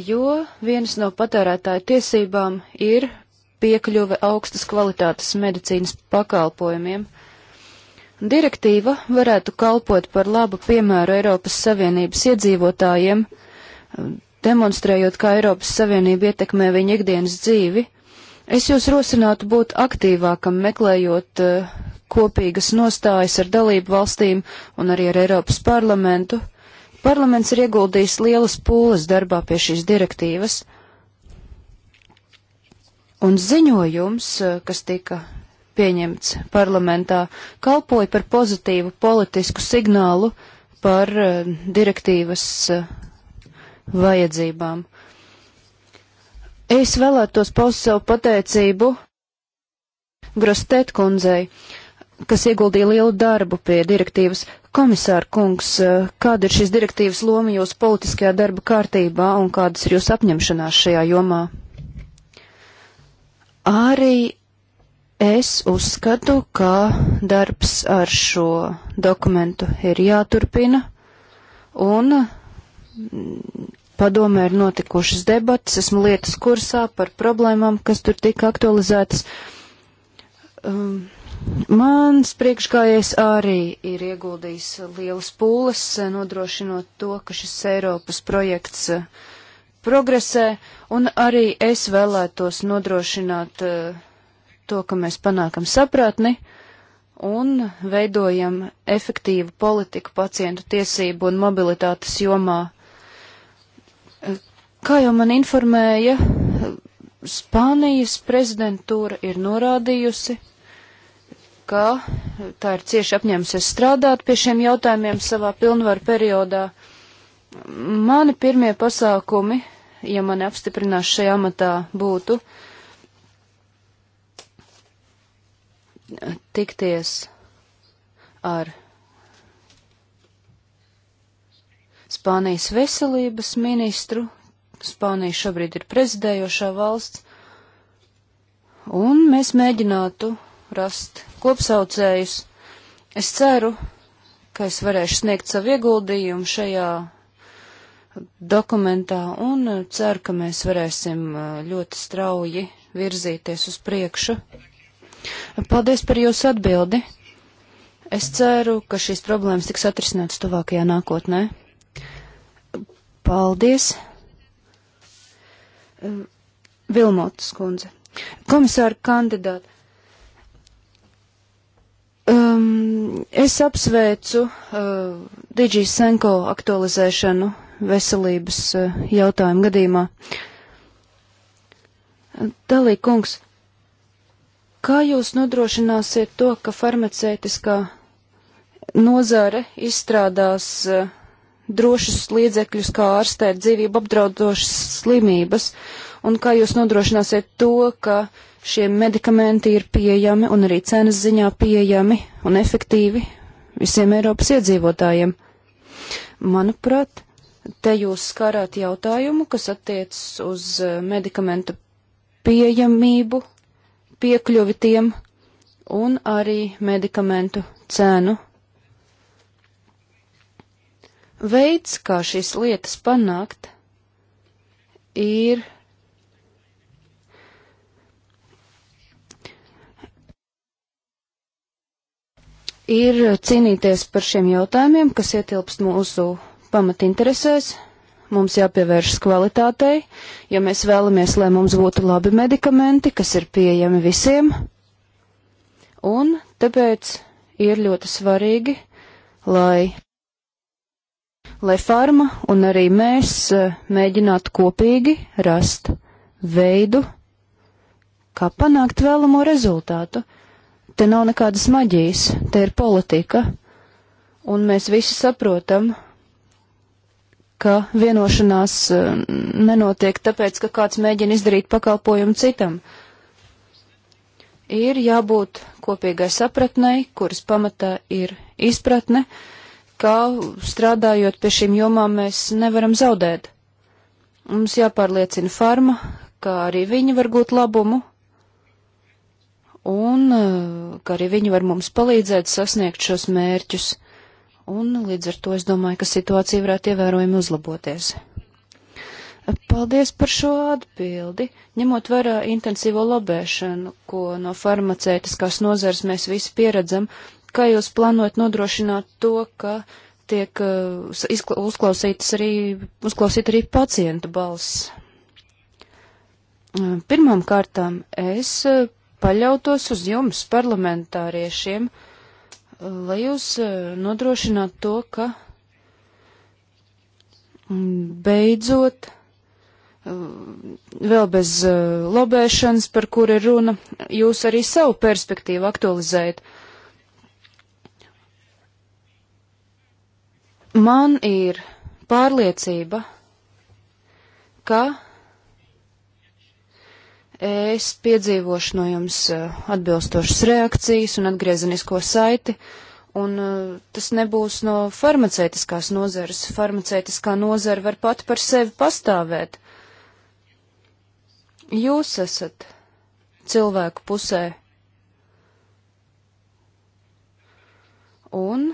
jo vienas no patērētāju tiesībām ir piekļuve augstas kvalitātes medicīnas pakalpojumiem. Direktīva varētu kalpot par labu piemēru Eiropas Savienības iedzīvotājiem, demonstrējot, kā Eiropas Savienība ietekmē viņu ikdienas dzīvi. Es jūs rosinātu būt aktīvākam, meklējot uh, kopīgas nostājas ar dalību valstīm un arī ar Eiropas parlamentu. Parlaments ir ieguldījis lielas pūles darbā pie šīs direktīvas, un ziņojums, eh, kas tika pieņemts parlamentā, kalpoja par pozitīvu politisku signālu par eh, direktīvas eh, vajadzībām. Es vēlētos paust savu pateicību Grostēt kundzei kas ieguldīja lielu darbu pie direktīvas. Komisāra kungs, eh, kāda ir šīs direktīvas loma jūsu politiskajā darba kārtībā un kādas ir jūsu apņemšanās šajā jomā? Arī es uzskatu, ka darbs ar šo dokumentu ir jāturpina un mm, padomē ir notikušas debatas, esmu lietas kursā par problēmām, kas tur tika aktualizētas. Um, Mans priekšgājējs arī ir ieguldījis lielas pūles, eh, nodrošinot to, ka šis Eiropas projekts eh, progresē, un arī es vēlētos nodrošināt eh, to, ka mēs panākam sapratni un veidojam efektīvu politiku pacientu tiesību un mobilitātes jomā. Kā jau man informēja, Spānijas prezidentūra ir norādījusi, ka tā ir cieši apņēmusies strādāt pie šiem jautājumiem savā pilnvaru periodā. Mani pirmie pasākumi, ja mani apstiprinās šajā amatā, būtu tikties ar Spānijas veselības ministru. Spānija šobrīd ir prezidējošā valsts. Un mēs mēģinātu rast kopsaucējus. Es ceru, ka es varēšu sniegt savu ieguldījumu šajā dokumentā un ceru, ka mēs varēsim ļoti strauji virzīties uz priekšu. Paldies par jūsu atbildi. Es ceru, ka šīs problēmas tiks atrisinātas tuvākajā nākotnē. Paldies. Vilmotas kundze. Komisāra kandidāte. Um, es apsveicu uh, Digi Senko aktualizēšanu veselības uh, jautājumu gadījumā. Dalī kungs, kā jūs nodrošināsiet to, ka farmaceitiskā nozare izstrādās uh, drošus līdzekļus, kā ārstēt dzīvību apdraudošas slimības? Uh, un kā jūs nodrošināsiet to, ka šie medikamenti ir pieejami un arī cenas ziņā pieejami un efektīvi visiem Eiropas iedzīvotājiem? Manuprāt, te jūs skarāt jautājumu, kas attiecas uz eh, medikamentu pieejamību, piekļuvi tiem un arī medikamentu cenu. Veids, kā šīs lietas panākt, ir ir cīnīties par šiem jautājumiem, kas ietilpst mūsu pamatinteresēs. Mums jāpievēršas kvalitātei, ja mēs vēlamies, lai mums būtu labi medikamenti, kas ir pieejami visiem. Un tāpēc ir ļoti svarīgi, lai, lai farma un arī mēs eh, mēģinātu kopīgi rast veidu, kā panākt vēlamo rezultātu. Te nav nekādas maģijas, te ir politika, un mēs visi saprotam, ka vienošanās eh, nenotiek tāpēc, ka kāds mēģina izdarīt pakalpojumu citam. Ir jābūt kopīgai sapratnei, kuras pamatā ir izpratne, kā strādājot pie šīm jomām mēs nevaram zaudēt. Mums jāpārliecina farma, kā arī viņi var gūt labumu un eh, ka arī viņi var mums palīdzēt sasniegt šos mērķus. Un līdz ar to es domāju, ka situācija varētu ievērojami uzlaboties. Paldies par šo atbildi. Ņemot vērā intensīvo lobēšanu, ko no farmacētiskās nozars mēs visi pieredzam, kā jūs plānojat nodrošināt to, ka tiek eh, uzklausītas arī, uzklausīt arī pacientu balss? Eh, pirmām kārtām es paļautos uz jums, parlamentāriešiem, lai jūs e, nodrošinātu to, ka beidzot e, vēl bez e, lobēšanas, par kur ir runa, jūs arī savu perspektīvu aktualizējat. Man ir pārliecība, ka Es piedzīvošu no jums eh, atbilstošas reakcijas un atgriezenisko saiti, un eh, tas nebūs no farmaceitiskās nozares. Farmaceitiskā nozara var pat par sevi pastāvēt. Jūs esat cilvēku pusē. Un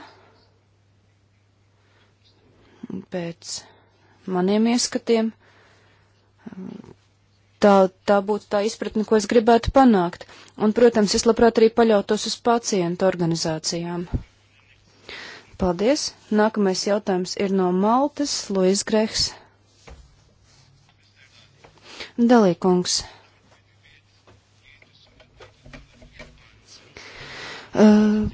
pēc maniem ieskatiem. Tā, tā būtu tā izpratne, ko es gribētu panākt. Un, protams, es labprāt arī paļautos uz pacientu organizācijām. Paldies. Nākamais jautājums ir no Maltas, Lois Grehs. Dalīkungs. Uh,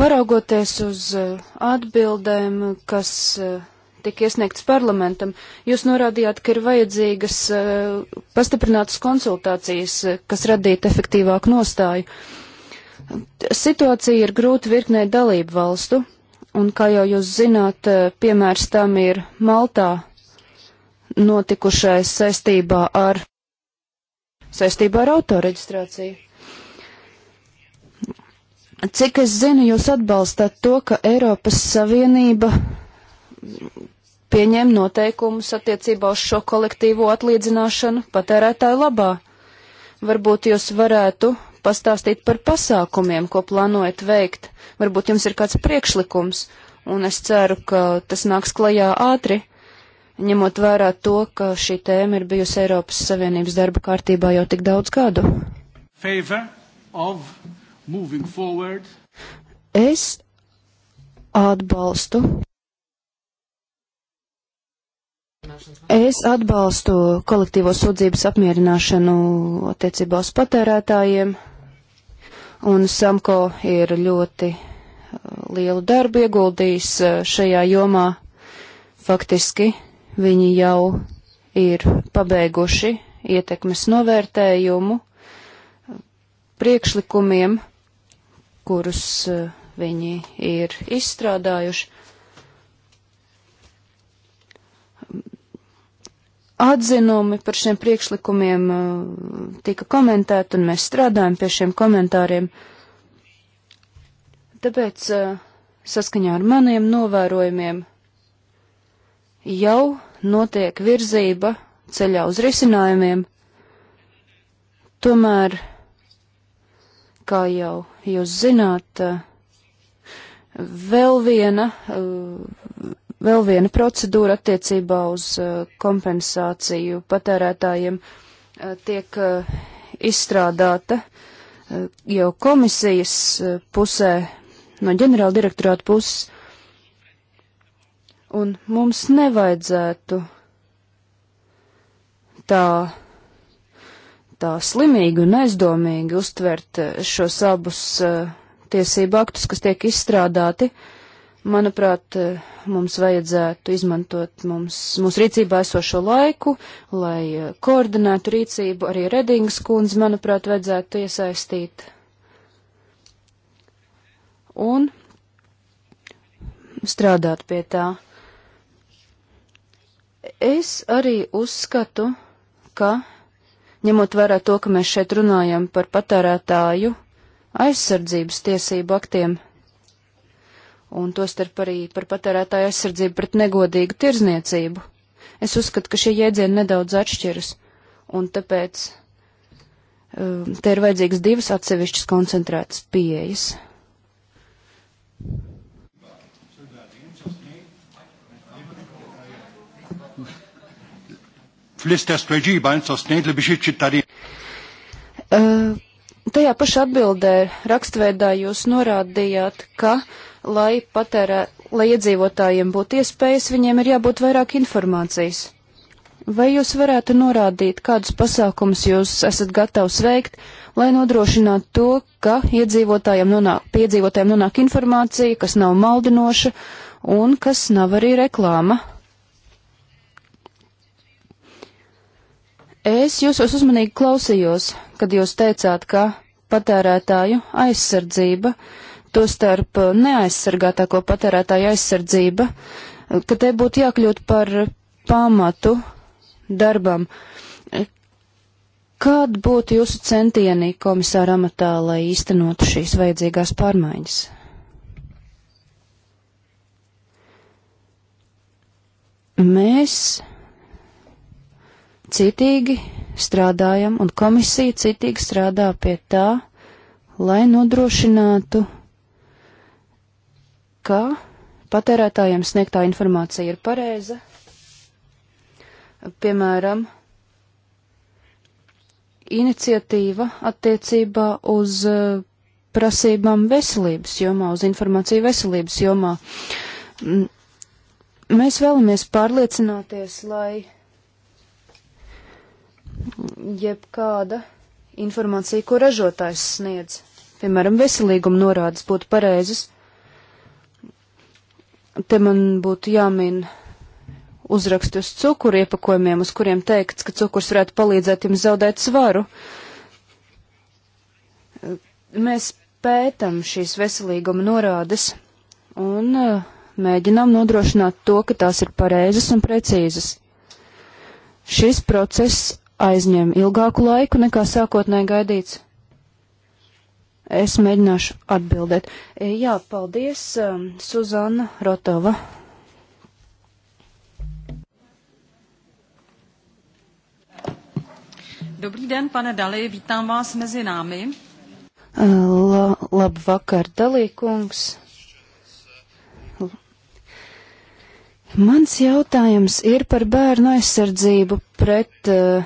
paraugoties uz uh, atbildēm, kas uh, tika iesniegts parlamentam. Jūs norādījāt, ka ir vajadzīgas eh, pastiprinātas konsultācijas, eh, kas radītu efektīvāku nostāju. Situācija ir grūta virknē dalību valstu, un, kā jau jūs zināt, eh, piemērs tam ir Maltā notikušais saistībā ar, saistībā ar autoreģistrāciju. Cik es zinu, jūs atbalstāt to, ka Eiropas Savienība pieņem noteikumus attiecībā uz šo kolektīvo atlīdzināšanu patērētāju labā. Varbūt jūs varētu pastāstīt par pasākumiem, ko plānojat veikt. Varbūt jums ir kāds priekšlikums, un es ceru, ka tas nāks klajā ātri, ņemot vērā to, ka šī tēma ir bijusi Eiropas Savienības darba kārtībā jau tik daudz gadu. Es atbalstu Es atbalstu kolektīvo sūdzības apmierināšanu attiecībā uz patērētājiem, un Samko ir ļoti uh, lielu darbu ieguldījis uh, šajā jomā. Faktiski viņi jau ir pabeiguši ietekmes novērtējumu uh, priekšlikumiem, kurus viņi ir izstrādājuši. atzinumi par šiem priekšlikumiem uh, tika komentēti, un mēs strādājam pie šiem komentāriem. Tāpēc, uh, saskaņā ar maniem novērojumiem, jau notiek virzība ceļā uz risinājumiem. Tomēr, kā jau jūs zināt, uh, vēl viena uh, vēl viena procedūra attiecībā uz eh, kompensāciju patērētājiem eh, tiek eh, izstrādāta jau komisijas pusē, no ģenerāla direktorāta puses, un mums nevajadzētu tā, tā slimīgi un aizdomīgi uztvert šos abus tiesību aktus, kas tiek izstrādāti uh, Manuprāt, eh, mums vajadzētu izmantot mums, mūsu rīcībā esošo laiku, lai eh, koordinētu rīcību. Arī Redingas kundze, manuprāt, vajadzētu iesaistīt. Un strādāt pie tā. Es arī uzskatu, ka, ņemot vērā to, ka mēs šeit runājam par patērētāju aizsardzības tiesību aktiem, un tostarp arī par patērētāju aizsardzību pret negodīgu tirzniecību. Es uzskatu, ka šie jēdzieni nedaudz atšķiras, un tāpēc um, te ir vajadzīgas divas atsevišķas koncentrētas pieejas. Uh, Tajā pašā atbildē rakstveidā jūs norādījāt, ka, lai patērē, lai iedzīvotājiem būtu iespējas, viņiem ir jābūt vairāk informācijas. Vai jūs varētu norādīt, kādus pasākumus jūs esat gatavs veikt, lai nodrošinātu to, ka iedzīvotājiem nonāk, piedzīvotājiem nonāk informācija, kas nav maldinoša un kas nav arī reklāma? Es jūsos uzmanīgi klausījos, kad jūs teicāt, ka patērētāju aizsardzība, tostarp neaizsargātāko patērētāju aizsardzība, ka te būtu jākļūt par pamatu darbam. Kād būtu jūsu centieni komisāra amatā, lai īstenotu šīs vajadzīgās pārmaiņas? Mēs citīgi strādājam, un komisija citīgi strādā pie tā, lai nodrošinātu, ka patērētājiem sniegtā informācija ir pareiza. Piemēram, iniciatīva attiecībā uz eh, prasībām veselības jomā, uz informāciju veselības jomā. Mēs vēlamies pārliecināties, lai jebkāda informācija, ko ražotājs sniedz, piemēram, veselīguma norādes būtu pareizas. Te man būtu jāmin uzraksti uz cukuru iepakojumiem, uz kuriem teikts, ka cukurs varētu palīdzēt jums zaudēt svaru. Mēs pētam šīs veselīguma norādes un uh, mēģinām nodrošināt to, ka tās ir pareizas un precīzas. Šis process aizņem ilgāku laiku nekā sākotnēji gaidīts? Es mēģināšu atbildēt. E, jā, paldies, um, Suzana Rotova. Dobrý den, pane Dali, vítám vás mezi námi. E, la, labvakar, Dali kungs. Mans jautājums ir par bērnu aizsardzību pret uh,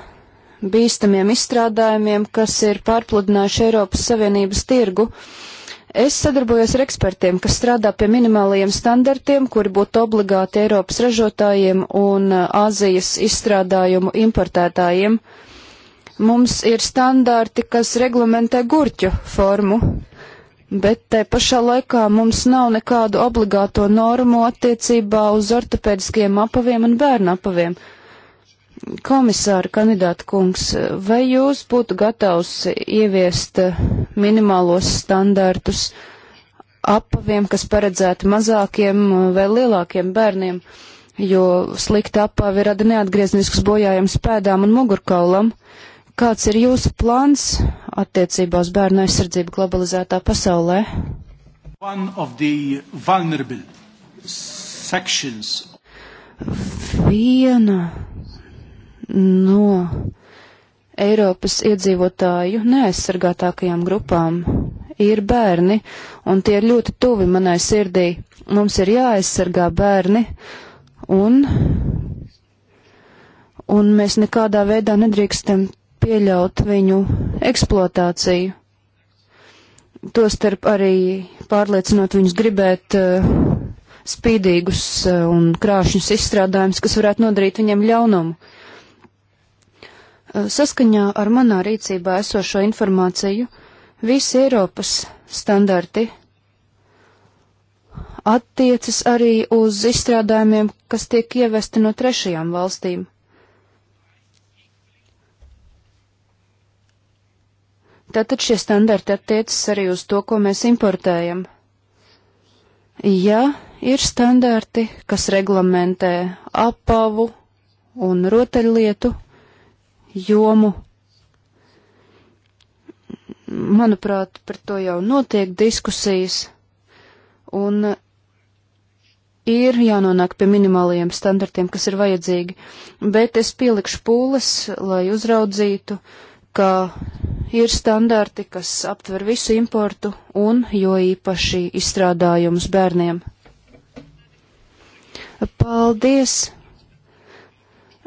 bīstamiem izstrādājumiem, kas ir pārpludinājuši Eiropas Savienības tirgu. Es sadarbojos ar ekspertiem, kas strādā pie minimālajiem standartiem, kuri būtu obligāti Eiropas ražotājiem un uh, Āzijas izstrādājumu importētājiem. Mums ir standarti, kas reglamentē gurķu formu, bet te pašā laikā mums nav nekādu obligāto normu attiecībā uz ortopēdiskiem apaviem un bērnu apaviem. Komisāra kandidāta kungs, vai jūs būtu gatavs ieviest eh, minimālos standartus apaviem, kas paredzēti mazākiem eh, vai lielākiem bērniem, jo slikta apavi rada neatgriezniskus bojājums pēdām un mugurkaulam? Kāds ir jūsu plāns attiecībā uz bērnu aizsardzību globalizētā pasaulē? Viena no Eiropas iedzīvotāju neaizsargātākajām grupām ir bērni, un tie ir ļoti tuvi manai sirdī. Mums ir jāaizsargā bērni, un, un mēs nekādā veidā nedrīkstam pieļaut viņu eksploatāciju. Tostarp arī pārliecinot viņus gribēt uh, spīdīgus uh, un krāšņus izstrādājumus, kas varētu nodarīt viņiem ļaunumu. Eh, saskaņā ar manā rīcībā esošo informāciju visi Eiropas standarti attiecas arī uz izstrādājumiem, kas tiek ievesti no trešajām valstīm. Tātad šie standarti attiecas arī uz to, ko mēs importējam. Ja ir standarti, kas reglamentē apavu un rotaļlietu, jomu. Manuprāt, par to jau notiek diskusijas, un ir jānonāk pie minimālajiem standartiem, kas ir vajadzīgi, bet es pielikšu pūles, lai uzraudzītu, ka ir standarti, kas aptver visu importu un jo īpaši izstrādājumus bērniem. Paldies!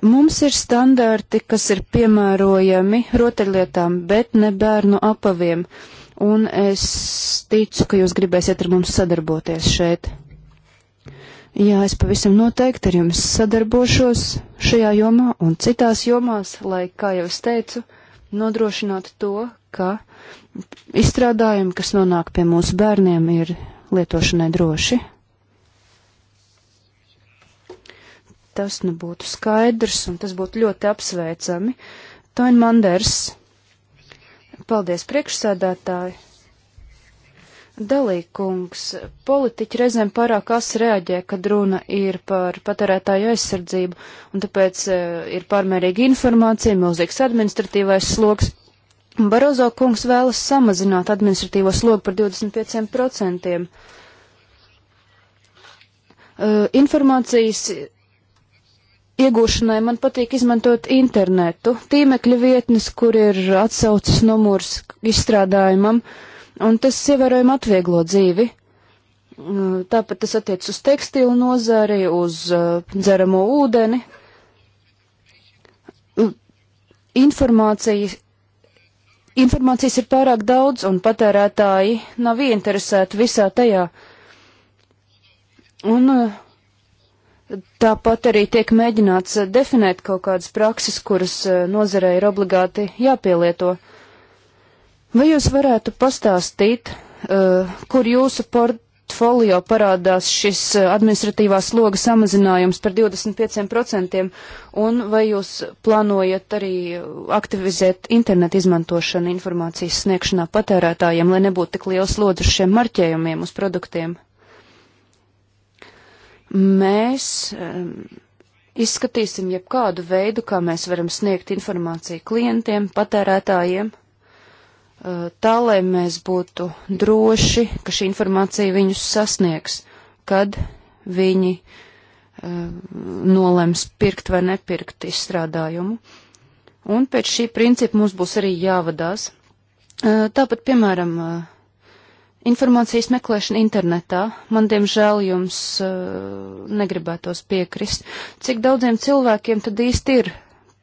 Mums ir standarti, kas ir piemērojami rotaļlietām, bet ne bērnu apaviem, un es ticu, ka jūs gribēsiet ar mums sadarboties šeit. Jā, es pavisam noteikti ar jums sadarbošos šajā jomā un citās jomās, lai, kā jau es teicu, nodrošinātu to, ka izstrādājumi, kas nonāk pie mūsu bērniem, ir lietošanai droši. tas nu būtu skaidrs un tas būtu ļoti apsveicami. Toņa Manders. Paldies, priekšsēdētāji. Dalīkungs, politiķi reizēm pārāk as reaģē, kad runa ir par patērētāju aizsardzību, un tāpēc e, ir pārmērīga informācija, milzīgs administratīvais sloks. Barozo kungs vēlas samazināt administratīvo slogu par 25%. E, informācijas iegūšanai man patīk izmantot internetu, tīmekļa vietnes, kur ir atsaucas numurs izstrādājumam, un tas ievērojami atvieglo dzīvi. Mm, tāpat tas attiec uz tekstilu nozari, uz uh, dzeramo ūdeni. Mm, Informācija, informācijas ir pārāk daudz, un patērētāji nav ieinteresēti visā tajā. Un uh, Tāpat arī tiek mēģināts eh, definēt kaut kādas prakses, kuras eh, nozarē ir obligāti jāpielieto. Vai jūs varētu pastāstīt, eh, kur jūsu portfolio parādās šis administratīvās sloga samazinājums par 25%, un vai jūs plānojat arī aktivizēt internetu izmantošanu informācijas sniegšanā patērētājiem, lai nebūtu tik liels lodz uz šiem marķējumiem uz produktiem? mēs um, izskatīsim jebkādu veidu, kā mēs varam sniegt informāciju klientiem, patērētājiem, eh, tā lai mēs būtu droši, ka šī informācija viņus sasniegs, kad viņi uh, nolems pirkt vai nepirkt izstrādājumu. Un pēc šī principa mums būs arī jāvadās. Uh, tāpat, piemēram, uh, Informācijas meklēšana internetā, man diemžēl jums uh, negribētos piekrist, cik daudziem cilvēkiem tad īsti ir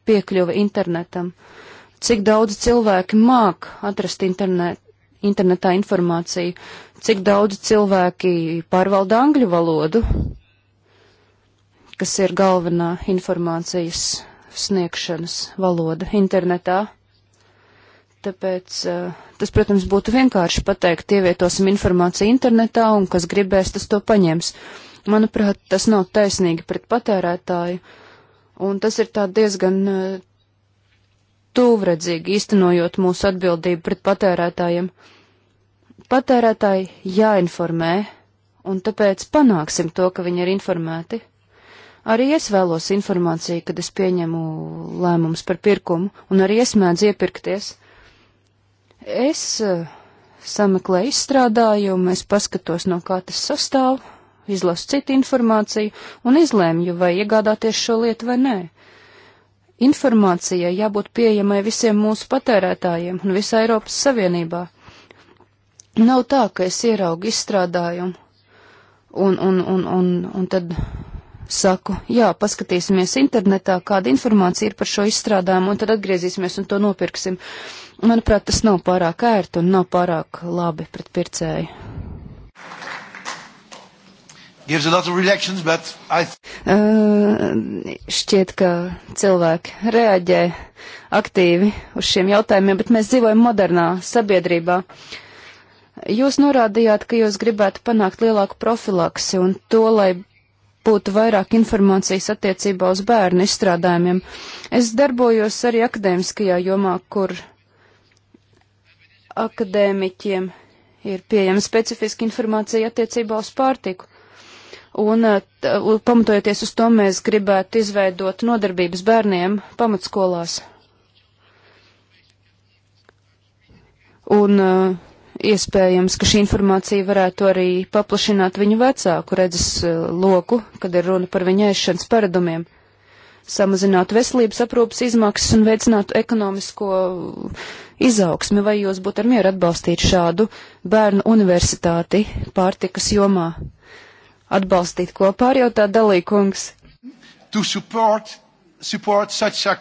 piekļuve internetam, cik daudz cilvēki māk atrast internet, internetā informāciju, cik daudz cilvēki pārvalda angļu valodu, kas ir galvenā informācijas sniegšanas valoda internetā. Tāpēc eh, tas, protams, būtu vienkārši pateikt, ievietosim informāciju internetā un kas gribēs, tas to paņems. Manuprāt, tas nav taisnīgi pret patērētāju, un tas ir tā diezgan eh, tūvredzīgi īstenojot mūsu atbildību pret patērētājiem. Patērētāji jāinformē, un tāpēc panāksim to, ka viņi ir informēti. Arī es vēlos informāciju, kad es pieņemu lēmumus par pirkumu, un arī es mēdzu iepirkties. Es eh, sameklēju izstrādājumu, es paskatos, no kā tas sastāv, izlasu citu informāciju un izlēmju, vai iegādāties šo lietu vai nē. Informācijai jābūt pieejamai visiem mūsu patērētājiem un visā Eiropas Savienībā. Nav tā, ka es ieraugu izstrādājumu un, un, un, un, un tad saku, jā, paskatīsimies internetā, kāda informācija ir par šo izstrādājumu, un tad atgriezīsimies un to nopirksim. Uh, Manuprāt, tas nav pārāk ērti un nav pārāk labi pret pircēju. I... Uh, šķiet, ka cilvēki reaģē aktīvi uz šiem jautājumiem, bet mēs dzīvojam modernā sabiedrībā. Jūs norādījāt, ka jūs gribētu panākt lielāku profilaksi un to, lai būtu vairāk informācijas attiecībā uz bērnu izstrādājumiem. Es darbojos arī akadēmiskajā jomā, kur akadēmiķiem ir pieejama specifiska informācija attiecībā uz pārtiku. Un eh, t, pamatojoties uz to, mēs gribētu izveidot nodarbības bērniem pamatskolās. Un uh, iespējams, ka šī informācija varētu arī paplašināt viņu vecāku redzes uh, loku, kad ir runa par viņa ēšanas paradumiem. Uh, samazinātu veselības aprūpas izmaksas un veicinātu ekonomisko izaugsmi, vai jūs būtu ar mieru atbalstīt šādu bērnu universitāti pārtikas jomā? Atbalstīt kopā ar jau tā dalīkungs. Support, support a...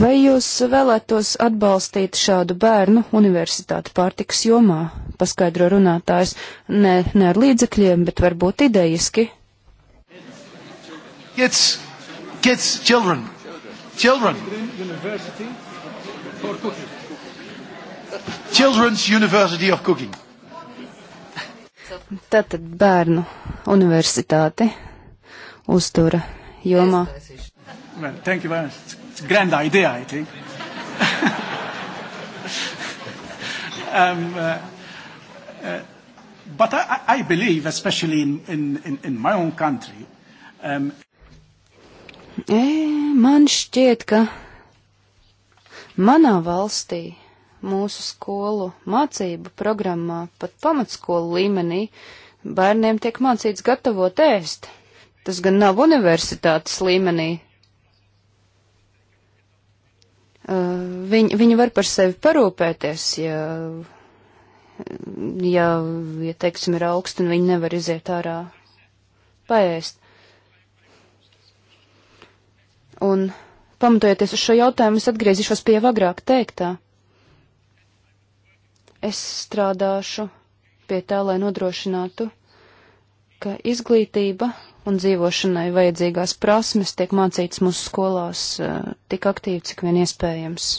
Vai jūs vēlētos atbalstīt šādu bērnu universitāti pārtikas jomā? Paskaidro runātājs. Nē, ne, ne ar līdzekļiem, bet varbūt idejiski. It's Kids, children. Children. University for cooking. Children's University of Cooking. Tātad bērnu universitāte uztura jomā. Well, thank you very much. It's a grand idea, I think. um, uh, uh, but I, I believe, especially in, in, in my own country, um, E, man šķiet, ka manā valstī mūsu skolu mācību programmā, pat pamatskolu līmenī, bērniem tiek mācīts gatavot ēst. Tas gan nav universitātes līmenī. Uh, viņi, viņi var par sevi parūpēties, ja, ja, ja teiksim, ir augsts un viņi nevar iziet ārā paēst. Un, pamatojoties uz šo jautājumu, es atgriezīšos pie agrāk teiktā. Es strādāšu pie tā, lai nodrošinātu, ka izglītība un dzīvošanai vajadzīgās prasmes tiek mācītas mūsu skolās uh, tik aktīvi, cik vien iespējams.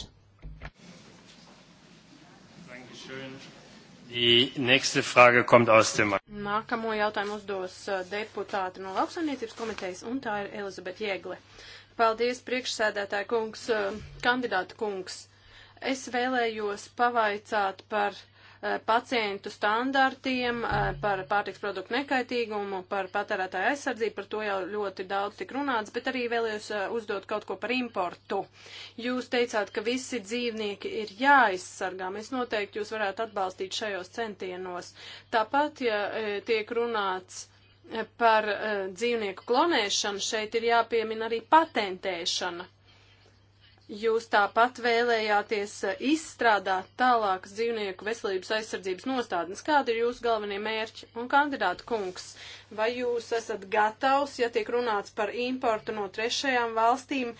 Nākamo jautājumu uzdos eh, deputāti no lauksaimniecības komitejas, un tā ir Elizabete Jēgle. Uh, Paldies, priekšsēdētāja kungs, eh, kandidāta kungs. Es vēlējos pavaicāt par eh, pacientu standartiem, eh, par pārtiks produktu nekaitīgumu, par patērētāju aizsardzību, par to jau ļoti daudz tik runāts, bet arī vēlējos uzdot kaut ko par importu. Jūs teicāt, ka visi dzīvnieki ir jāaizsargā. Mēs noteikti jūs varētu atbalstīt šajos centienos. Tāpat, ja tiek runāts par uh, dzīvnieku klonēšanu, šeit ir jāpiemina arī patentēšana. Jūs tāpat vēlējāties eh, izstrādāt tālākas dzīvnieku veselības aizsardzības nostādnes. Kādi ir jūsu galvenie mērķi un kandidātu kungs? Vai jūs esat gatavs, ja tiek runāts par importu no trešajām valstīm,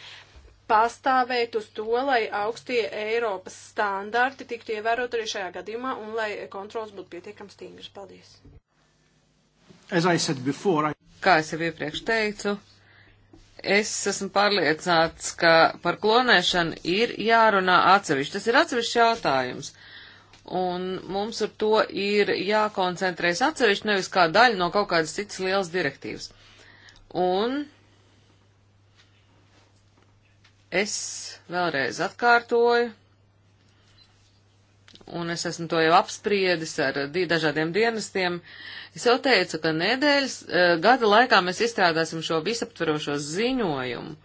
pastāvēt uz to, lai augstie Eiropas standarti tiktu ievērot arī šajā gadījumā un lai kontrols būtu pietiekams stingrs? Paldies! Before, I... Kā es jau iepriekš teicu, es esmu pārliecināts, ka par klonēšanu ir jārunā atsevišķi. Tas ir atsevišķi jautājums. Un mums ar to ir jākoncentrējas atsevišķi, nevis kā daļa no kaut kādas citas lielas direktīvas. Un es vēlreiz atkārtoju, un es esmu to jau apspriedis ar dažādiem dienestiem. Es jau teicu, ka nedēļas e, gada laikā mēs izstrādāsim šo visaptverošo ziņojumu,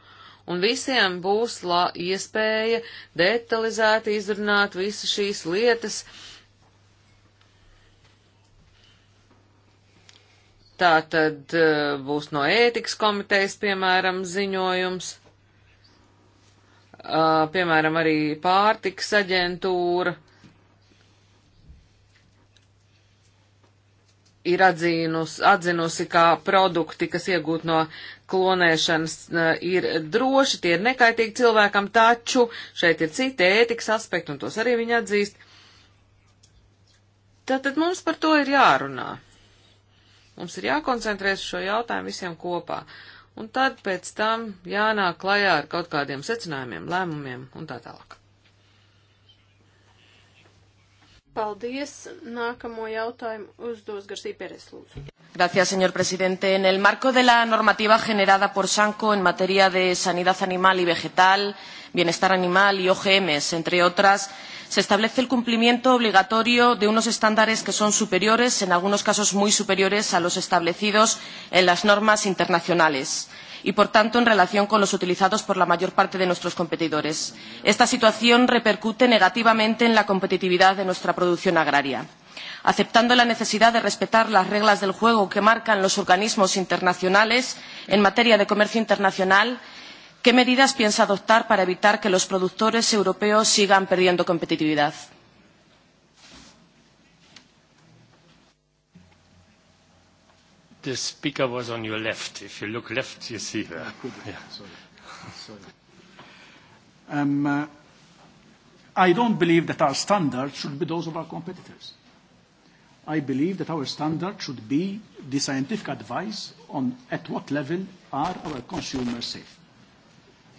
un visiem būs la, iespēja detalizēti izrunāt visas šīs lietas. Tā tad e, būs no ētikas komitejas, piemēram, ziņojums. Uh, piemēram, arī pārtiks aģentūra, ir atzīnus, atzinusi, ka produkti, kas iegūt no klonēšanas, e, ir droši, tie ir nekaitīgi cilvēkam, taču šeit ir citi ētikas aspekti, un tos arī viņi atzīst. Tātad mums par to ir jārunā. Mums ir jākoncentrēs šo jautājumu visiem kopā, un tad pēc tam jānāk klajā ar kaut kādiem secinājumiem, lēmumiem un tā tālāk. Paldies. Nākamo jautājumu uzdos Garcija Pérez, lūdzu. Gracias, señor presidente. En el marco de la normativa generada por Sanco en materia de sanidad animal y vegetal, bienestar animal y OGMs, entre otras, se establece el cumplimiento obligatorio de unos estándares que son superiores, en algunos casos muy superiores, a los establecidos en las normas internacionales y, por tanto, en relación con los utilizados por la mayor parte de nuestros competidores. Esta situación repercute negativamente en la competitividad de nuestra producción agraria aceptando la necesidad de respetar las reglas del juego que marcan los organismos internacionales en materia de comercio internacional, ¿qué medidas piensa adoptar para evitar que los productores europeos sigan perdiendo competitividad? the speaker was on your left. If you look left, you see her. Yeah. Sorry. Sorry. Um, uh, I don't believe that our standards should be those of our competitors. I believe that our standard should be the scientific advice on at what level are our consumers safe,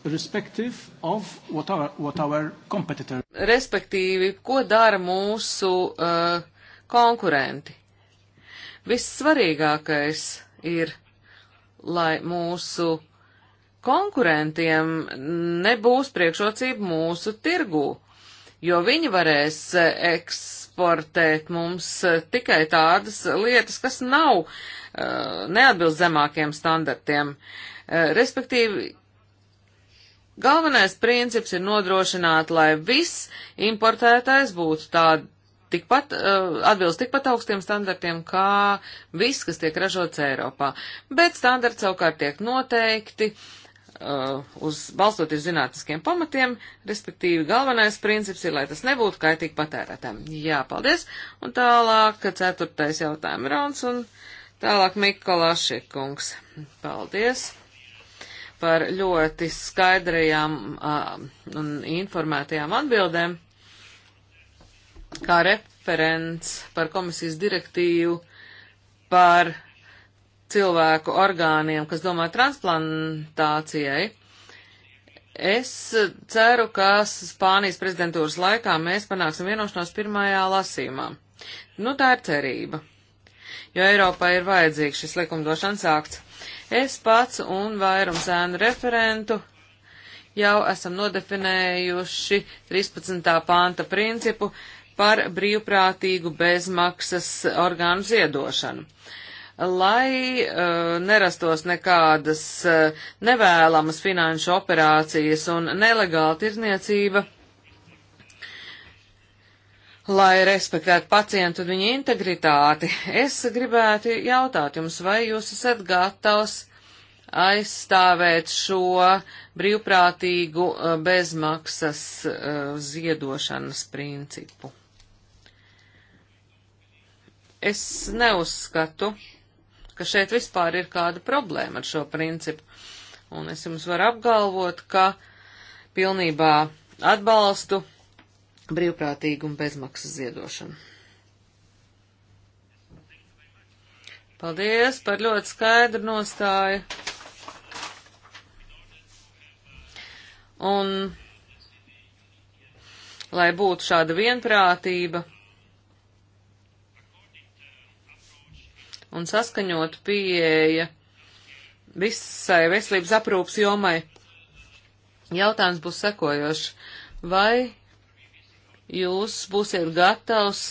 irrespective of what our, what our competitor. Respektīvi, ko dara mūsu uh, konkurenti? Vissvarīgākais ir, lai mūsu konkurentiem nebūs priekšrocība mūsu tirgū, jo viņi varēs eksportēt mums tikai tādas lietas, kas nav uh, neatbilst zemākiem standartiem. Uh, respektīvi, Galvenais princips ir nodrošināt, lai viss importētais būtu tād, tikpat, eh, atbilst tikpat augstiem standartiem, kā viss, kas tiek ražots Eiropā. Bet standarti savukārt tiek noteikti eh, uz balstoties zinātniskiem pamatiem, respektīvi galvenais princips ir, lai tas nebūtu kaitīgi patērētājiem. Jā, paldies. Un tālāk ceturtais jautājuma rauns un tālāk Mikolašikungs. Paldies par ļoti skaidrajām uh, un informētajām atbildēm kā referents par komisijas direktīvu par cilvēku orgāniem, kas domā transplantācijai. Es ceru, ka Spānijas prezidentūras laikā mēs panāksim vienošanos pirmajā lasīmā. Nu, tā ir cerība, jo Eiropā ir vajadzīgs šis likumdošanas akts. Es pats un vairums ēnu referentu jau esam nodefinējuši 13. panta principu, uh, par brīvprātīgu bezmaksas orgānu ziedošanu. Lai uh, nerastos nekādas uh, nevēlamas finanšu operācijas un nelegāla tirzniecība, lai respektētu pacientu un viņa integritāti, es gribētu jautāt jums, vai jūs esat gatavs aizstāvēt šo brīvprātīgu uh, bezmaksas uh, ziedošanas principu. Es neuzskatu, ka šeit vispār ir kāda problēma ar šo principu. Un es jums varu apgalvot, ka pilnībā atbalstu brīvprātīgu un bezmaksas ziedošanu. Paldies par ļoti skaidru nostāju. Un, lai būtu šāda vienprātība, un saskaņot pieeja visai veselības aprūpas jomai. Jautājums būs sekojošs. Vai jūs būsiet gatavs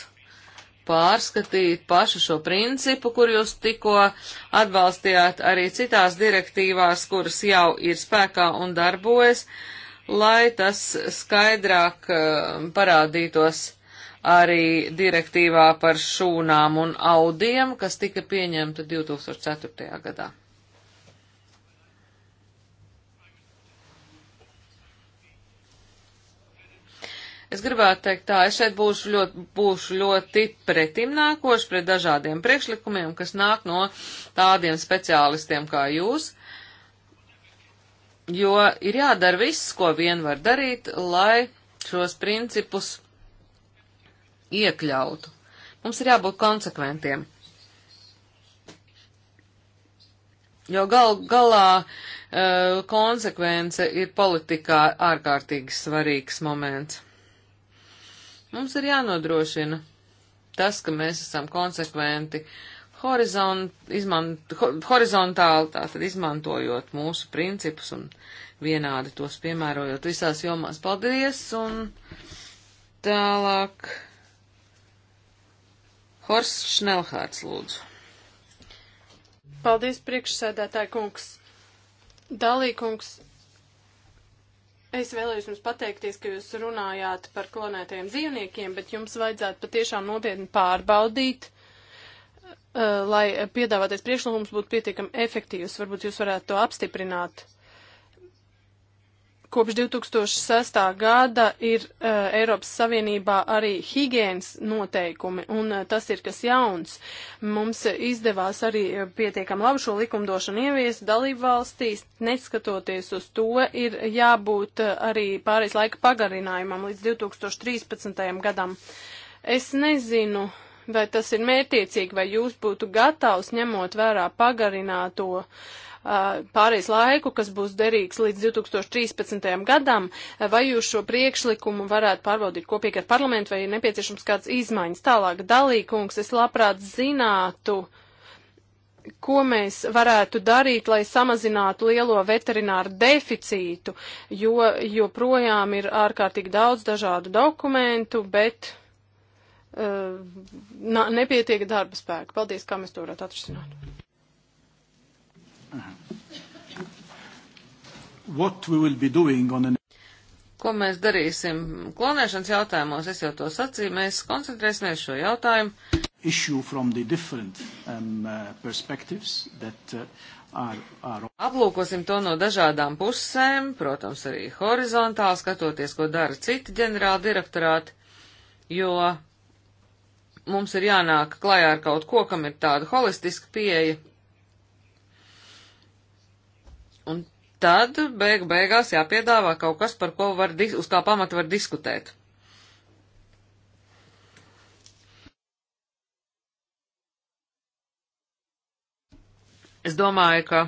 pārskatīt pašu šo principu, kur jūs tikko atbalstījāt arī citās direktīvās, kuras jau ir spēkā un darbojas, lai tas skaidrāk eh, parādītos? arī direktīvā par šūnām un audiem, kas tika pieņemta 2004. gadā. Es gribētu teikt tā, es šeit būšu ļoti, būšu ļoti pretimnākoši pret dažādiem priekšlikumiem, kas nāk no tādiem speciālistiem kā jūs, jo ir jādara viss, ko vien var darīt, lai šos principus iekļautu. Mums ir jābūt konsekventiem. Jo gal, galā uh, konsekvence ir politikā ārkārtīgi svarīgs moments. Mums ir jānodrošina tas, ka mēs esam konsekventi horizont, izmant, horizontāli, tātad izmantojot mūsu principus un vienādi tos piemērojot visās jomās. Paldies! Un tālāk Horst Šnelhārds lūdzu. Paldies, priekšsēdētāji kungs. Dalīkungs, Es vēlējos jums pateikties, ka jūs runājāt par klonētajiem dzīvniekiem, bet jums vajadzētu patiešām nopietni pārbaudīt, eh, lai piedāvātais priekšlikums būtu pietiekami efektīvs. Varbūt jūs varētu to apstiprināt. Uh, Kopš 2006. gada ir uh, Eiropas Savienībā arī higienas noteikumi, un uh, tas ir kas jauns. Mums izdevās arī e, pietiekam labu šo likumdošanu ieviest dalību valstīs, neskatoties uz to, ir jābūt uh, arī pāris laika pagarinājumam līdz 2013. gadam. Es nezinu, vai tas ir mērtiecīgi, vai jūs būtu gatavs ņemot vērā pagarināto uh, pārejas laiku, kas būs derīgs līdz 2013. gadam, vai jūs šo priekšlikumu varētu pārbaudīt kopīgi ar parlamentu, vai ir nepieciešams kāds izmaiņas. Tālāk, dalīkungs, es labprāt zinātu, ko mēs varētu darīt, lai samazinātu lielo veterināru deficītu, jo joprojām ir ārkārtīgi daudz dažādu dokumentu, bet uh, nepietiek darba spēka. Paldies, kā mēs to varētu atrisināt. Uh-huh. An... Ko mēs darīsim klonēšanas jautājumos, es jau to sacīju, mēs koncentrēsimies šo jautājumu. Different, um, uh, that, uh, are, are... Aplūkosim to no dažādām pusēm, protams, arī horizontāli skatoties, ko dara citi ģenerāli direktorāti, jo mums ir jānāk klajā ar kaut ko, kam ir tāda holistiska pieeja tad beig beigās jāpiedāvā kaut kas, par ko var, uz kā pamata var diskutēt. Es domāju, ka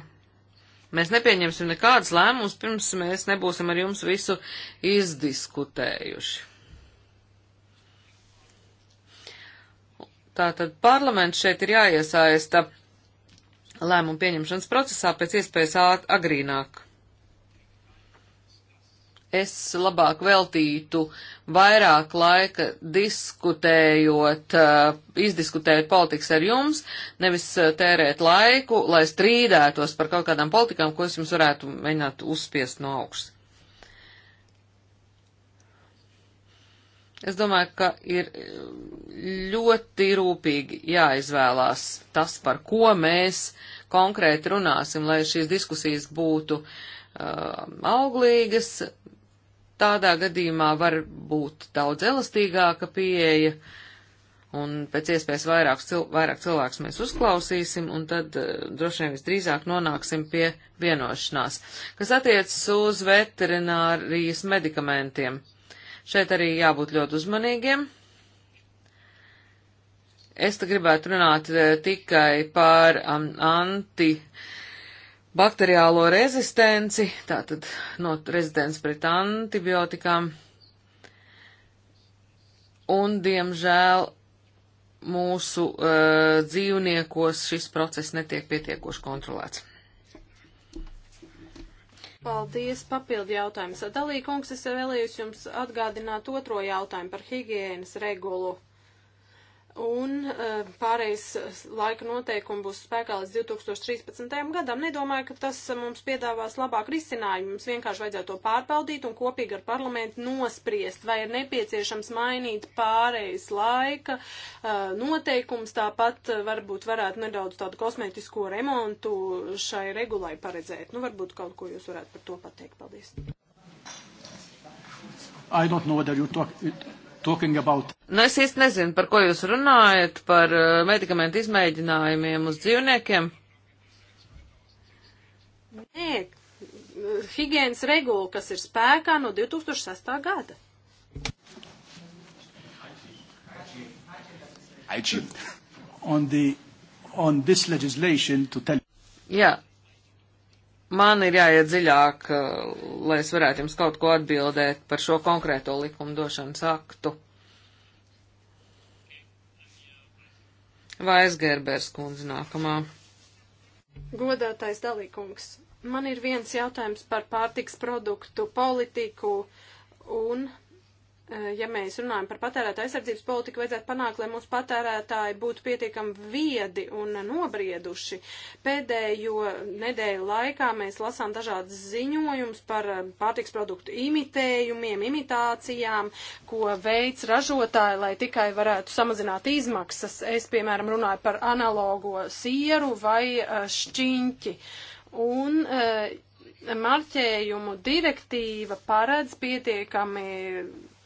mēs nepieņemsim nekādas lēmumus, pirms mēs nebūsim ar jums visu izdiskutējuši. Tātad parlaments šeit ir jāiesaista lēmumu pieņemšanas procesā pēc iespējas agrīnāk. Es labāk veltītu vairāk laika diskutējot, izdiskutējot politikas ar jums, nevis tērēt laiku, lai strīdētos par kaut kādām politikām, ko es jums varētu mēģināt uzspiest no augšas. Es domāju, ka ir eh, ļoti rūpīgi jāizvēlās tas, par ko mēs konkrēti runāsim, lai šīs diskusijas būtu uh, auglīgas. Tādā gadījumā var būt daudz elastīgāka pieeja, un pēc iespējas vairāk, cil vairāk cilvēks mēs uzklausīsim, un tad uh, droši vien visdrīzāk nonāksim pie vienošanās, kas attiecas uz veterinārijas medikamentiem. Šeit arī jābūt ļoti uzmanīgiem. Es te gribētu runāt eh, tikai par um, anti bakteriālo rezistenci, tātad no rezistents pret antibiotikām. Un, diemžēl, mūsu uh, dzīvniekos šis process netiek pietiekoši kontrolēts. Paldies, papildi jautājums. Dalīkungs, es vēlējos jums atgādināt otro jautājumu par higienas regulu. Un e, pārējais laika noteikumi būs spēkā līdz 2013. gadam. Nedomāju, ka tas mums piedāvās labāk risinājumu. Mums vienkārši vajadzētu to pārbaudīt un kopīgi ar parlamentu nospriest, vai ir nepieciešams mainīt pārējais laika e, noteikums. Tāpat e, varbūt varētu nedaudz tādu kosmētisko remontu šai regulai paredzēt. Nu, varbūt kaut ko jūs varētu par to pateikt. Paldies. I don't know whether you talk, About... Nu, es īsti nezinu, par ko jūs runājat, par uh, medikamentu izmēģinājumiem uz dzīvniekiem. Nē, higienas regula, kas ir spēkā no 2006. gada. On the, on tell... Jā, Man ir jāiet dziļāk, eh, lai es varētu jums kaut ko atbildēt par šo konkrēto likumdošanas aktu. Vais Gerbers kundze nākamā. Godātais dalīkungs, man ir viens jautājums par pārtiks produktu politiku un Eh, ja mēs runājam par patērētāju aizsardzības politiku, vajadzētu panākt, lai mūsu patērētāji būtu pietiekami viedi un nobrieduši. Pēdējo nedēļu laikā mēs lasām dažādas ziņojumus par eh, pārtiks produktu imitējumiem, imitācijām, ko veids ražotāji, lai tikai varētu samazināt izmaksas. Es, piemēram, runāju par analogo sieru vai eh, šķiņķi. Un, uh, marķējumu direktīva paredz pietiekami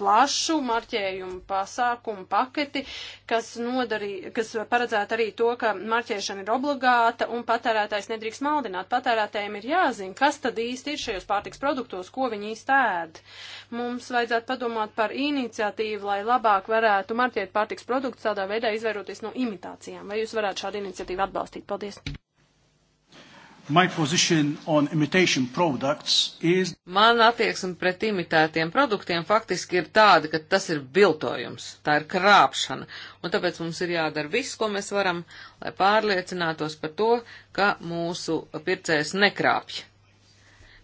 plašu marķējumu pasākumu paketi, kas, nodarī, kas paredzētu arī to, ka marķēšana ir obligāta un patērētājs nedrīkst maldināt. Patērētājiem ir jāzina, kas tad īsti ir šajos pārtiks produktos, ko viņi īsti ēd. Mums vajadzētu padomāt par iniciatīvu, lai labāk varētu marķēt pārtiks produktus, tādā veidā izvairoties no imitācijām. Vai jūs varētu šādu iniciatīvu atbalstīt? Paldies! Is... Man attieksme pret imitētiem produktiem faktiski ir tāda, ka tas ir viltojums, tā ir krāpšana, un tāpēc mums ir jādara viss, ko mēs varam, lai pārliecinātos par to, ka mūsu pircējs nekrāpj.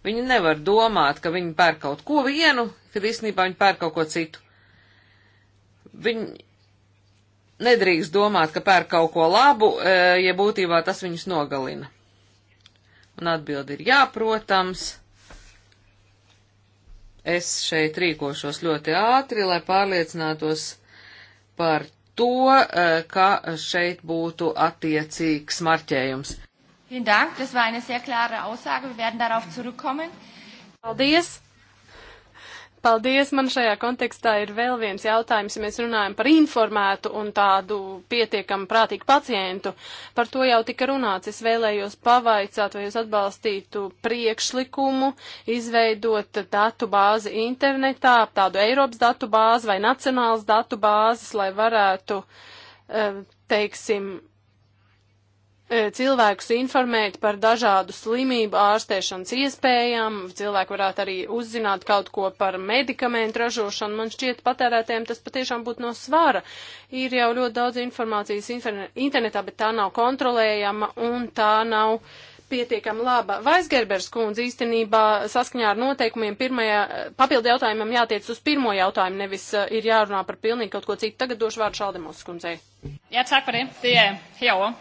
Viņi nevar domāt, ka viņi pērk kaut ko vienu, kad īstenībā viņi pērk kaut ko citu. Viņi nedrīkst domāt, ka pērk kaut ko labu, eh, ja būtībā tas viņus nogalina. Un atbildi ir jā, protams. Es šeit rīkošos ļoti ātri, lai pārliecinātos par to, eh, ka šeit būtu attiecīgs marķējums. Vielen Dank, das war eine sehr klare Aussage. Wir werden darauf zurückkommen. Paldies! Paldies, man šajā kontekstā ir vēl viens jautājums, ja mēs runājam par informētu un tādu pietiekam prātīgu pacientu. Par to jau tika runāts. Es vēlējos pavaicāt, vai jūs atbalstītu priekšlikumu izveidot datu bāzi internetā, tādu Eiropas datu bāzi vai nacionālas datu bāzes, lai varētu, eh, teiksim, E, cilvēkus informēt par dažādu slimību ārstēšanas iespējām, cilvēki varētu arī uzzināt kaut ko par medikamentu ražošanu. Man šķiet, patērētēm tas patiešām būtu no svara. Ir jau ļoti daudz informācijas internetā, bet tā nav kontrolējama un tā nav pietiekami laba. Vaisgerbers kundze īstenībā saskaņā ar noteikumiem pirmajā papildu jautājumam jātiec uz pirmo jautājumu, nevis uh, ir jārunā par pilnīgi kaut ko citu. Tagad došu vārdu Šaldemos kundzei. Jā, tak par det. Det er herovre.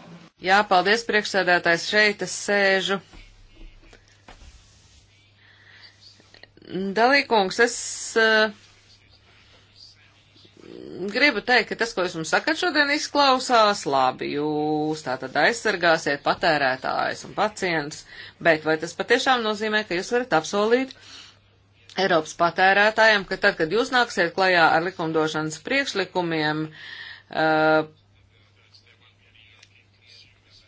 Jā, paldies priekšsēdētājs, šeit es sēžu. Dalīkungs, es uh, gribu teikt, ka tas, ko jūs mums sakat šodien, izklausās labi. Jūs tātad aizsargāsiet patērētājs un pacients, bet vai tas patiešām nozīmē, ka jūs varat apsolīt Eiropas patērētājiem, ka tad, kad jūs nāksiet klajā ar likumdošanas priekšlikumiem, uh,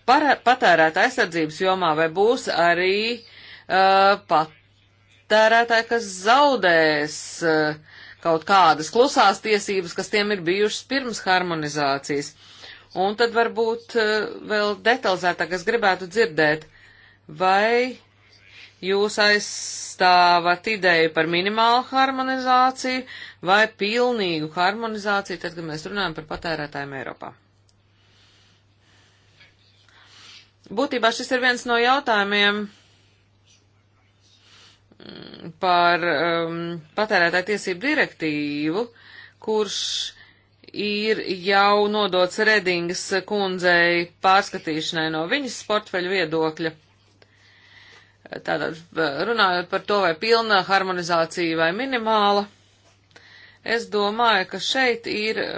patērēta aizsardzības jomā, vai būs arī uh, patērētāji, kas zaudēs uh, kaut kādas klusās tiesības, kas tiem ir bijušas pirms harmonizācijas. Un tad varbūt uh, vēl detalizētāk es gribētu dzirdēt, vai jūs aizstāvat ideju par minimālu harmonizāciju vai pilnīgu harmonizāciju, tad, kad mēs runājam par patērētājiem Eiropā. Būtībā šis ir viens no jautājumiem mm, par um, patērētāju tiesību direktīvu, kurš ir jau nodots Redingas kundzei pārskatīšanai no viņas portfeļu viedokļa. Tātad runājot par to, vai pilna harmonizācija vai minimāla, es domāju, ka šeit ir uh,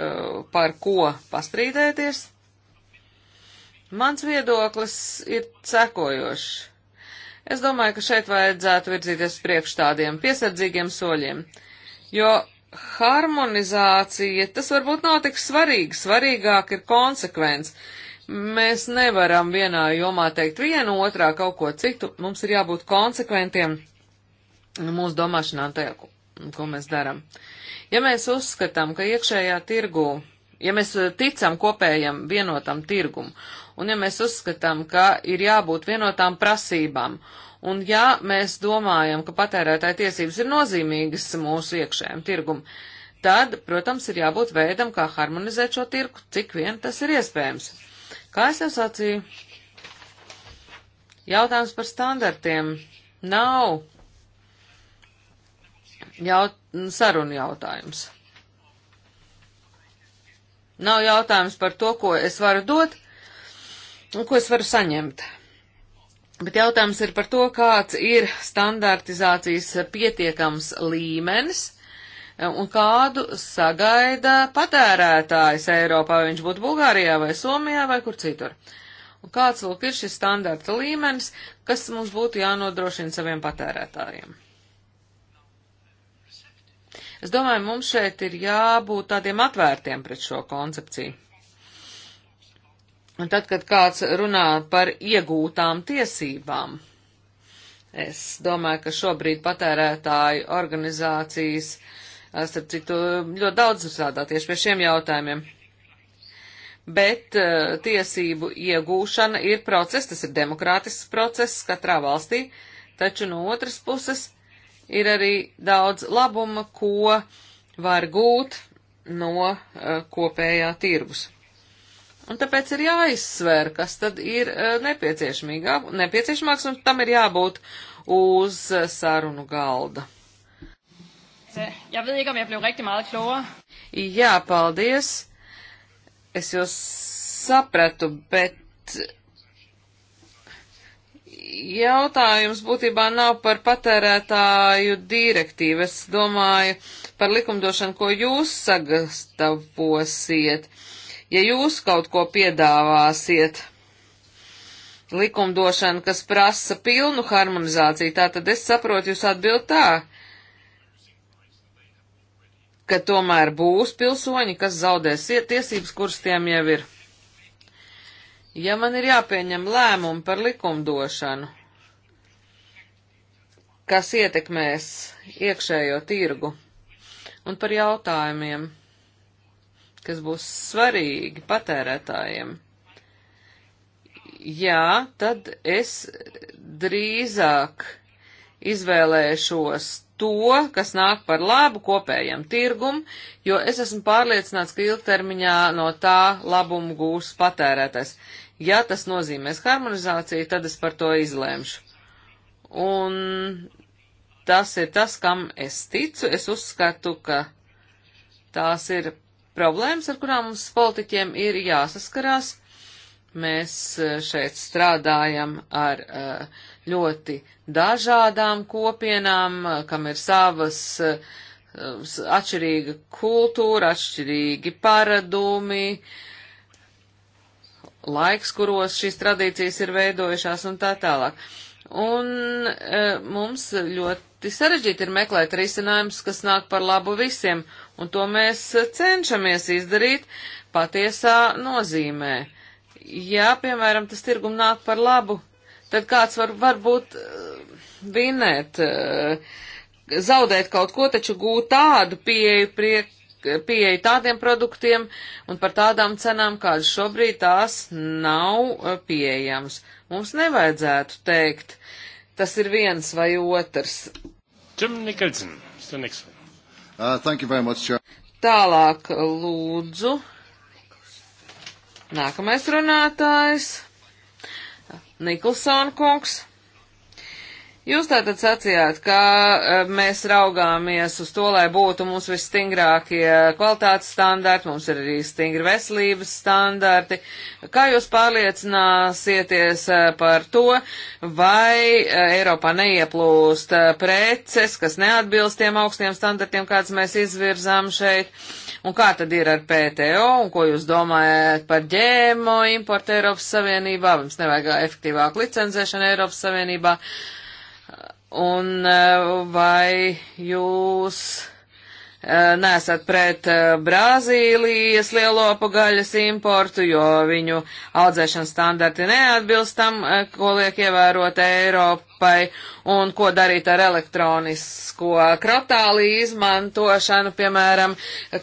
par ko pastrīdēties. Mans viedoklis ir cekojošs. Es domāju, ka šeit vajadzētu virzīties priekš tādiem piesardzīgiem soļiem, jo harmonizācija, tas varbūt nav tik svarīgi, svarīgāk ir konsekvence. Mēs nevaram vienā jomā teikt vienu otrā kaut ko citu, mums ir jābūt konsekventiem mūsu domāšanā tajā, ko, ko mēs daram. Ja mēs uzskatām, ka iekšējā tirgū ja mēs eh, ticam kopējam vienotam tirgumu, un ja mēs uzskatām, ka ir jābūt vienotām prasībām, un ja mēs domājam, ka patērētāja tiesības ir nozīmīgas mūsu iekšējiem tirgumam, tad, protams, ir jābūt veidam, kā harmonizēt šo tirku, cik vien tas ir iespējams. Kā es jau sacīju, jautājums par standartiem nav jaut sarunu jautājums. Nav jautājums par to, ko es varu dot un ko es varu saņemt. Bet jautājums ir par to, kāds ir standartizācijas pietiekams līmenis e, un kādu sagaida patērētājs Eiropā, vai viņš būtu Bulgārijā vai Somijā vai kur citur. Un kāds lūk ir šis standarta līmenis, kas mums būtu jānodrošina saviem patērētājiem. Es domāju, mums šeit ir jābūt tādiem atvērtiem pret šo koncepciju. Un tad, kad kāds runā par iegūtām tiesībām, es domāju, ka šobrīd patērētāju organizācijas, starp citu, ļoti daudz strādā tieši pie šiem jautājumiem bet uh, tiesību iegūšana ir process, tas ir demokrātisks process katrā valstī, taču no otras puses ir arī daudz labuma, ko var gūt no uh, kopējā tirgus. Un tāpēc ir jāizsver, kas tad ir uh, nepieciešamāks, un tam ir jābūt uz uh, sarunu galda. Jā, paldies. Es jūs sapratu, bet jautājums būtībā nav par patērētāju direktīvu. Es domāju par likumdošanu, ko jūs sagatavosiet. Ja jūs kaut ko piedāvāsiet likumdošanu, kas prasa pilnu harmonizāciju, tā tad es saprotu jūs atbild tā, ka tomēr būs pilsoņi, kas zaudēs tiesības, kuras tiem jau ir. Ja man ir jāpieņem lēmumi par likumdošanu, kas ietekmēs iekšējo tirgu, un par jautājumiem, kas būs svarīgi patērētājiem, jā, tad es drīzāk izvēlēšos to, kas nāk par labu kopējam tirgum, jo es esmu pārliecināts, ka ilgtermiņā no tā labumu gūs patērētājs. Ja tas nozīmēs harmonizāciju, tad es par to izlēmšu. Un tas ir tas, kam es ticu. Es uzskatu, ka tās ir problēmas, ar kurām mums politiķiem ir jāsaskarās. Mēs e, šeit strādājam ar e, ļoti dažādām kopienām, e, kam ir savas atšķirīga kultūra, atšķirīgi paradumi, uh, laiks, kuros šīs tradīcijas ir veidojušās un tā tālāk. Un e, mums ļoti sarežģīti ir meklēt risinājumus, kas nāk par labu visiem, un to mēs cenšamies izdarīt patiesā nozīmē. Ja, piemēram, tas tirgum nāk par labu, tad kāds var varbūt e, vinēt, e, zaudēt kaut ko, taču gūt tādu pieeju priek pieeja tādiem produktiem un par tādām cenām, kādas šobrīd tās nav eh, pieejamas. Mums nevajadzētu teikt, tas ir viens vai otrs. Jim Nicholson, the next one. Uh, thank you very much, Chair. Tālāk lūdzu. Nākamais runātājs. Nikolsona kungs. Jūs tātad sacījāt, ka e, mēs raugāmies uz to, lai būtu mums visstingrākie kvalitātes standarti, mums ir arī stingri veselības standarti. Kā jūs pārliecināsieties e, par to, vai e, Eiropā neieplūst preces, kas neatbilst tiem augstiem standartiem, kāds mēs izvirzām šeit? Un kā tad ir ar PTO, un ko jūs domājat par ģēmo importu Eiropas Savienībā? Mums nevajag efektīvāku licencēšanu Eiropas Savienībā. Uh, Un eh, vai jūs eh, nesat pret eh, Brazīlijas lielopu gaļas importu, jo viņu audzēšanas standarti neatbilst tam, ko liek ievērot Eiropai, un ko darīt ar elektronisko kratālī izmantošanu, piemēm,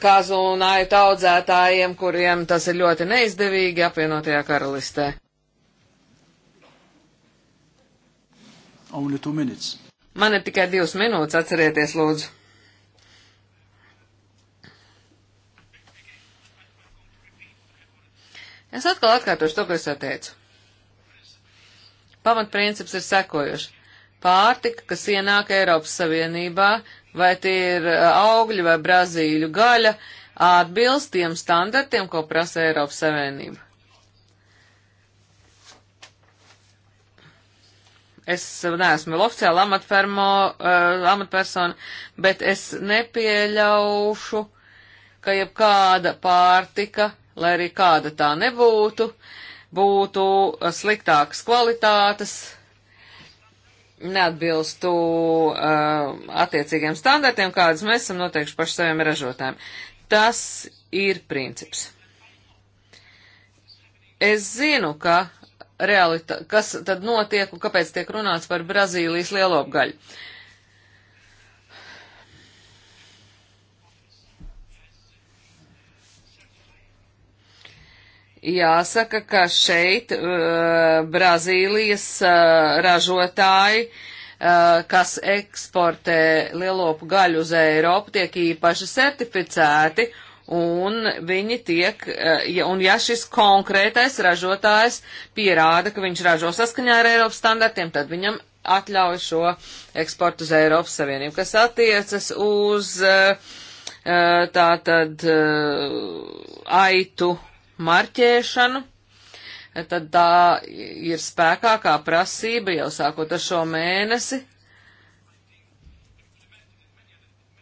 kazu un aitu audzētājiem, kuriem tas ir ļoti neizdevīgi apvienotajā karalistē? Only two minutes. Man ir tikai divas minūtes, atcerieties, lūdzu. Es atkal atkārtošu to, ko es teicu. Pamatprincips ir sekojuši. Pārtika, kas ienāk Eiropas Savienībā, vai tie ir uh, augļi vai brazīļu gaļa, atbilst tiem standartiem, ko prasa Eiropas Savienība. es neesmu vēl oficiāli amatpermo, uh, eh, amatpersona, bet es nepieļaušu, ka jebkāda pārtika, lai arī kāda tā nebūtu, būtu sliktākas kvalitātes, neatbilstu uh, attiecīgiem standartiem, kādas mēs esam noteikuši paši saviem ražotājiem. Tas ir princips. Es zinu, ka realita, kas tad notiek un kāpēc tiek runāts par Brazīlijas lielopgaļu. Jāsaka, ka šeit uh, Brazīlijas uh, ražotāji, uh, kas eksportē lielopu gaļu uz Eiropu, tiek īpaši certificēti, uh, un viņi tiek, eh, ja, un ja šis konkrētais ražotājs pierāda, ka viņš ražo saskaņā ar Eiropas standartiem, tad viņam atļauj šo eksportu uz Eiropas Savienību, kas attiecas uz eh, eh, tātad aitu marķēšanu. Tad tā ir spēkā kā prasība jau sākot ar šo mēnesi,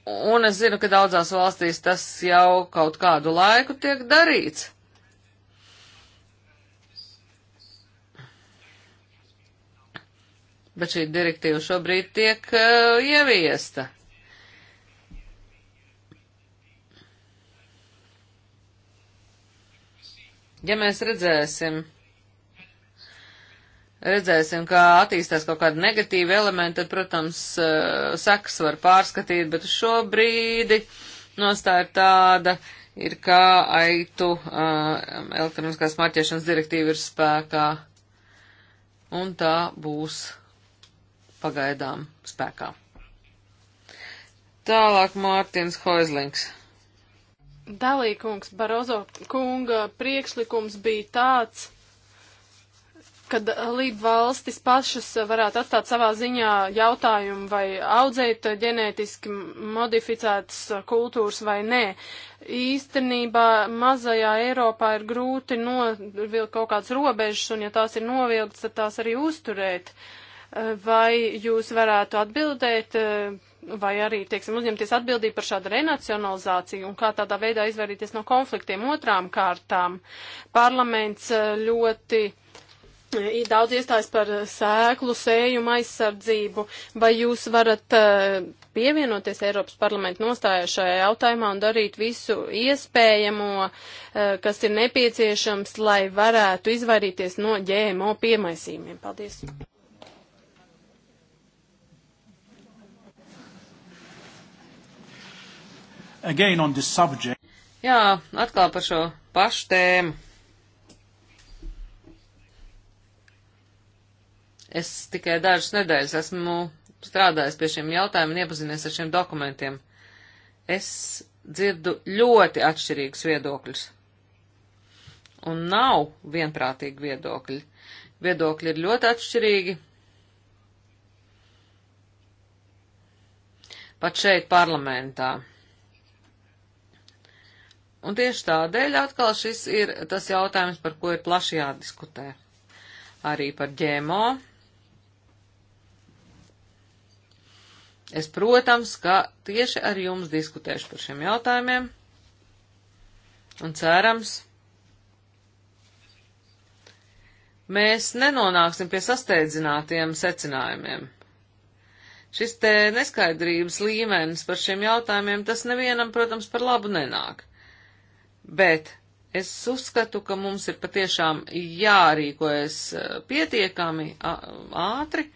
Un es zinu, ka daudzās valstīs tas jau kaut kādu laiku tiek darīts. Bet šī direktīva šobrīd tiek uh, ieviesta. Ja mēs redzēsim redzēsim, kā attīstās kaut kāda negatīva elementa, tad, protams, eh, sekas var pārskatīt, bet uz šo brīdi nostāja tāda ir, kā aitu eh, elektroniskās marķēšanas direktīva ir spēkā, un tā būs pagaidām spēkā. Tālāk Mārtiņš Hoizlings. Dalīkungs Barozo kunga priekšlikums bija tāds, kad eh, līdz valstis pašas varētu atstāt savā ziņā jautājumu vai audzēt ģenētiski modificētas kultūras vai nē. Īstenībā mazajā Eiropā ir grūti novilkt kaut kādas robežas, un ja tās ir novilktas, tad tās arī uzturēt. Eh, vai jūs varētu atbildēt, eh, vai arī, teiksim, uzņemties atbildību par šādu renacionalizāciju un kā tādā veidā izvairīties no konfliktiem otrām kārtām? Parlaments ļoti ir daudz iestājas par eh, sēklu sējumu aizsardzību. Vai jūs varat eh, pievienoties Eiropas parlamentu nostājā šajā jautājumā un darīt visu iespējamo, eh, kas ir nepieciešams, lai varētu izvairīties no ģēmo piemaisījumiem? Paldies! Again on this subject. Jā, atkal par šo pašu tēmu. Es tikai dažas nedēļas esmu strādājis pie šiem jautājumiem un iepazinies ar šiem dokumentiem. Es dzirdu ļoti atšķirīgus viedokļus. Un nav vienprātīgi viedokļi. Viedokļi ir ļoti atšķirīgi. Pat šeit parlamentā. Un tieši tādēļ atkal šis ir tas jautājums, par ko ir plaši jādiskutē. Arī par ģēmo Es, protams, ka tieši ar jums diskutēšu par šiem jautājumiem un cerams, mēs nenonāksim pie sasteidzinātiem secinājumiem. Šis te neskaidrības līmenis par šiem jautājumiem, tas nevienam, protams, par labu nenāk. Bet es uzskatu, ka mums ir patiešām jārīkojas eh, pietiekami ātri.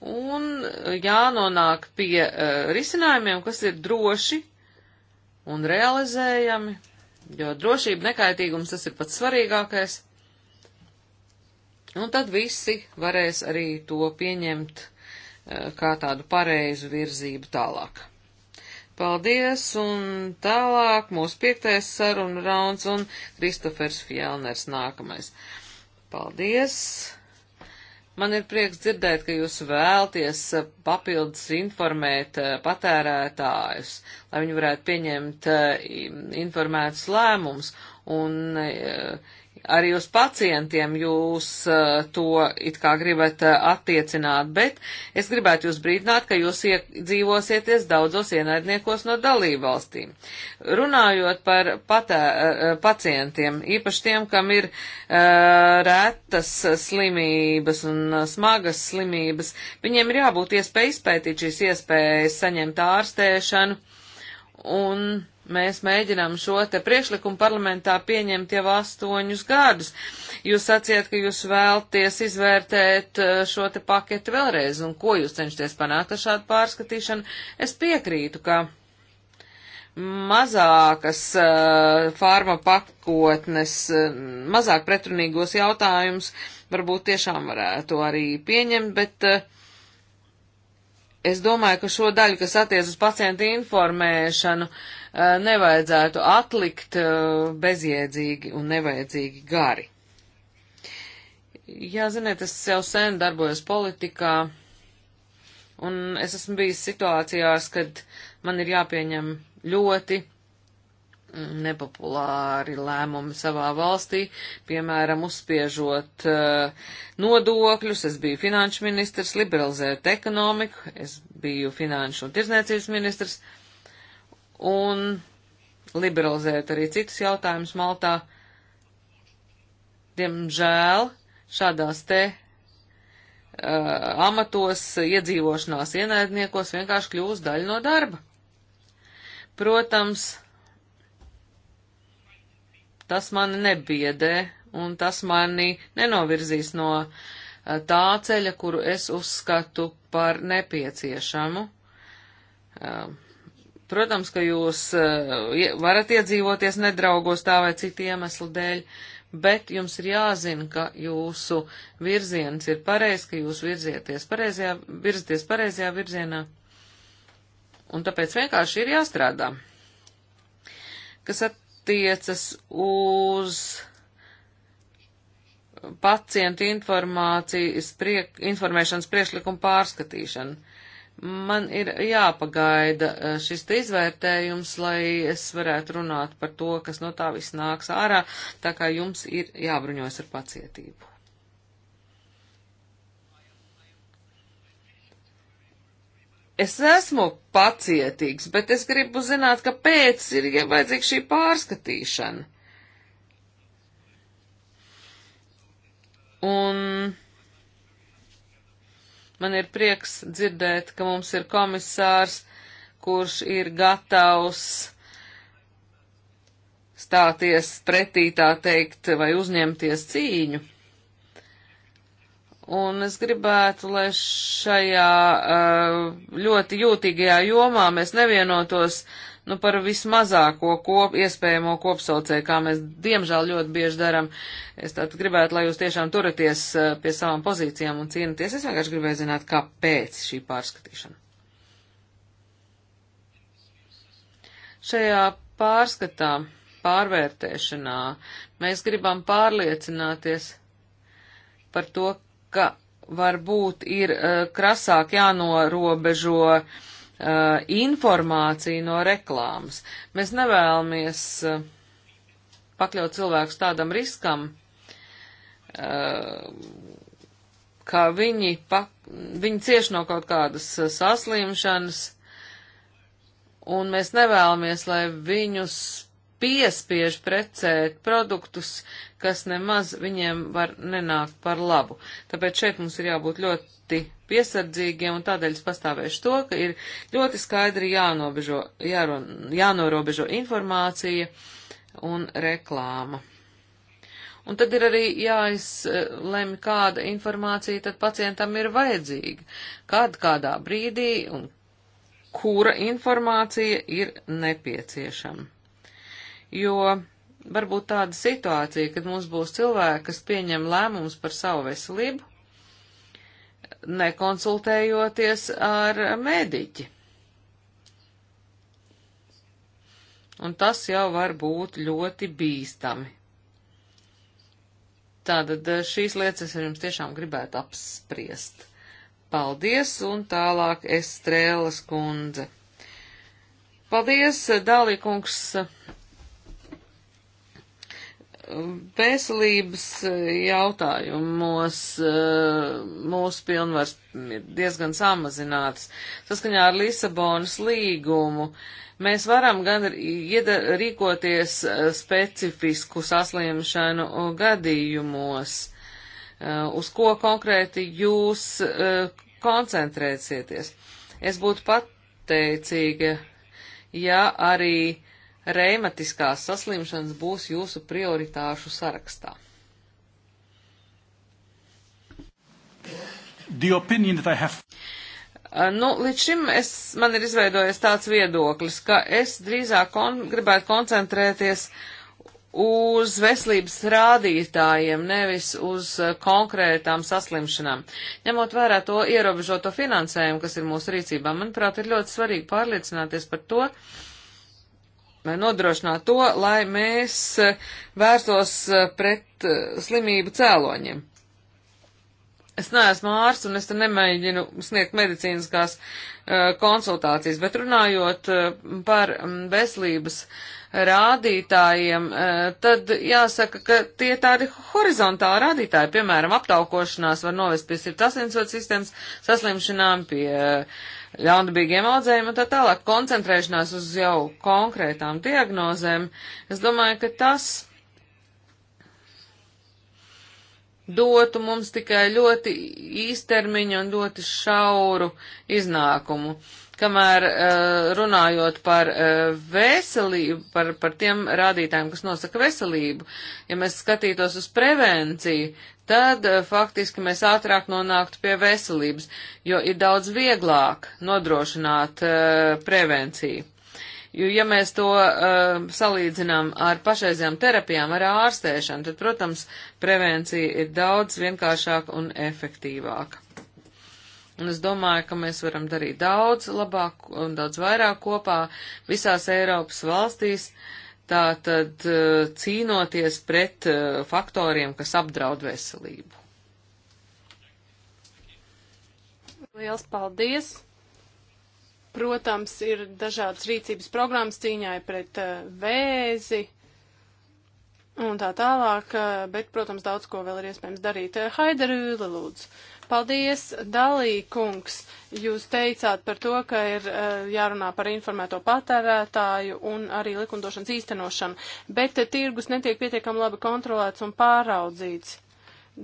un jānonāk pie uh, risinājumiem, kas ir droši un realizējami, jo drošība, nekaitīgums tas ir pats svarīgākais. Un tad visi varēs arī to pieņemt uh, kā tādu pareizu virzību tālāk. Paldies, un tālāk mūsu piektais saruna rauns un Kristofers Fjellners nākamais. Paldies! Man ir prieks dzirdēt, ka jūs vēlties eh, papildus informēt eh, patērētājus, lai viņi varētu pieņemt eh, informētus lēmumus un uh, arī uz pacientiem jūs eh, to it kā gribat eh, attiecināt, bet es gribētu jūs brīdināt, ka jūs dzīvosieties daudzos ienaidniekos no dalībvalstīm. Runājot par patē, eh, pacientiem, īpaši tiem, kam ir retas slimības un smagas slimības, viņiem ir jābūt iespēja izpētīt šīs iespējas, saņemt ārstēšanu un Mēs mēģinām šo te priekšlikumu parlamentā pieņemt jau astoņus gadus. Jūs sacījat, ka jūs vēlties izvērtēt eh, šo te paketu vēlreiz, un ko jūs cenšaties panākt ar šādu pārskatīšanu? Es piekrītu, ka mazākas uh, farma pakotnes, uh, mazāk pretrunīgos jautājumus varbūt tiešām varētu arī pieņemt, bet uh, es domāju, ka šo daļu, kas attiec uz pacientu informēšanu, uh, Eh, nevajadzētu atlikt eh, bezjēdzīgi un nevajadzīgi gari. Jā, ziniet, es jau sen darbojos politikā, un es esmu bijis situācijās, kad man ir jāpieņem ļoti nepopulāri lēmumi savā valstī, piemēram, uzspiežot uh, nodokļus, es biju finanšu ministrs, liberalizēt ekonomiku, es biju finanšu un tirzniecības ministrs, uh, un liberalizēt arī citus jautājumus Maltā. Diemžēl šādās te uh, amatos iedzīvošanās ienaidniekos vienkārši kļūst daļa no darba. Protams, tas mani nebiedē un tas mani nenovirzīs no uh, tā ceļa, kuru es uzskatu par nepieciešamu. Uh, Protams, ka jūs eh, varat iedzīvoties nedraugos tā vai citu iemeslu dēļ, bet jums ir jāzina, ka jūsu virziens ir pareizs, ka jūs virzieties pareizajā, virzaties pareizajā virzienā. Un tāpēc vienkārši ir jāstrādā. Kas attiecas uz pacientu informācijas, priek, informēšanas priekšlikumu pārskatīšanu. Man ir jāpagaida eh, šis te izvērtējums, lai es varētu runāt par to, kas no tā viss nāks ārā, tā kā jums ir jābruņojas ar pacietību. Es esmu pacietīgs, bet es gribu zināt, kāpēc ir ja vajadzīga šī pārskatīšana. Un Man ir prieks dzirdēt, ka mums ir komisārs, kurš ir gatavs stāties pretī, tā teikt, vai uzņemties cīņu. Un es gribētu, lai šajā eh, ļoti jūtīgajā jomā mēs nevienotos uh, nu, par vismazāko kop, iespējamo kopsaucēju, kā mēs diemžēl ļoti bieži darām. Es tātad gribētu, lai jūs tiešām turaties eh, pie savām pozīcijām un cīnaties. Es vienkārši gribēju zināt, kāpēc šī pārskatīšana. Šajā pārskatā, pārvērtēšanā mēs gribam pārliecināties par to, ka varbūt ir uh, krasāk jānorobežo uh, uh, informāciju no reklāmas. Mēs nevēlamies uh, pakļaut cilvēkus tādam riskam, uh, ka viņi, pa, viņi cieš no kaut kādas uh, saslimšanas, un mēs nevēlamies, lai viņus piespiež precēt produktus, kas nemaz viņiem var nenākt par labu. Tāpēc šeit mums ir jābūt ļoti piesardzīgiem, un tādēļ es pastāvēšu to, ka ir ļoti skaidri jānobežo, jāro, jānorobežo informācija un reklāma. Un tad ir arī jāizlemj, kāda informācija tad pacientam ir vajadzīga, kad, kādā brīdī un kura informācija ir nepieciešama jo varbūt tāda situācija, kad mums būs cilvēki, kas pieņem lēmumus par savu veselību, nekonsultējoties ar mediķi. Un tas jau var būt ļoti bīstami. Tātad eh, šīs lietas es jums tiešām gribētu apspriest. Paldies, un tālāk Estrēlas kundze. Paldies, Dālīkungs Veselības eh, jautājumos eh, mūsu pilnvars ir diezgan samazināts. Saskaņā ar Lisabonas līgumu mēs varam gan rīkoties eh, specifisku saslimšanu gadījumos, uz ko konkrēti jūs koncentrēsieties. Es būtu pateicīga, ja arī reimatiskās saslimšanas būs jūsu prioritāšu sarakstā? Uh, nu, līdz šim es, man ir izveidojies tāds viedoklis, ka es drīzāk kon, gribētu koncentrēties uz veselības rādītājiem, nevis uz uh, konkrētām saslimšanām. Ņemot vērā to ierobežoto finansējumu, kas ir mūsu rīcībā, manuprāt, ir ļoti svarīgi pārliecināties par to, uh, lai nodrošinātu to, lai mēs e, vērstos e, pret e, slimību cēloņiem. Es neesmu ārsts un es te nemēģinu sniegt medicīniskās konsultācijas, bet runājot par veselības uh, rādītājiem, e, tad jāsaka, ka tie tādi horizontāli rādītāji, piemēram, aptaukošanās var novest pie sirds asinsot sistēmas saslimšanām, pie e, ļaunprātīgiem audzējiem un tā tālāk, koncentrēšanās uz jau konkrētām diagnozēm. Es domāju, ka tas dotu mums tikai ļoti īstermiņu un ļoti šauru iznākumu. Uh, Kamēr eh, runājot par eh, veselību, par, par tiem rādītājiem, kas nosaka veselību, ja mēs skatītos uz prevenciju, tad eh, faktiski mēs ātrāk nonāktu pie veselības, jo ir daudz vieglāk nodrošināt prevenciju. Jo, ja mēs to uh, salīdzinām ar pašreizējām terapijām, ar ārstēšanu, tad, protams, prevencija ir daudz vienkāršāka un efektīvāka. Un es domāju, ka mēs varam darīt daudz labāk un daudz vairāk kopā visās Eiropas valstīs, tātad eh, cīnoties pret eh, faktoriem, kas apdraud veselību. Liels paldies! Protams, ir dažādas rīcības programmas cīņai pret eh, vēzi, un tā tālāk, eh, bet, protams, daudz ko vēl ir iespējams darīt. Eh, Haidara Ūle, lūdzu. Paldies, Dalī kungs. Jūs teicāt par to, ka ir eh, jārunā par informēto patērētāju un arī likumdošanas īstenošanu, bet tirgus netiek pietiekami labi kontrolēts un pāraudzīts.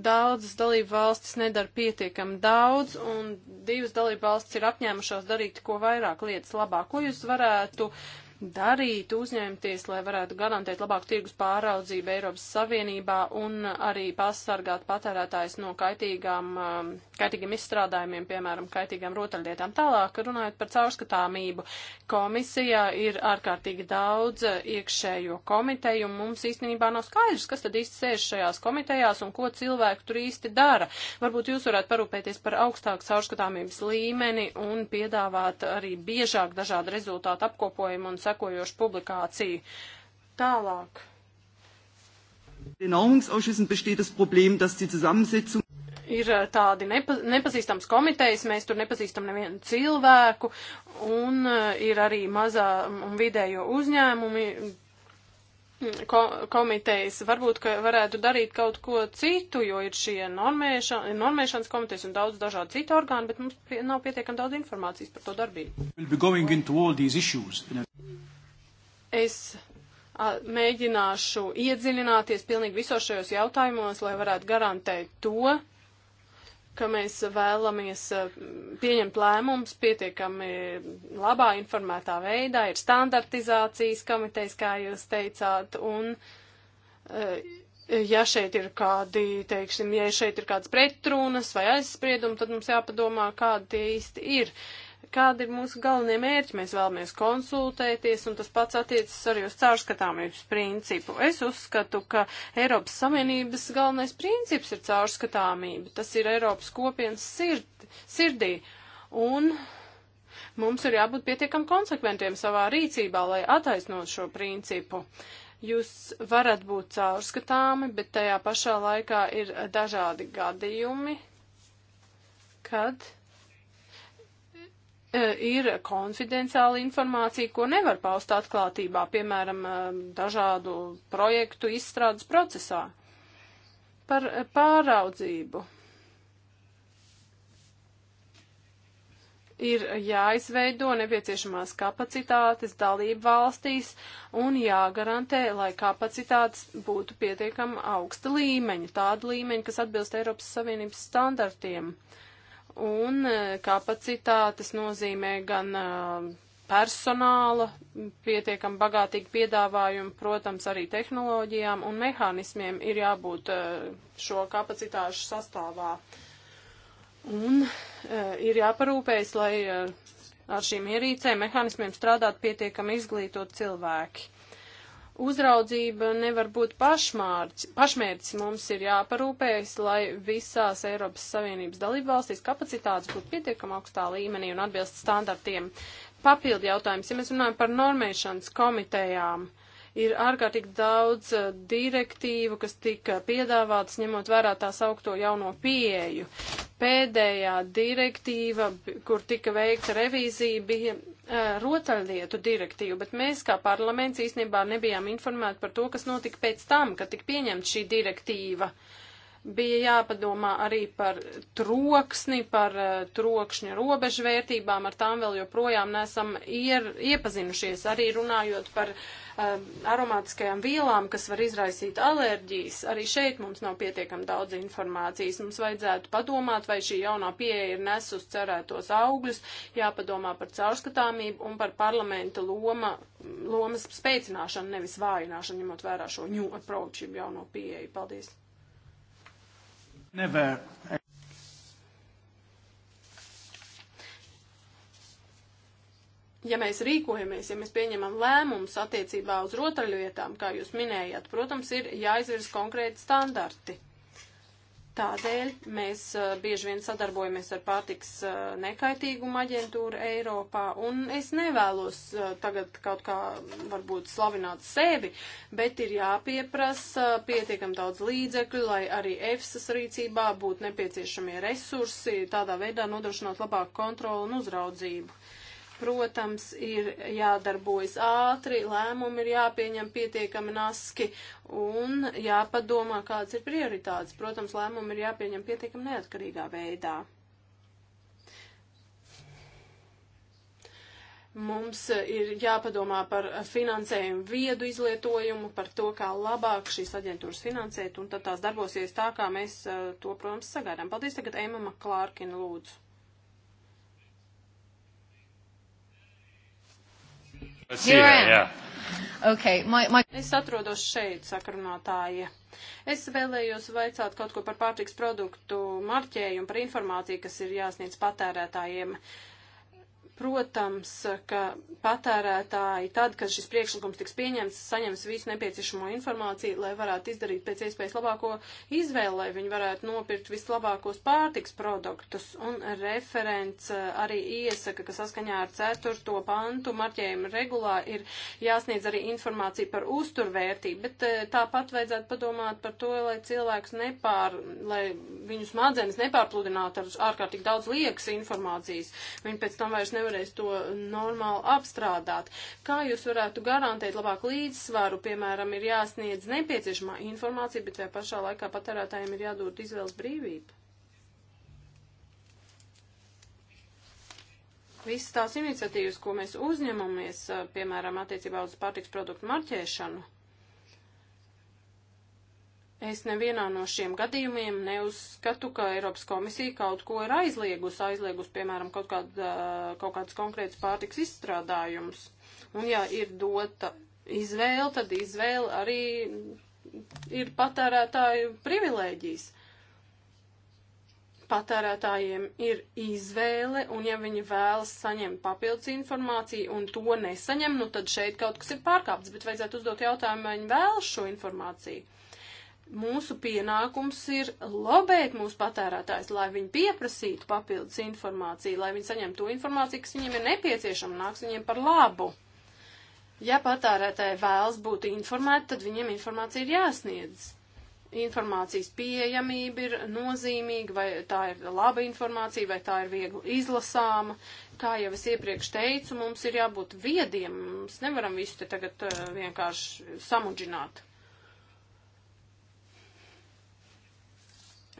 Daudzas dalību valstis nedara pietiekami daudz, un divas dalību valstis ir apņēmušās darīt ko vairāk lietas labāk. Ko jūs varētu uh, darīt, uzņemties, lai varētu garantēt labāku tirgus pāraudzību Eiropas Savienībā un arī pasargāt patērētājs no kaitīgām, um, kaitīgiem izstrādājumiem, piemēram, kaitīgām rotaļlietām. Tālāk, runājot par caurskatāmību, komisijā ir ārkārtīgi daudz iekšējo komiteju, un mums īstenībā nav skaidrs, kas tad īsti sēž šajās komitejās un ko cilvēki tur īsti dara. Varbūt jūs varētu parūpēties par augstāku caurskatāmības līmeni un piedāvāt arī biežāk dažādu rezultātu apkopojumu un sekojošu publikāciju. Tālāk. Den Ordnungsausschüssen besteht das Problem, dass die Zusammensetzung ir eh, tādi nepa, nepazīstams komitejas, mēs tur nepazīstam nevienu cilvēku, un eh, ir arī mazā un vidējo uzņēmumi, ko, komitejas varbūt, ka varētu darīt kaut ko citu, jo ir šie normēša, normēšanas komitejas un daudz dažādu citu orgānu, bet mums pie, nav pietiekami daudz informācijas par to darbību. Es a, mēģināšu iedziļināties pilnīgi visos šajos jautājumos, lai varētu garantēt to, ka mēs vēlamies eh, pieņemt lēmumus pietiekami labā informētā veidā, ir standartizācijas komitejas, kā jūs teicāt, un eh, ja šeit ir kādi, teiksim, ja šeit ir kādas pretrunas vai aizspriedumi, tad mums jāpadomā, kādi tie īsti ir. Uh, Kādi ir mūsu galvenie mērķi? Mēs vēlamies konsultēties, un tas pats attiecas arī uz caurskatāmības principu. Es uzskatu, ka Eiropas Savienības galvenais princips ir caurskatāmība. Tas ir Eiropas kopienas sird, sirdī. Un mums ir jābūt pietiekam konsekventiem savā rīcībā, lai attaisnot šo principu jūs varat būt caurskatāmi, bet tajā pašā laikā ir dažādi gadījumi, kad E, ir konfidenciāla informācija, ko nevar paust atklātībā, piemēram, e, dažādu projektu izstrādes procesā. Par e, pāraudzību. ir jāizveido nepieciešamās kapacitātes dalību valstīs un jāgarantē, lai kapacitātes būtu pietiekama augsta līmeņa, tāda līmeņa, kas atbilst Eiropas Savienības standartiem. Uh, un e, kapacitātes nozīmē gan e, personāla pietiekam bagātīgi piedāvājumu, protams, arī tehnoloģijām un mehānismiem ir jābūt e, šo kapacitāšu sastāvā. Un ir jāparūpējas, lai ar šīm ierīcēm, mehānismiem strādāt pietiekami izglītot cilvēki uzraudzība nevar būt pašmārķis. Pašmērķis mums ir jāparūpējas, lai visās Eiropas Savienības dalībvalstīs kapacitātes būtu pietiekama augstā līmenī un atbilst standartiem. Papildi jautājums, ja mēs runājam par normēšanas komitejām, ir ārkārtīgi daudz eh, direktīvu, kas tika piedāvātas ņemot vērā tās augto jauno pieeju. Pēdējā direktīva, kur tika veikta revīzija, bija Eh, rotaļlietu direktīvu, bet mēs kā parlaments īstenībā nebijām informēti par to, kas notika pēc tam, kad tika pieņemta šī direktīva. Uh, bija jāpadomā arī par troksni, par uh, trokšņa robežvērtībām, ar tām vēl joprojām nesam ier, iepazinušies, arī runājot par uh, aromātiskajām vielām, kas var izraisīt alerģijas. Arī šeit mums nav pietiekami daudz informācijas. Mums vajadzētu padomāt, vai šī jaunā pieeja ir nesus cerētos augļus, jāpadomā par caurskatāmību un par parlamenta loma, lomas spēcināšanu, nevis vājināšanu, ņemot vērā šo new approach, jauno pieeju. Paldies! Never. ja mēs rīkojamies, ja mēs pieņemam lēmumus attiecībā uz rotaļlietām, kā jūs minējāt, protams, ir jāizvirs konkrēti standarti. Tādēļ mēs uh, bieži vien sadarbojamies ar pārtiks uh, nekaitīgumu aģentūru Eiropā, un es nevēlos uh, tagad kaut kā varbūt slavināt sevi, bet ir jāpieprasa pietiekam daudz līdzekļu, lai arī EFSAS rīcībā būtu nepieciešamie resursi, tādā veidā nodrošinot labāku kontrolu un uzraudzību protams, ir jādarbojas ātri, lēmumi ir jāpieņem pietiekami naski un jāpadomā, kādas ir prioritātes. Protams, lēmumi ir jāpieņem pietiekami neatkarīgā veidā. Mums ir jāpadomā par finansējumu viedu izlietojumu, par to, kā labāk šīs aģentūras finansēt, un tad tās darbosies tā, kā mēs eh, to, protams, sagaidām. Paldies tagad Emma Klārkina lūdzu. Here, yeah. Okay, my, my... Es atrodos šeit, sakrunātāja. Es vēlējos vaicāt kaut ko par pārtiks produktu marķējumu, par informāciju, kas ir jāsniedz patērētājiem. Uh, Protams, ka patērētāji tad, kad šis priekšlikums tiks pieņemts, saņems visu nepieciešamo informāciju, lai varētu izdarīt pēc iespējas labāko izvēli, lai viņi varētu nopirkt vislabākos pārtiks produktus. Un referents eh, arī iesaka, ka saskaņā ar 4. pantu marķējuma regulā ir jāsniedz arī informācija par uzturvērtību, bet eh, tāpat vajadzētu padomāt par to, lai cilvēks nepār, lai viņu smadzenes nepārpludinātu ar ārkārtīgi daudz liekas informācijas. Viņi pēc tam vairs nevar nevarēs to normāli apstrādāt. Kā jūs varētu garantēt labāku līdzsvaru, piemēram, ir jāsniedz nepieciešamā informācija, bet tajā pašā laikā patērētājiem ir jādod izvēles brīvība? Visas tās iniciatīvas, ko mēs uzņemamies, piemēram, attiecībā uz pārtiks produktu marķēšanu, Es nevienā no šiem gadījumiem neuzskatu, ka Eiropas komisija kaut ko ir aizliegusi, aizliegusi, piemēram, kaut, kāda, kaut kāds konkrēts pārtiks izstrādājums. Un ja ir dota izvēle, tad izvēle arī ir patērētāju privilēģijas. Patērētājiem ir izvēle, un ja viņi vēlas saņemt papildus informāciju un to nesaņem, nu tad šeit kaut kas ir pārkāpts, bet vajadzētu uzdot jautājumu, vai viņi vēlas šo informāciju. Mūsu pienākums ir lobēt mūsu patērētājs, lai viņi pieprasītu papildus informāciju, lai viņi saņemtu to informāciju, kas viņiem ir nepieciešama, nāks viņiem par labu. Ja patērētāji vēlas būt informēti, tad viņiem informācija ir jāsniedz informācijas pieejamība ir nozīmīga, vai tā ir laba informācija, vai tā ir viegli izlasāma. Kā jau es iepriekš teicu, mums ir jābūt viediem, mums nevaram visu te tagad eh, vienkārši samudžināt.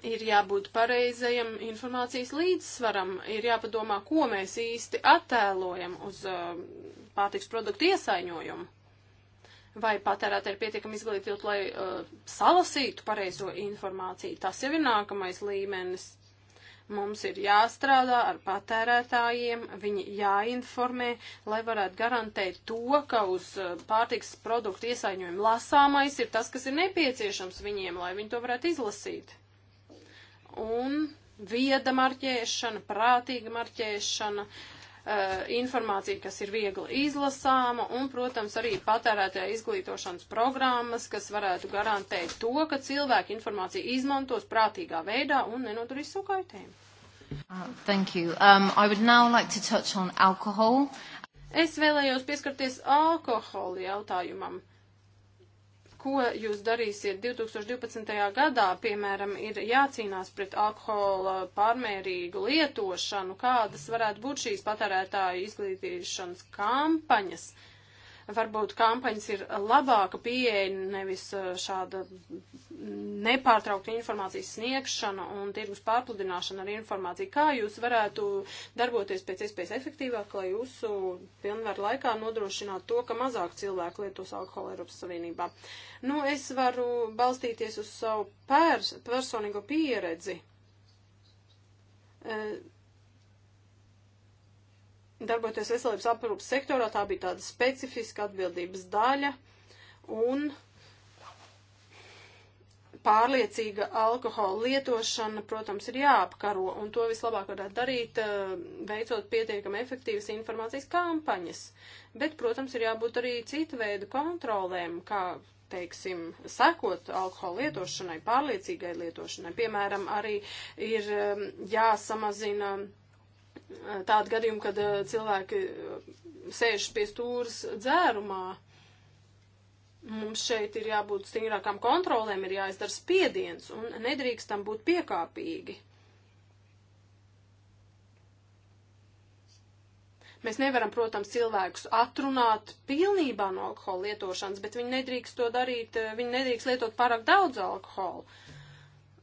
ir jābūt pareizajam informācijas līdzsvaram, ir jāpadomā, ko mēs īsti attēlojam uz uh, pārtiks produktu iesaiņojumu. Vai patērētāji ir pietiekami izglītīti, lai uh, salasītu pareizo informāciju? Tas jau ir nākamais līmenis. Mums ir jāstrādā ar patērētājiem, viņi jāinformē, lai varētu garantēt to, ka uz uh, pārtiks produktu iesaiņojumu lasāmais ir tas, kas ir nepieciešams viņiem, lai viņi to varētu izlasīt un vieda marķēšana, prātīga marķēšana, eh, informācija, kas ir viegli izlasāma un, protams, arī patērētāja izglītošanas programmas, kas varētu garantēt to, ka cilvēki informāciju izmantos prātīgā veidā un nenoturīs savu kaitējumu. Uh, thank you. Um, I would now like to touch on alcohol. Es vēlējos pieskarties alkohola jautājumam. Uh, ko jūs darīsiet 2012. gadā, piemēram, ir jācīnās pret alkohola pārmērīgu lietošanu, kādas varētu būt šīs patērētāju izglītīšanas kampaņas. Uh, varbūt kampaņas ir labāka pieeja, nevis uh, šāda nepārtraukta informācijas sniegšana un tirgus pārpludināšana ar informāciju. Kā jūs varētu darboties pēc iespējas efektīvāk, lai jūsu pilnvaru laikā nodrošinātu to, ka mazāk cilvēku lietos alkoholu Eiropas Savienībā? Nu, es varu balstīties uz savu pers personīgo pieredzi. Uh, darboties veselības aprūpas sektorā, tā bija tāda specifiska atbildības daļa un pārliecīga alkohola lietošana, protams, ir jāapkaro, un to vislabāk varētu darīt, eh, veicot pietiekami efektīvas informācijas kampaņas. Bet, protams, ir jābūt arī citu veidu kontrolēm, kā, teiksim, sekot alkohola lietošanai, pārliecīgai lietošanai. Piemēram, arī ir eh, jāsamazina. Um, tādu gadījumu, kad uh, cilvēki uh, sēž pie stūras dzērumā. Mums šeit ir jābūt stingrākām kontrolēm, ir jāizdara spiediens un nedrīkstam būt piekāpīgi. Mēs nevaram, protams, cilvēkus atrunāt pilnībā no alkohola lietošanas, bet viņi nedrīkst to darīt, uh, viņi nedrīkst lietot pārāk daudz alkohola. Uh,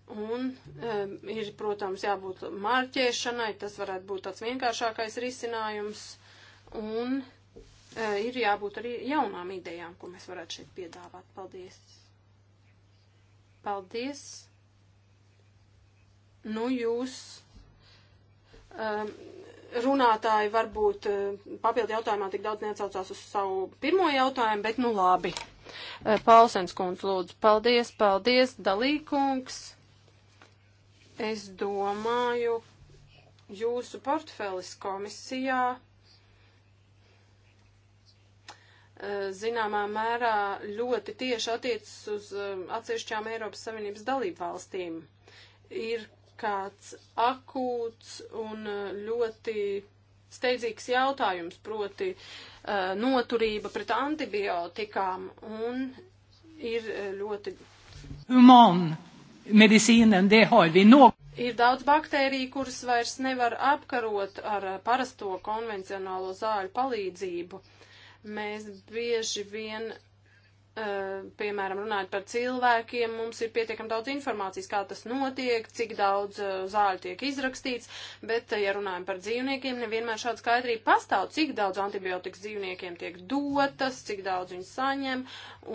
Un um, ir, protams, jābūt marķēšanai, tas varētu būt tāds vienkāršākais risinājums. Un uh, ir jābūt arī jaunām idejām, ko mēs varētu šeit piedāvāt. Paldies! Paldies! Nu, jūs. Um, runātāji varbūt e, papildu jautājumā tik daudz neatsaucās uz savu pirmo jautājumu, bet nu labi. E, Paulsens kundz lūdzu, paldies, paldies, dalīkungs. Es domāju, jūsu portfelis komisijā eh, zināmā mērā ļoti tieši attiecas uz eh, atsevišķām Eiropas Savienības dalību valstīm. Ir kāds akūts un eh, ļoti steidzīgs jautājums, proti noturība pret antibiotikām un ir ļoti. Humon medicīna, det har vi no. Ir daudz baktēriju, kuras vairs nevar apkarot ar parasto konvencionālo zāļu palīdzību. Mēs bieži vien Eh, piemēram, runājot par cilvēkiem, mums ir pietiekami daudz informācijas, kā tas notiek, cik daudz eh, zāļu tiek izrakstīts, bet, eh, ja runājam par dzīvniekiem, nevienmēr šāda skaidrība pastāv, cik daudz antibiotikas dzīvniekiem tiek dotas, cik daudz viņi saņem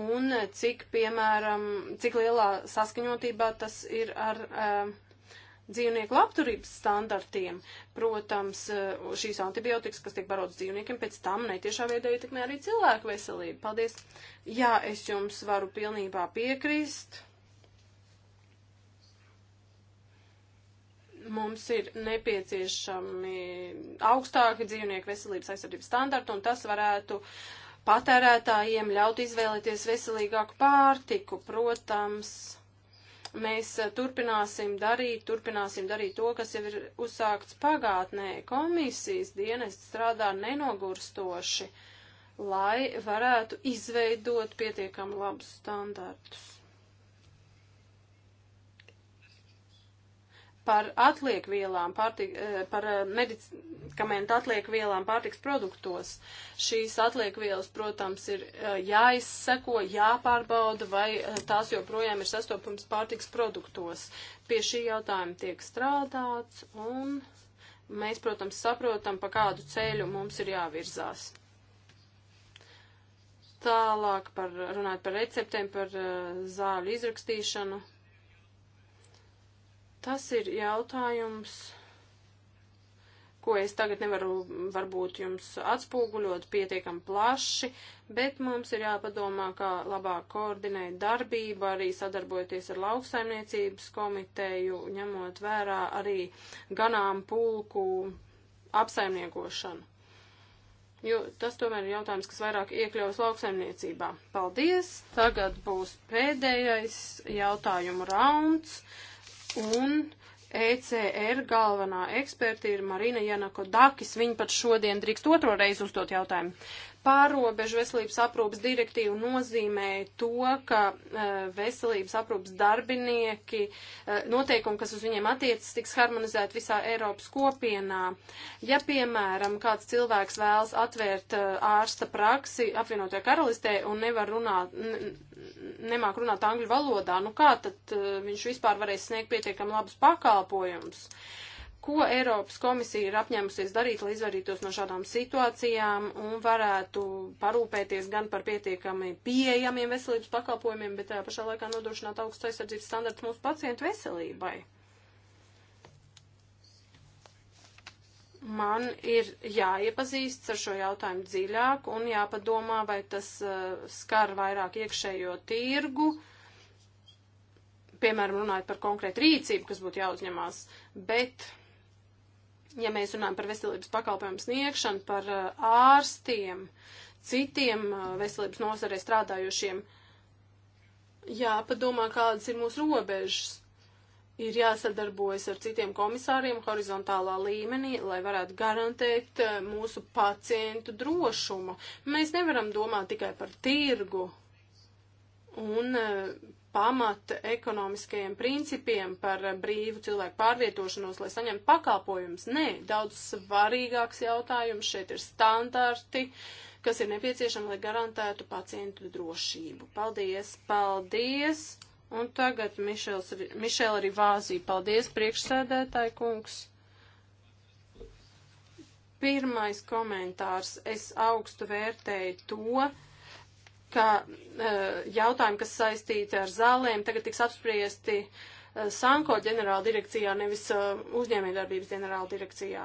un cik, piemēram, cik lielā saskaņotībā tas ir ar. Uh, dzīvnieku labturības standartiem. Protams, eh, šīs antibiotikas, kas tiek barotas dzīvniekiem, pēc tam netiešā veidā ietekmē arī cilvēku veselību. Paldies! Jā, es jums varu pilnībā piekrist. Mums ir nepieciešami augstāki dzīvnieku veselības aizsardzības standarti, un tas varētu patērētājiem ļaut izvēlēties veselīgāku pārtiku, protams Mēs eh, turpināsim darīt, turpināsim darīt to, kas jau ir uzsākts pagātnē. Komisijas dienesti strādā nenogurstoši, lai varētu izveidot pietiekami labus standartus. par atliekvielām, pārtik, eh, par eh, medikamentu atliekvielām pārtiks produktos. Šīs atliekvielas, protams, ir eh, jāizseko, jāpārbauda, vai tās joprojām ir sastopams pārtiks produktos. Pie šī jautājuma tiek strādāts, un mēs, protams, saprotam, pa kādu ceļu mums ir jāvirzās. Tālāk par, runāt par receptēm, par zāļu izrakstīšanu, Tas ir jautājums, ko es tagad nevaru varbūt jums atspūguļot pietiekam plaši, bet mums ir jāpadomā, kā labāk koordinēt darbību, arī sadarbojoties ar lauksaimniecības komiteju, ņemot vērā arī ganām pulku apsaimniekošanu. Jo tas tomēr ir jautājums, kas vairāk iekļaus lauksaimniecībā. Paldies! Tagad būs pēdējais jautājumu rauns. Un ECR galvenā eksperta ir Marina Janako Dakis. Viņa pat šodien drīkst otro reizi uzdot jautājumu. Pārobežu veselības aprūpas direktīva nozīmē to, ka eh, veselības aprūpas darbinieki, eh, noteikumi, kas uz viņiem attiecas, tiks harmonizēti visā Eiropas kopienā. Ja, piemēram, kāds cilvēks vēlas atvērt eh, ārsta praksi apvienotajā karalistē un nevar runāt, nemāk runāt angļu valodā, nu kā tad viņš vispār varēs sniegt pietiekami labus pakalpojumus? Uh, Ko Eiropas komisija ir apņēmusies darīt, lai izvarītos no šādām situācijām un varētu parūpēties gan par pietiekami pieejamiem veselības pakalpojumiem, bet tajā pašā laikā nodrošināt augstu aizsardzības standartu mūsu pacientu veselībai? Man ir jāiepazīstas ar šo jautājumu dziļāk un jāpadomā, vai tas uh, skar vairāk iekšējo tirgu, piemēram, runājot par konkrētu rīcību, kas būtu jāuzņemās, bet ja mēs runājam par veselības pakalpojumu sniegšanu, par uh, ārstiem, citiem uh, veselības nozarē strādājušiem, jāpadomā, kādas ir mūsu robežas. Ir jāsadarbojas ar citiem komisāriem horizontālā līmenī, lai varētu garantēt uh, mūsu pacientu drošumu. Mēs nevaram domāt tikai par tirgu un pamata ekonomiskajiem principiem par brīvu cilvēku pārvietošanos, lai saņemtu pakalpojumus. Nē, daudz svarīgāks jautājums šeit ir standarti, kas ir nepieciešami, lai garantētu pacientu drošību. Paldies, paldies! Un tagad Mišels, Mišela Rivāzī, paldies priekšsēdētāji kungs! Pirmais komentārs. Es augstu vērtēju to, ka eh, jautājumi, kas saistīti ar zālēm, tagad tiks apspriesti eh, Sanko ģenerāla direkcijā, nevis eh, uzņēmējdarbības ģenerāla direkcijā.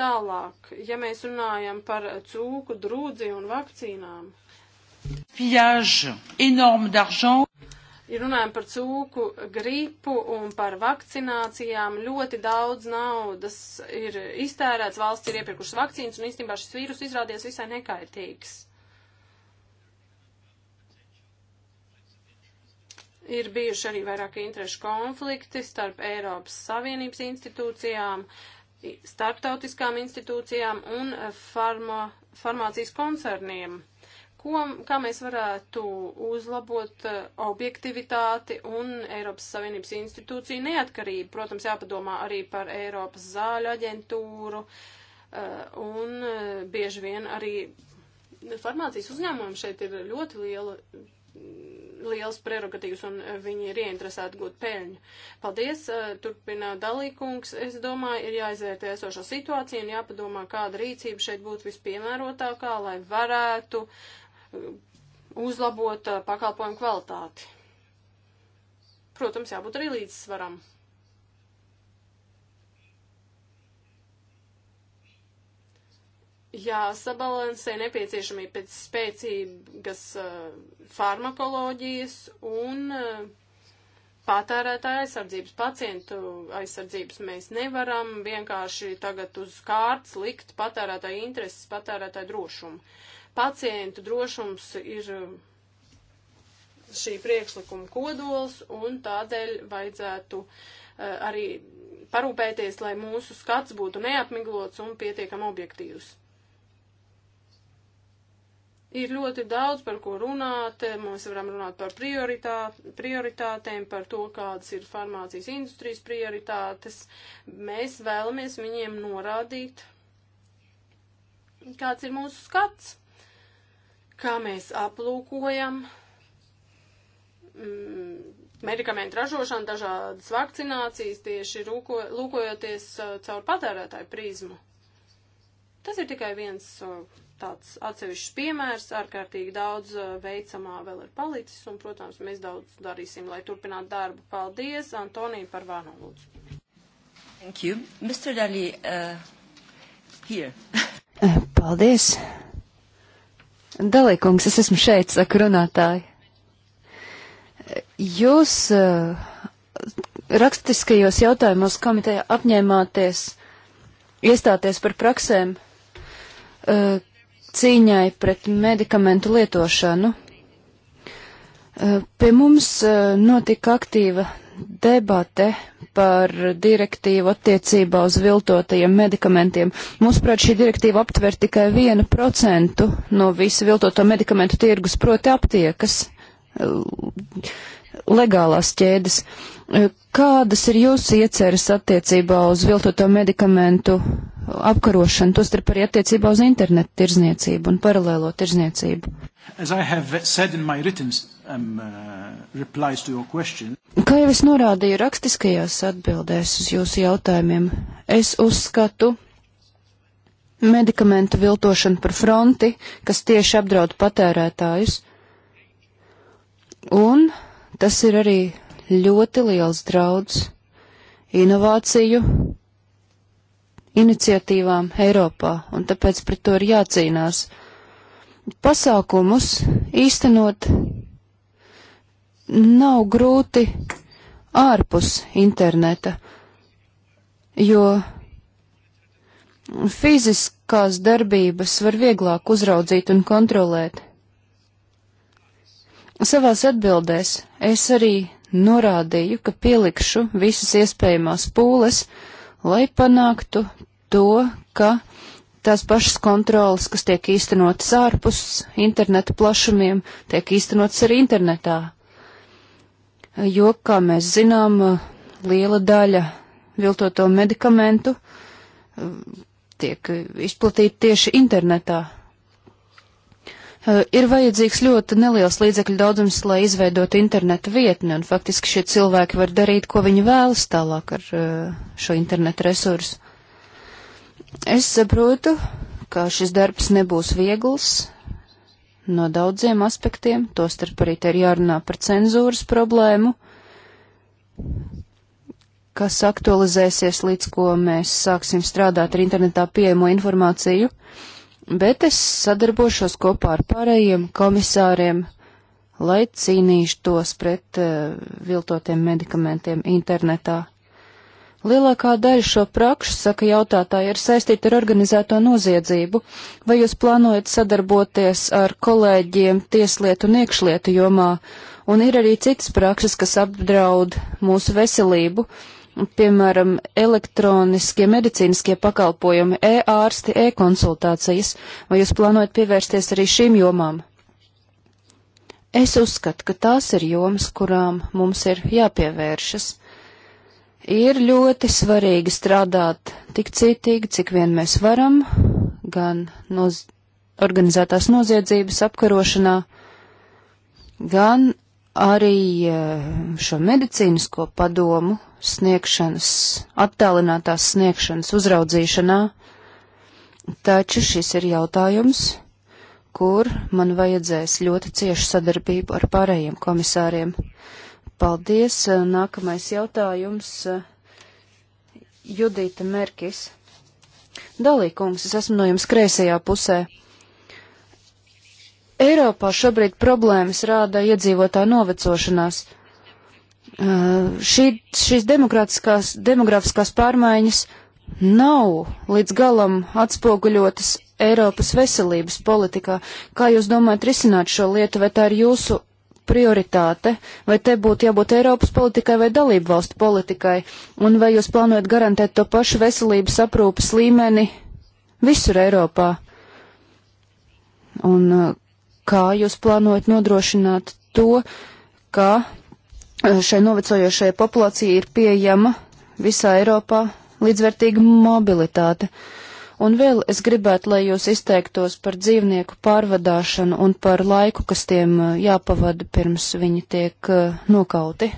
Tālāk, ja mēs runājam par cūku drūdzi un vakcīnām. Pillage, énorme d'argent. Ja runājam par cūku gripu un par vakcinācijām, ļoti daudz naudas ir iztērēts, valsts ir iepirkušas vakcīnas un īstenībā šis vīrus izrādījās visai nekaitīgs. Ir bijuši arī vairāki interešu konflikti starp Eiropas Savienības institūcijām, starptautiskām institūcijām un e, farma, farmācijas koncerniem. Ko, kā mēs varētu uzlabot e, objektivitāti un Eiropas Savienības institūciju neatkarību? Protams, jāpadomā arī par Eiropas zāļu aģentūru e, un bieži vien arī farmācijas uzņēmumiem šeit ir ļoti liela liels prerogatīvs un viņi ir ieinteresēti gūt peļņu. Paldies, turpina dalīkungs. Es domāju, ir jāizvērtē esošo situāciju un jāpadomā, kāda rīcība šeit būtu vispiemērotākā, lai varētu uzlabot pakalpojumu kvalitāti. Protams, jābūt arī līdzsvaram. jāsabalansē nepieciešamība pēc spēcīgas uh, farmakoloģijas un uh, patērētāja aizsardzības, pacientu aizsardzības mēs nevaram vienkārši tagad uz kārtas likt patērētāja intereses, patērētāja drošumu. Pacientu drošums ir eh, šī priekšlikuma kodols un tādēļ vajadzētu uh, arī parūpēties, lai mūsu skats būtu neatmiglots un pietiekam objektīvs. Ir ļoti daudz par ko runāt, mēs varam runāt par prioritā, prioritātēm, par to, kādas ir farmācijas industrijas prioritātes. Mēs vēlamies viņiem norādīt, kāds ir mūsu skats, kā mēs aplūkojam mm, medikamentu ražošanu, dažādas vakcinācijas, tieši rūko, lūkojoties uh, caur patērētāju prizmu. Tas ir tikai viens uh, tāds atsevišķs piemērs, ārkārtīgi daudz uh, veicamā vēl ir palicis, un, protams, mēs daudz darīsim, lai turpinātu darbu. Paldies, Antonija, par vānu lūdzu. Thank you. Mr. Dali, uh, here. Eh, paldies. Dalīkungs, es esmu šeit, saka runātāji. Jūs uh, rakstiskajos jautājumos komiteja apņēmāties iestāties par praksēm, uh, cīņai pret medikamentu lietošanu. E, pie mums e, notika aktīva debate par direktīvu attiecībā uz viltotajiem medikamentiem. Mūsuprāt, šī direktīva aptver tikai vienu procentu no visa viltoto medikamentu tirgus, proti aptiekas e, legālās ķēdes. Kādas ir jūsu ieceras attiecībā uz viltoto medikamentu apkarošanu, tostarp arī attiecībā uz internetu tirzniecību un paralēlo tirzniecību? Written, um, uh, question, Kā jau es norādīju rakstiskajās atbildēs uz jūsu jautājumiem, es uzskatu medikamentu viltošanu par fronti, kas tieši apdraud patērētājus, un tas ir arī ļoti liels draudz inovāciju iniciatīvām Eiropā, un tāpēc pret to ir jācīnās. Pasākumus īstenot nav grūti ārpus interneta, jo fiziskās darbības var vieglāk uzraudzīt un kontrolēt. Savās atbildēs es arī norādīju, ka pielikšu visas iespējamās pūles, lai panāktu to, ka tās pašas kontrolas, kas tiek īstenotas ārpus interneta plašumiem, tiek īstenotas arī internetā. Jo, kā mēs zinām, liela daļa viltoto medikamentu uh, tiek izplatīta tieši internetā. Eh, ir vajadzīgs ļoti neliels līdzekļu daudzums, lai izveidotu interneta vietni, un faktiski šie cilvēki var darīt, ko viņi vēlas tālāk ar eh, šo interneta resursu. Es saprotu, ka šis darbs nebūs viegls no daudziem aspektiem, tostarp arī te ir jārunā par cenzūras problēmu, kas aktualizēsies līdz ko mēs sāksim strādāt ar internetā pieejamo informāciju. Uh, bet es sadarbošos kopā ar pārējiem komisāriem, lai cīnīšos pret uh, viltotiem medikamentiem internetā. Lielākā daļa šo prakšu, saka jautātāji, ir saistīta ar organizēto noziedzību. Vai jūs plānojat sadarboties ar kolēģiem tieslietu un iekšlietu jomā? Un ir arī citas prakses, kas apdraud mūsu veselību. Uh, piemēram, elektroniskie medicīniskie pakalpojumi, e-ārsti, e-konsultācijas, vai jūs plānojat pievērsties arī šīm jomām? Es uzskatu, ka tās ir jomas, kurām mums ir jāpievēršas. Ir ļoti svarīgi strādāt tik cītīgi, cik vien mēs varam, gan noz organizētās noziedzības apkarošanā, gan arī eh, šo medicīnisko padomu sniegšanas, attālinātās sniegšanas uzraudzīšanā, taču šis ir jautājums, kur man vajadzēs ļoti ciešu sadarbību ar pārējiem komisāriem. Paldies! Eh, nākamais jautājums eh, Judita Merkis. Dalīkums, es esmu no jums kreisajā pusē. Eiropā šobrīd problēmas rāda iedzīvotā novecošanās. Uh, šī, šīs demografiskās pārmaiņas nav līdz galam atspoguļotas Eiropas veselības politikā. Kā jūs domājat risināt šo lietu, vai tā ir jūsu prioritāte, vai te būtu jābūt Eiropas politikai vai dalību valstu politikai, un vai jūs plānojat garantēt to pašu veselības aprūpas līmeni visur Eiropā? Un uh, kā jūs plānojat nodrošināt to, ka eh, šai novecojošajai populācijai ir pieejama visā Eiropā līdzvērtīga mobilitāte. Un vēl es gribētu, lai jūs izteiktos par dzīvnieku pārvadāšanu un par laiku, kas tiem eh, jāpavada pirms viņi tiek eh, nokauti.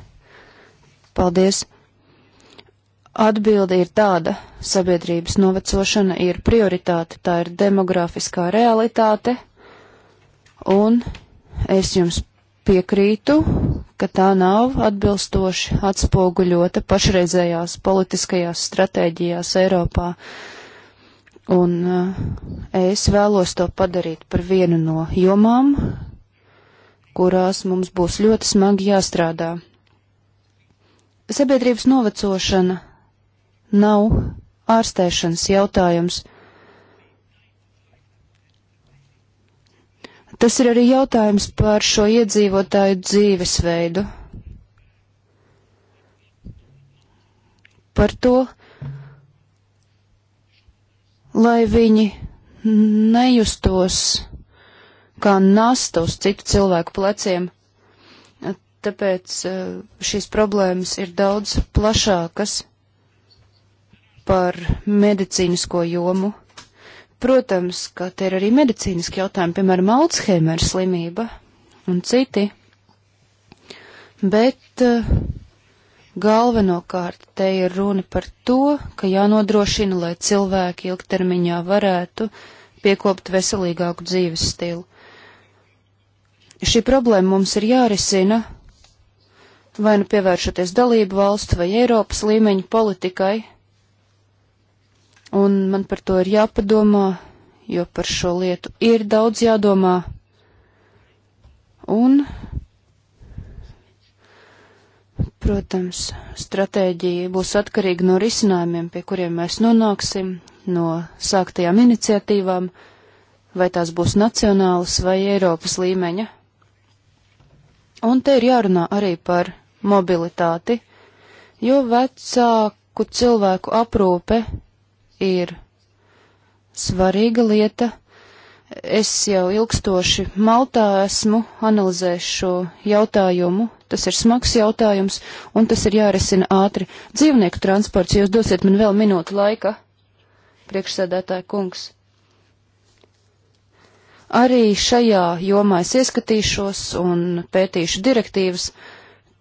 Paldies! Atbilde ir tāda - sabiedrības novecošana ir prioritāte, tā ir demografiskā realitāte, un es jums piekrītu, ka tā nav atbilstoši atspoguļota pašreizējās politiskajās stratēģijās Eiropā. Un uh, es vēlos to padarīt par vienu no jomām, kurās mums būs ļoti smagi jāstrādā. Sabiedrības novecošana nav ārstēšanas jautājums. Tas ir arī jautājums par šo iedzīvotāju dzīvesveidu. Par to, lai viņi nejustos kā nasta uz citu cilvēku pleciem. Tāpēc eh, šīs problēmas ir daudz plašākas par medicīnisko jomu. Protams, ka te ir arī medicīniski jautājumi, piemēram, Alzheimer slimība un citi. Bet eh, galvenokārt te ir runa par to, ka jānodrošina, lai cilvēki ilgtermiņā varētu piekopt veselīgāku dzīves stilu. Šī problēma mums ir jārisina, vai nu pievēršoties dalību valstu vai Eiropas līmeņu politikai, un man par to ir jāpadomā, jo par šo lietu ir daudz jādomā. Un, protams, stratēģija būs atkarīga no risinājumiem, pie kuriem mēs nonāksim, no sāktajām iniciatīvām, vai tās būs nacionālas vai Eiropas līmeņa. Un te ir jārunā arī par mobilitāti, jo vecāku cilvēku aprūpe ir svarīga lieta. Es jau ilgstoši Maltā esmu analizējis šo jautājumu. Tas ir smags jautājums, un tas ir jārisina ātri. Dzīvnieku transports, jūs dosiet man vēl minūtu laika, priekšsēdētāja kungs. Arī šajā jomā es ieskatīšos un pētīšu direktīvas. Uh,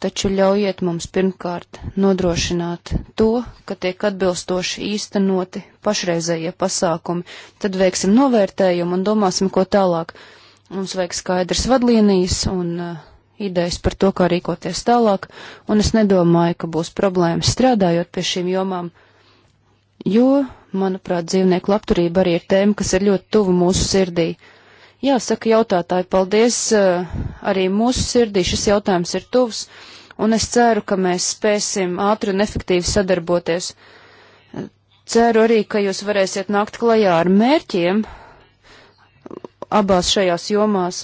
taču ļaujiet mums pirmkārt nodrošināt to, ka tiek atbilstoši īstenoti pašreizējie pasākumi, tad veiksim novērtējumu un domāsim, ko tālāk. Mums vajag skaidrs vadlīnijas un uh, idejas par to, kā rīkoties tālāk, un es nedomāju, ka būs problēmas strādājot pie šīm jomām, jo, manuprāt, dzīvnieku labturība arī ir tēma, kas ir ļoti tuvu mūsu sirdī. Jāsaka, jautātāji, paldies! Uh, arī mūsu sirdī šis jautājums ir tuvs, un es ceru, ka mēs spēsim ātri un efektīvi sadarboties. Ceru arī, ka jūs varēsiet nākt klajā ar mērķiem abās šajās jomās.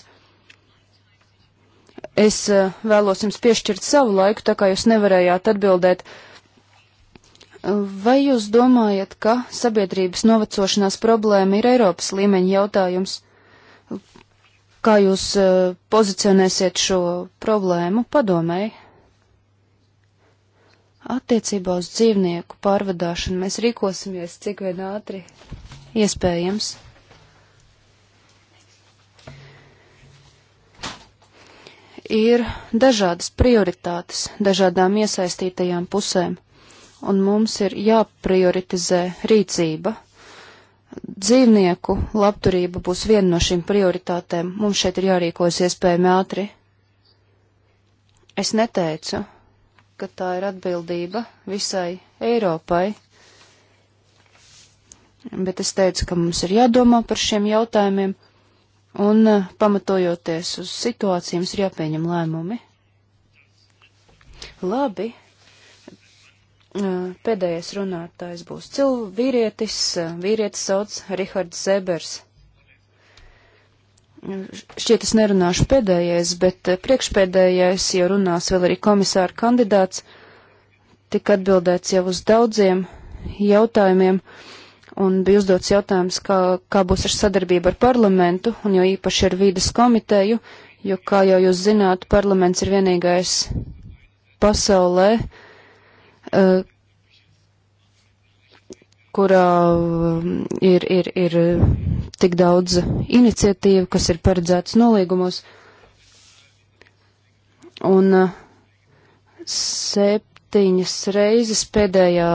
Es e, vēlos jums piešķirt savu laiku, tā kā jūs nevarējāt atbildēt. Vai jūs domājat, ka sabiedrības novecošanās problēma ir Eiropas līmeņa jautājums? Kā jūs e, pozicionēsiet šo problēmu padomēji? Attiecībā uz dzīvnieku pārvadāšanu mēs rīkosimies cik vien ātri iespējams. Ir dažādas prioritātes dažādām iesaistītajām pusēm, un mums ir jāprioritizē rīcība dzīvnieku labturība būs viena no šīm prioritātēm. Mums šeit ir jārīkojas iespējami ātri. Es neteicu, ka tā ir atbildība visai Eiropai, bet es teicu, ka mums ir jādomā par šiem jautājumiem un eh, pamatojoties uz situācijām ir jāpieņem lēmumi. Labi, Pēdējais runātājs būs cilv vīrietis, vīrietis sauc Rihards Zebers. Šķiet, es nerunāšu pēdējais, bet priekšpēdējais, jo runās vēl arī komisāra kandidāts, tika atbildēts jau uz daudziem jautājumiem, un bija uzdots jautājums, kā, kā būs ar sadarbību ar parlamentu, un jo īpaši ar vīdas komiteju, jo, kā jau jūs zināt, parlaments ir vienīgais pasaulē, uh, Uh, kurā um, ir, ir, ir uh, tik daudz iniciatīvu, kas ir paredzētas nolīgumos. Un uh, septiņas reizes pēdējā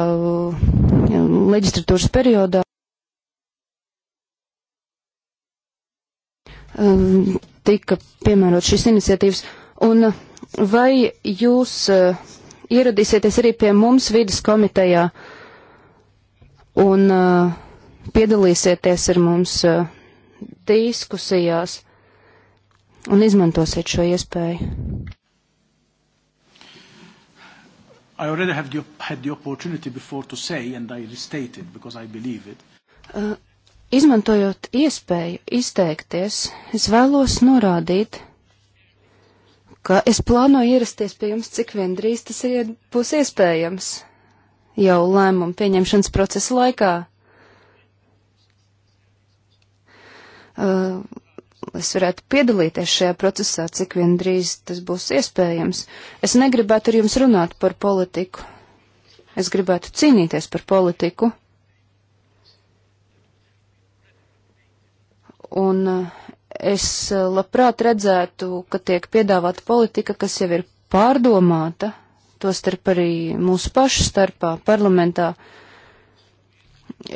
leģistratūras periodā um, tika piemērot šīs iniciatīvas. Un vai jūs uh, ieradīsieties arī pie mums vidas komitejā un uh, piedalīsieties ar mums uh, diskusijās un izmantosiet šo iespēju. I already have the, had the opportunity before to say, and I restate it because I believe it. Uh, izmantojot iespēju izteikties, es vēlos norādīt, ka es plānoju ierasties pie jums cik vien drīz tas ir, būs iespējams jau lēmumu pieņemšanas procesa laikā. Uh, es varētu piedalīties šajā procesā, cik vien drīz tas būs iespējams. Es negribētu ar jums runāt par politiku. Es gribētu cīnīties par politiku. Un uh, Es eh, labprāt redzētu, ka tiek piedāvāta politika, kas jau ir pārdomāta, tostarp arī mūsu pašu starpā parlamentā.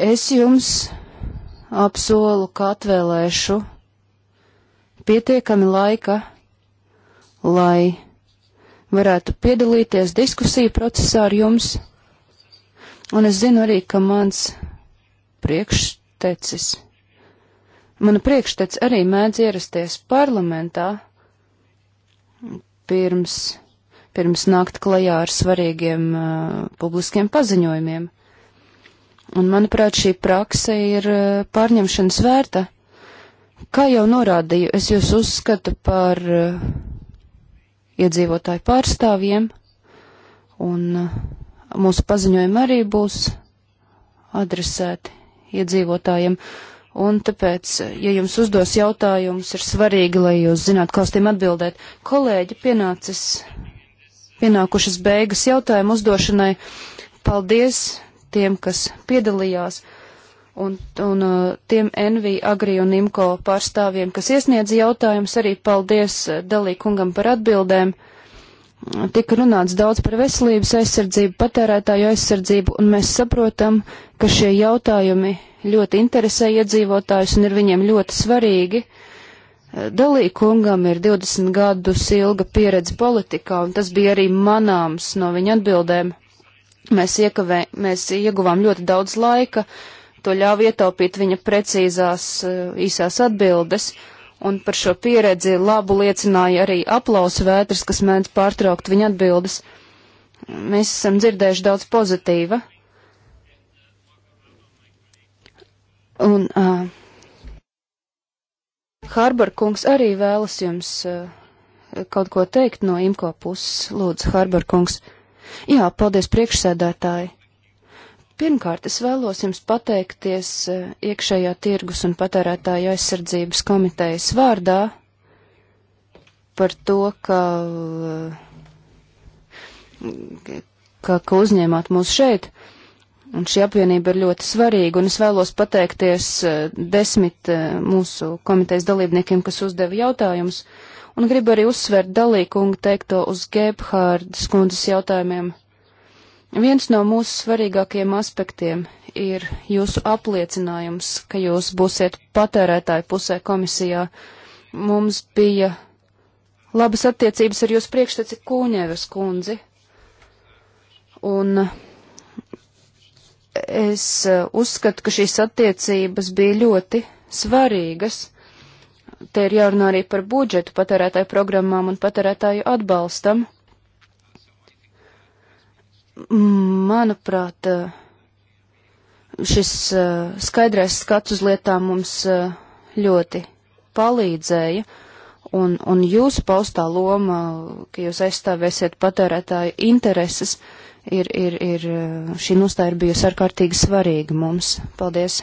Es jums apsolu, ka atvēlēšu pietiekami laika, lai varētu piedalīties diskusiju procesā ar jums. Un es zinu arī, ka mans priekštecis Mana priekštec arī mēdz ierasties parlamentā pirms, pirms nākt klajā ar svarīgiem uh, publiskiem paziņojumiem. Un, manuprāt, šī prakse ir uh, pārņemšanas vērta. Kā jau norādīju, es jūs uzskatu par uh, iedzīvotāju pārstāvjiem, un uh, mūsu paziņojumi arī būs adresēti iedzīvotājiem. Uh, Un tāpēc, ja jums uzdos jautājumus, ir svarīgi, lai jūs zinātu, kā uz tiem atbildēt. Kolēģi pienācis, pienākušas beigas jautājumu uzdošanai. Paldies tiem, kas piedalījās, un, un uh, tiem NV, Agri un Imko pārstāvjiem, kas iesniedz jautājumus. Arī paldies uh, Dalī kungam par atbildēm. Tika runāts daudz par veselības aizsardzību, patērētāju aizsardzību, un mēs saprotam, ka šie jautājumi ļoti interesē iedzīvotājus un ir viņiem ļoti svarīgi. Dalī kungam ir 20 gadus ilga pieredze politikā, un tas bija arī manāms no viņa atbildēm. Mēs, iekavē, mēs ieguvām ļoti daudz laika, to ļāva ietaupīt viņa precīzās eh, īsās atbildes, un par šo pieredzi labu liecināja arī aplausu vētras, kas mēdz pārtraukt viņa atbildes. Mēs esam dzirdējuši daudz pozitīva. Un uh, Harbor kungs arī vēlas jums uh, kaut ko teikt no IMCO puses, lūdzu, Harbor kungs. Jā, paldies priekšsēdētāji. Pirmkārt, es vēlos jums pateikties uh, iekšējā tirgus un patērētāja aizsardzības komitejas vārdā par to, ka, uh, ka, ka uzņēmāt mūs šeit. Uh, Un šī apvienība ir ļoti svarīga, un es vēlos pateikties eh, desmit eh, mūsu komitejas dalībniekiem, kas uzdeva jautājumus, un gribu arī uzsvērt dalīkungu teikto uz Gebhārdas kundzes jautājumiem. Viens no mūsu svarīgākajiem aspektiem ir jūsu apliecinājums, ka jūs būsiet patērētāju pusē komisijā. Mums bija labas attiecības ar jūsu priekšteci Kūņēves kundzi, un uh, Es eh, uzskatu, ka šīs attiecības bija ļoti svarīgas. Te ir jārunā arī par budžetu patērētāju programmām un patērētāju atbalstam. Manuprāt, eh, šis eh, skaidrais skats uz lietām mums ļoti palīdzēja, un, un jūsu paustā loma, ka jūs aizstāvēsiet patērētāju intereses, uh, ir, ir, ir šī nostāja ir bijusi ārkārtīgi svarīga mums. Paldies!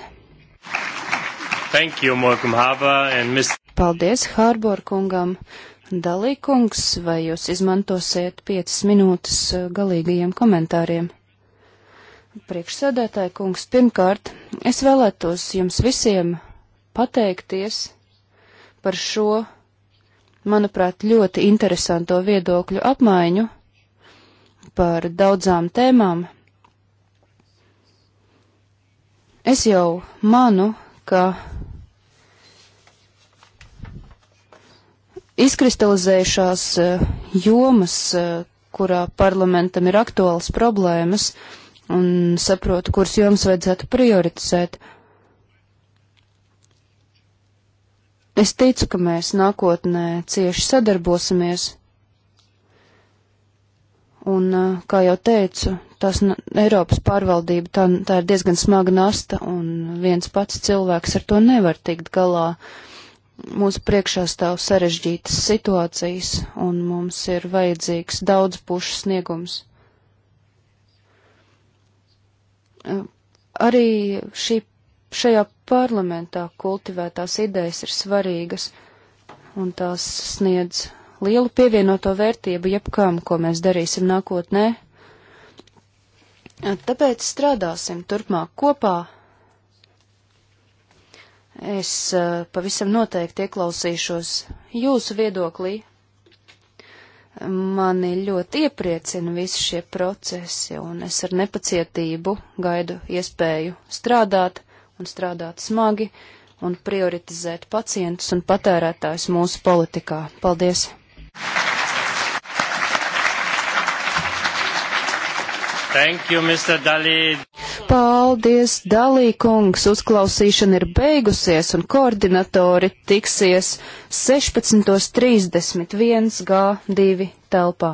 Thank you, Malcolm Harbour and Mr. Paldies Hārbor kungam. Dalīkungs, vai jūs izmantosiet piecas minūtes uh, galīgajiem komentāriem? Priekšsēdētāji kungs, pirmkārt, es vēlētos jums visiem pateikties par šo, manuprāt, ļoti interesanto viedokļu apmaiņu par daudzām tēmām. Es jau manu, ka izkristalizējušās eh, jomas, eh, kurā parlamentam ir aktuāls problēmas, un saprotu, kuras jomas vajadzētu prioritizēt. Es ticu, ka mēs nākotnē cieši sadarbosimies. Un, kā jau teicu, tas Eiropas pārvaldība, tā, tā ir diezgan smaga nasta, un viens pats cilvēks ar to nevar tikt galā. Mūsu priekšā stāv sarežģītas situācijas, un mums ir vajadzīgs daudz pušu sniegums. Arī šī, šajā parlamentā kultivētās idejas ir svarīgas, un tās sniedz lielu pievienoto vērtību jebkam, ko mēs darīsim nākotnē. Tāpēc strādāsim turpmāk kopā. Es pavisam noteikti ieklausīšos jūsu viedoklī. Mani ļoti iepriecina visi šie procesi, un es ar nepacietību gaidu iespēju strādāt un strādāt smagi un prioritizēt pacientus un patērētājus mūsu politikā. Paldies! Thank you, Mr. Dalī. Paldies, Dalī kungs! Uzklausīšana ir beigusies un koordinatori tiksies 16.31 G2 telpā.